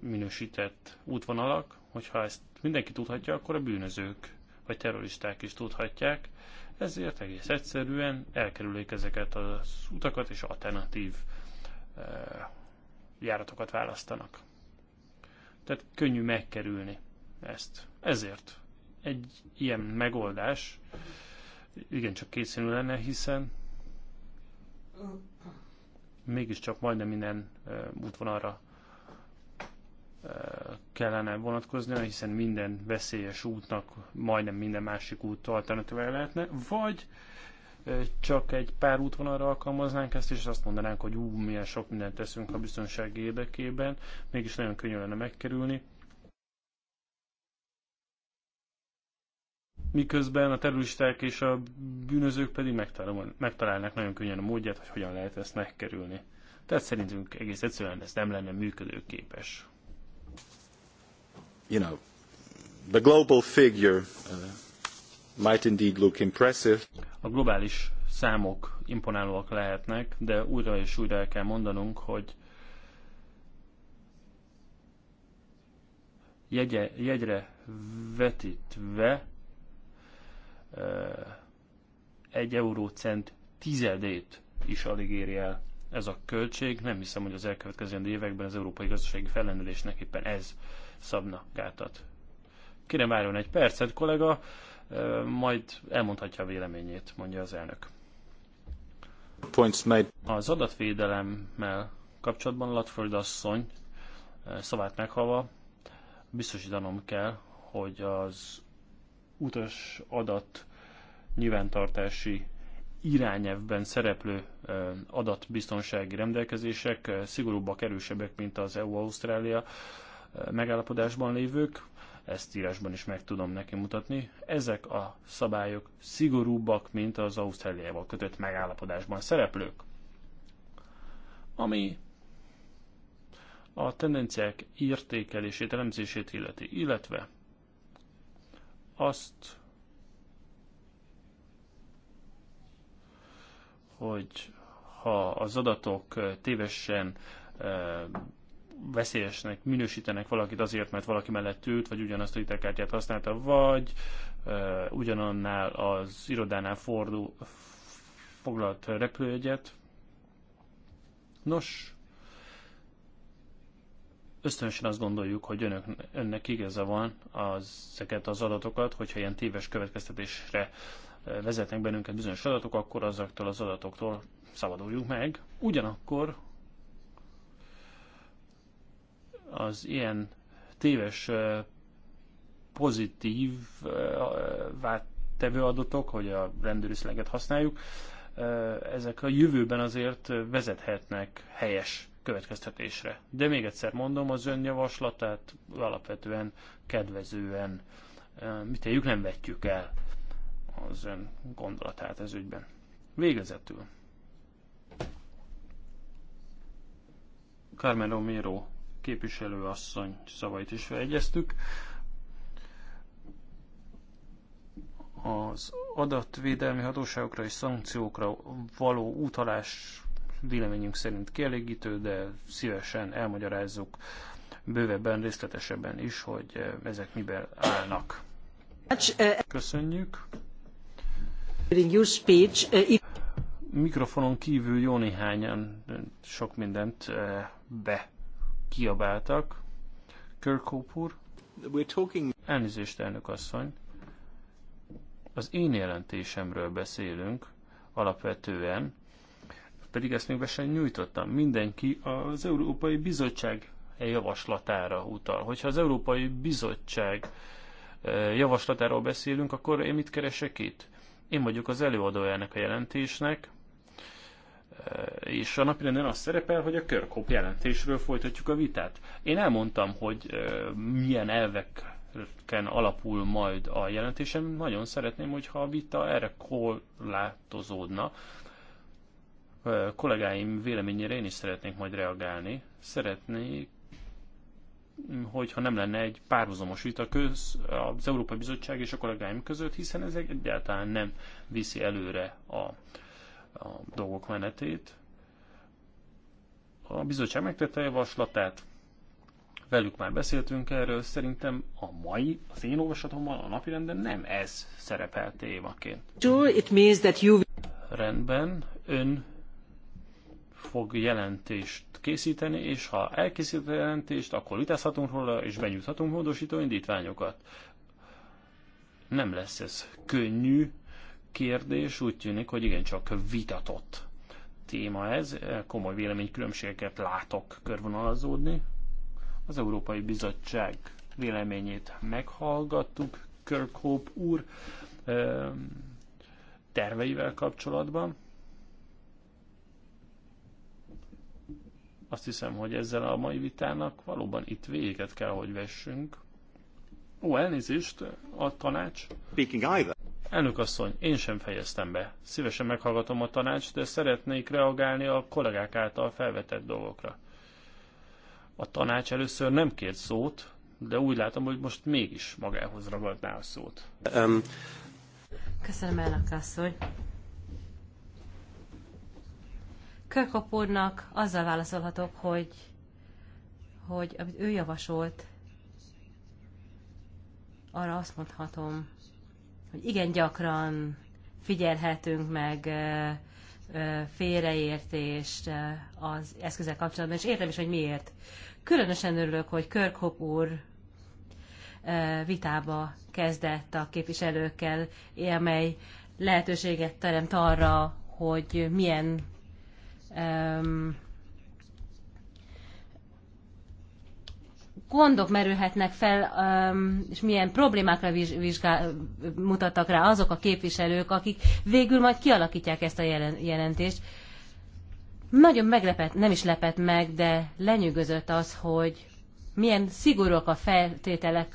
minősített útvonalak, hogyha ezt mindenki tudhatja, akkor a bűnözők vagy terroristák is tudhatják, ezért egész egyszerűen elkerülik ezeket az utakat, és alternatív járatokat választanak. Tehát könnyű megkerülni ezt. Ezért egy ilyen megoldás igencsak készülő lenne, hiszen mégiscsak majdnem minden útvonalra kellene vonatkoznia, hiszen minden veszélyes útnak majdnem minden másik út alternatívája lehetne, vagy csak egy pár útvonalra alkalmaznánk ezt, és azt mondanánk, hogy ú, milyen sok mindent teszünk a biztonság érdekében, mégis nagyon könnyű lenne megkerülni. miközben a terroristák és a bűnözők pedig megtalálnak nagyon könnyen a módját, hogy hogyan lehet ezt megkerülni. Tehát szerintünk egész egyszerűen ez nem lenne működőképes. You know, the global figure uh, might indeed look impressive. A globális számok imponálóak lehetnek, de újra és újra el kell mondanunk, hogy jegye, jegyre vetítve egy eurócent tizedét is alig éri el ez a költség. Nem hiszem, hogy az elkövetkező években az európai gazdasági fellendülésnek éppen ez szabna gátat. Kérem várjon egy percet, kollega, majd elmondhatja a véleményét, mondja az elnök. Az adatvédelemmel kapcsolatban Latford asszony szavát meghalva biztosítanom kell, hogy az utas adat nyilvántartási irányelvben szereplő adatbiztonsági rendelkezések szigorúbbak, erősebbek, mint az EU-Ausztrália megállapodásban lévők. Ezt írásban is meg tudom neki mutatni. Ezek a szabályok szigorúbbak, mint az Ausztráliával kötött megállapodásban szereplők. Ami a tendenciák értékelését, elemzését illeti, illetve azt, hogy ha az adatok tévesen veszélyesnek minősítenek valakit azért, mert valaki mellett ült, vagy ugyanazt a hitelkártyát használta, vagy ugyanannál az irodánál fordul, foglalt repülőjegyet. Nos, ösztönösen azt gondoljuk, hogy önök, önnek igaza van az, ezeket az adatokat, hogyha ilyen téves következtetésre e, vezetnek bennünket bizonyos adatok, akkor azoktól az adatoktól szabaduljunk meg. Ugyanakkor az ilyen téves e, pozitív e, tevő adatok, hogy a rendőri használjuk, ezek a jövőben azért vezethetnek helyes következtetésre. De még egyszer mondom, az ön javaslatát alapvetően kedvezően eh, mit éljük, nem vetjük el az ön gondolatát ez ügyben. Végezetül. Carmen Romero asszony szavait is fejegyeztük. Az adatvédelmi hatóságokra és szankciókra való utalás véleményünk szerint kielégítő, de szívesen elmagyarázzuk bővebben, részletesebben is, hogy eh, ezek miben állnak. Köszönjük. Eh, Mikrofonon kívül jó néhányan sok mindent eh, be kiabáltak. Kirkhope úr. Talking... Elnézést, elnök asszony. Az én jelentésemről beszélünk alapvetően, pedig ezt még be sem nyújtottam. Mindenki az Európai Bizottság javaslatára utal. Hogyha az Európai Bizottság e, javaslatáról beszélünk, akkor én mit keresek itt? Én vagyok az előadójának a jelentésnek, e, és a napirenden az szerepel, hogy a Körkop jelentésről folytatjuk a vitát. Én elmondtam, hogy e, milyen elvek alapul majd a jelentésem. Nagyon szeretném, hogyha a vita erre korlátozódna, kollégáim véleményére én is szeretnék majd reagálni. Szeretnék, hogyha nem lenne egy párhuzamos vita köz az Európai Bizottság és a kollégáim között, hiszen ez egyáltalán nem viszi előre a, a dolgok menetét. A bizottság megtette a javaslatát, velük már beszéltünk erről, szerintem a mai, az én olvasatomban a napirenden nem ez szerepel témaként. Sure, it means that you... Rendben, ön fog jelentést készíteni, és ha elkészít a jelentést, akkor vitázhatunk róla, és benyújthatunk módosító indítványokat. Nem lesz ez könnyű kérdés, úgy tűnik, hogy igencsak vitatott téma ez, komoly véleménykülönbségeket látok körvonalazódni. Az Európai Bizottság véleményét meghallgattuk, Kirkhope úr terveivel kapcsolatban Azt hiszem, hogy ezzel a mai vitának valóban itt véget kell, hogy vessünk. Ó, elnézést, a tanács. Speaking either. Elnök asszony, én sem fejeztem be. Szívesen meghallgatom a tanács, de szeretnék reagálni a kollégák által felvetett dolgokra. A tanács először nem kért szót, de úgy látom, hogy most mégis magához ragadná a szót. Um. Köszönöm, elnök asszony. Kirkhope úrnak azzal válaszolhatok, hogy, hogy amit ő javasolt, arra azt mondhatom, hogy igen gyakran figyelhetünk meg félreértést az eszközzel kapcsolatban, és értem is, hogy miért. Különösen örülök, hogy Kirkhope úr vitába kezdett a képviselőkkel, amely lehetőséget teremt arra, hogy milyen gondok merülhetnek fel, és milyen problémákra vizsgál, mutattak rá azok a képviselők, akik végül majd kialakítják ezt a jelentést. Nagyon meglepett, nem is lepett meg, de lenyűgözött az, hogy milyen szigorúak a feltételek,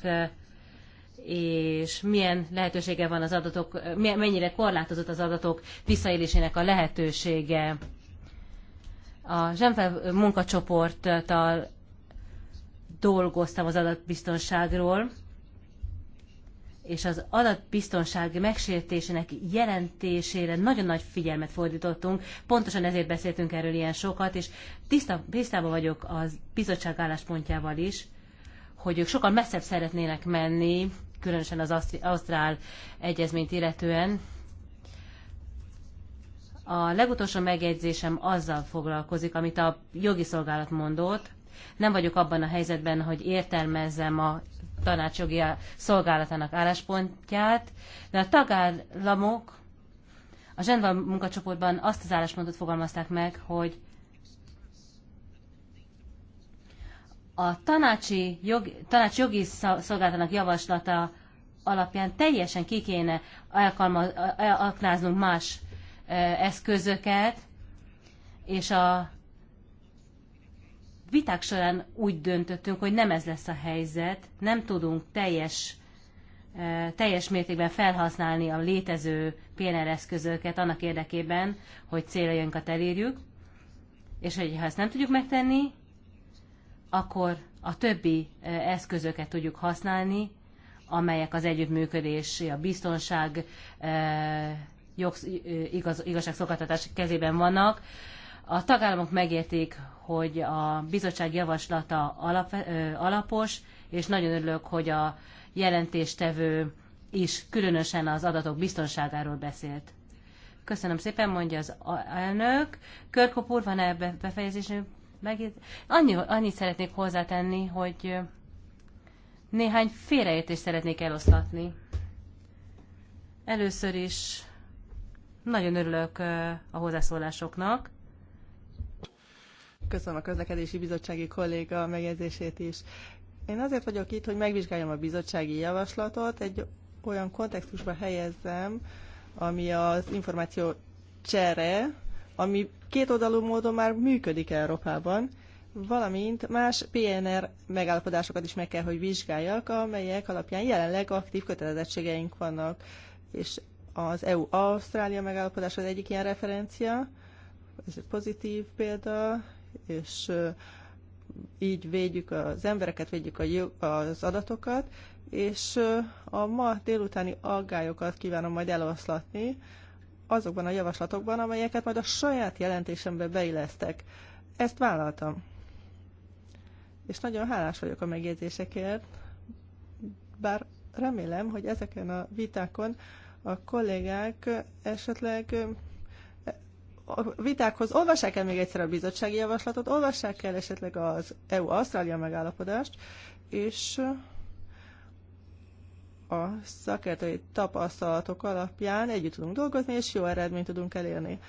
és milyen lehetősége van az adatok, mennyire korlátozott az adatok visszaélésének a lehetősége. A Zsenfev munkacsoporttal dolgoztam az adatbiztonságról, és az adatbiztonság megsértésének jelentésére nagyon nagy figyelmet fordítottunk. Pontosan ezért beszéltünk erről ilyen sokat, és tiszta, tisztában vagyok a bizottság álláspontjával is, hogy ők sokkal messzebb szeretnének menni, különösen az Ausztrál Egyezményt illetően, a legutolsó megjegyzésem azzal foglalkozik, amit a jogi szolgálat mondott. Nem vagyok abban a helyzetben, hogy értelmezzem a tanácsjogi szolgálatának álláspontját, de a tagállamok a Zsendva munkacsoportban azt az álláspontot fogalmazták meg, hogy a tanácsi jogi tanács jogi szolgálatának javaslata alapján teljesen ki kéne alkalmaz, aknáznunk más eszközöket, és a viták során úgy döntöttünk, hogy nem ez lesz a helyzet, nem tudunk teljes, teljes mértékben felhasználni a létező PNR eszközöket annak érdekében, hogy céljainkat elérjük, és hogy ha ezt nem tudjuk megtenni, akkor a többi eszközöket tudjuk használni, amelyek az együttműködés, a biztonság jogsz, igaz, igazságszolgáltatás kezében vannak. A tagállamok megértik, hogy a bizottság javaslata alap, alapos, és nagyon örülök, hogy a jelentéstevő is különösen az adatok biztonságáról beszélt. Köszönöm szépen, mondja az elnök. Körkop úr, van-e befejezésű megint? Annyi, annyit szeretnék hozzátenni, hogy néhány félreértést szeretnék eloszlatni. Először is nagyon örülök a hozzászólásoknak. Köszönöm a közlekedési bizottsági kolléga megjegyzését is. Én azért vagyok itt, hogy megvizsgáljam a bizottsági javaslatot, egy olyan kontextusba helyezzem, ami az információ csere, ami kétoldalú módon már működik Európában, valamint más PNR megállapodásokat is meg kell, hogy vizsgáljak, amelyek alapján jelenleg aktív kötelezettségeink vannak, és az EU-Ausztrália megállapodás az egyik ilyen referencia, ez egy pozitív példa, és így védjük az embereket, védjük a az adatokat, és a ma délutáni aggályokat kívánom majd eloszlatni azokban a javaslatokban, amelyeket majd a saját jelentésembe beillesztek. Ezt vállaltam. És nagyon hálás vagyok a megjegyzésekért, bár remélem, hogy ezeken a vitákon a kollégák esetleg a vitákhoz olvassák el még egyszer a bizottsági javaslatot, olvassák el esetleg az EU-Ausztrália megállapodást, és a szakértői tapasztalatok alapján együtt tudunk dolgozni, és jó eredményt tudunk elérni.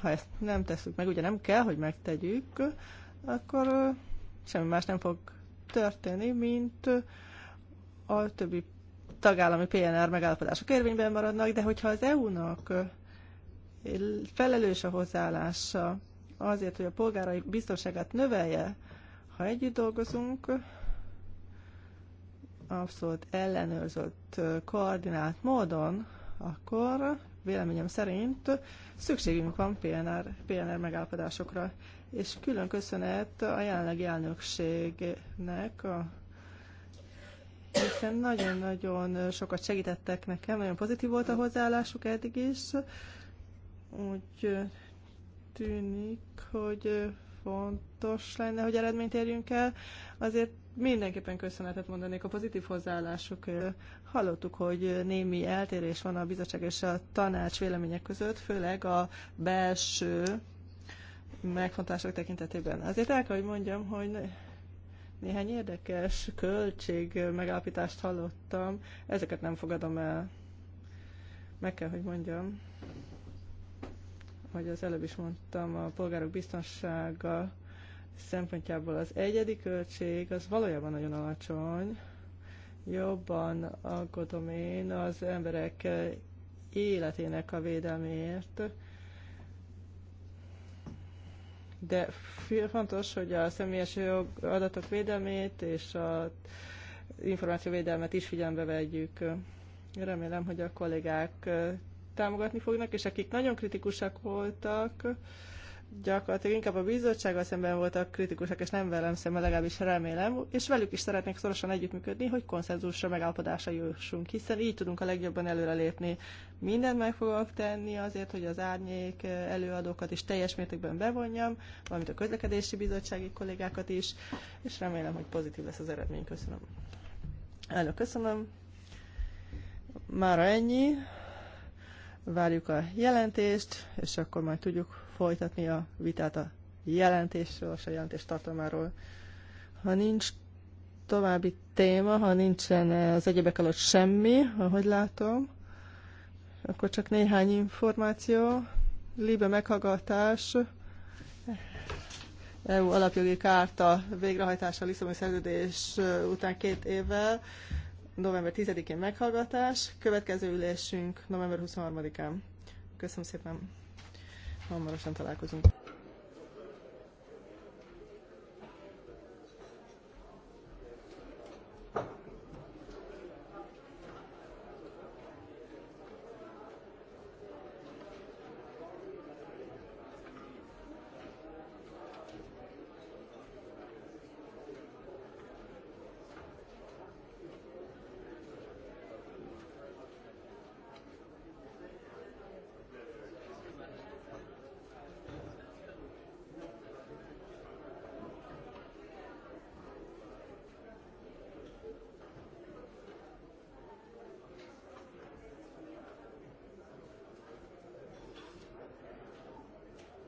Ha ezt nem tesszük meg, ugye nem kell, hogy megtegyük, akkor semmi más nem fog történni, mint a többi tagállami PNR megállapodások érvényben maradnak, de hogyha az EU-nak felelős a hozzáállása azért, hogy a polgárai biztonságát növelje, ha együtt dolgozunk, abszolút ellenőrzött, koordinált módon, akkor véleményem szerint szükségünk van PNR, PNR megállapodásokra. És külön köszönet a jelenlegi elnökségnek, a hiszen nagyon-nagyon sokat segítettek nekem, nagyon pozitív volt a hozzáállásuk eddig is. Úgy tűnik, hogy fontos lenne, hogy eredményt érjünk el. Azért mindenképpen köszönetet mondanék a pozitív hozzáállásuk. Hallottuk, hogy némi eltérés van a bizottság és a tanács vélemények között, főleg a belső megfontolások tekintetében. Azért el kell, hogy mondjam, hogy néhány érdekes költség megállapítást hallottam, ezeket nem fogadom el. Meg kell, hogy mondjam, hogy az előbb is mondtam, a polgárok biztonsága szempontjából az egyedi költség az valójában nagyon alacsony. Jobban aggódom én az emberek életének a védelméért, de fontos, hogy a személyes jog adatok védelmét és a információvédelmet is figyelembe vegyük. Remélem, hogy a kollégák támogatni fognak, és akik nagyon kritikusak voltak, gyakorlatilag inkább a bizottsággal szemben voltak kritikusak, és nem velem szemben, legalábbis remélem, és velük is szeretnék szorosan együttműködni, hogy konszenzusra, megállapodásra jussunk, hiszen így tudunk a legjobban előrelépni. Mindent meg fogok tenni azért, hogy az árnyék előadókat is teljes mértékben bevonjam, valamint a közlekedési bizottsági kollégákat is, és remélem, hogy pozitív lesz az eredmény. Köszönöm. Elnök, köszönöm. Mára ennyi. Várjuk a jelentést, és akkor majd tudjuk folytatni a vitát a jelentésről, és a jelentés tartalmáról. Ha nincs további téma, ha nincsen az egyebek alatt semmi, ahogy látom, akkor csak néhány információ. Libe meghallgatás, EU alapjogi kárta végrehajtása a Lisszaboni szerződés után két évvel november 10-én meghallgatás, következő ülésünk november 23-án. Köszönöm szépen, hamarosan találkozunk.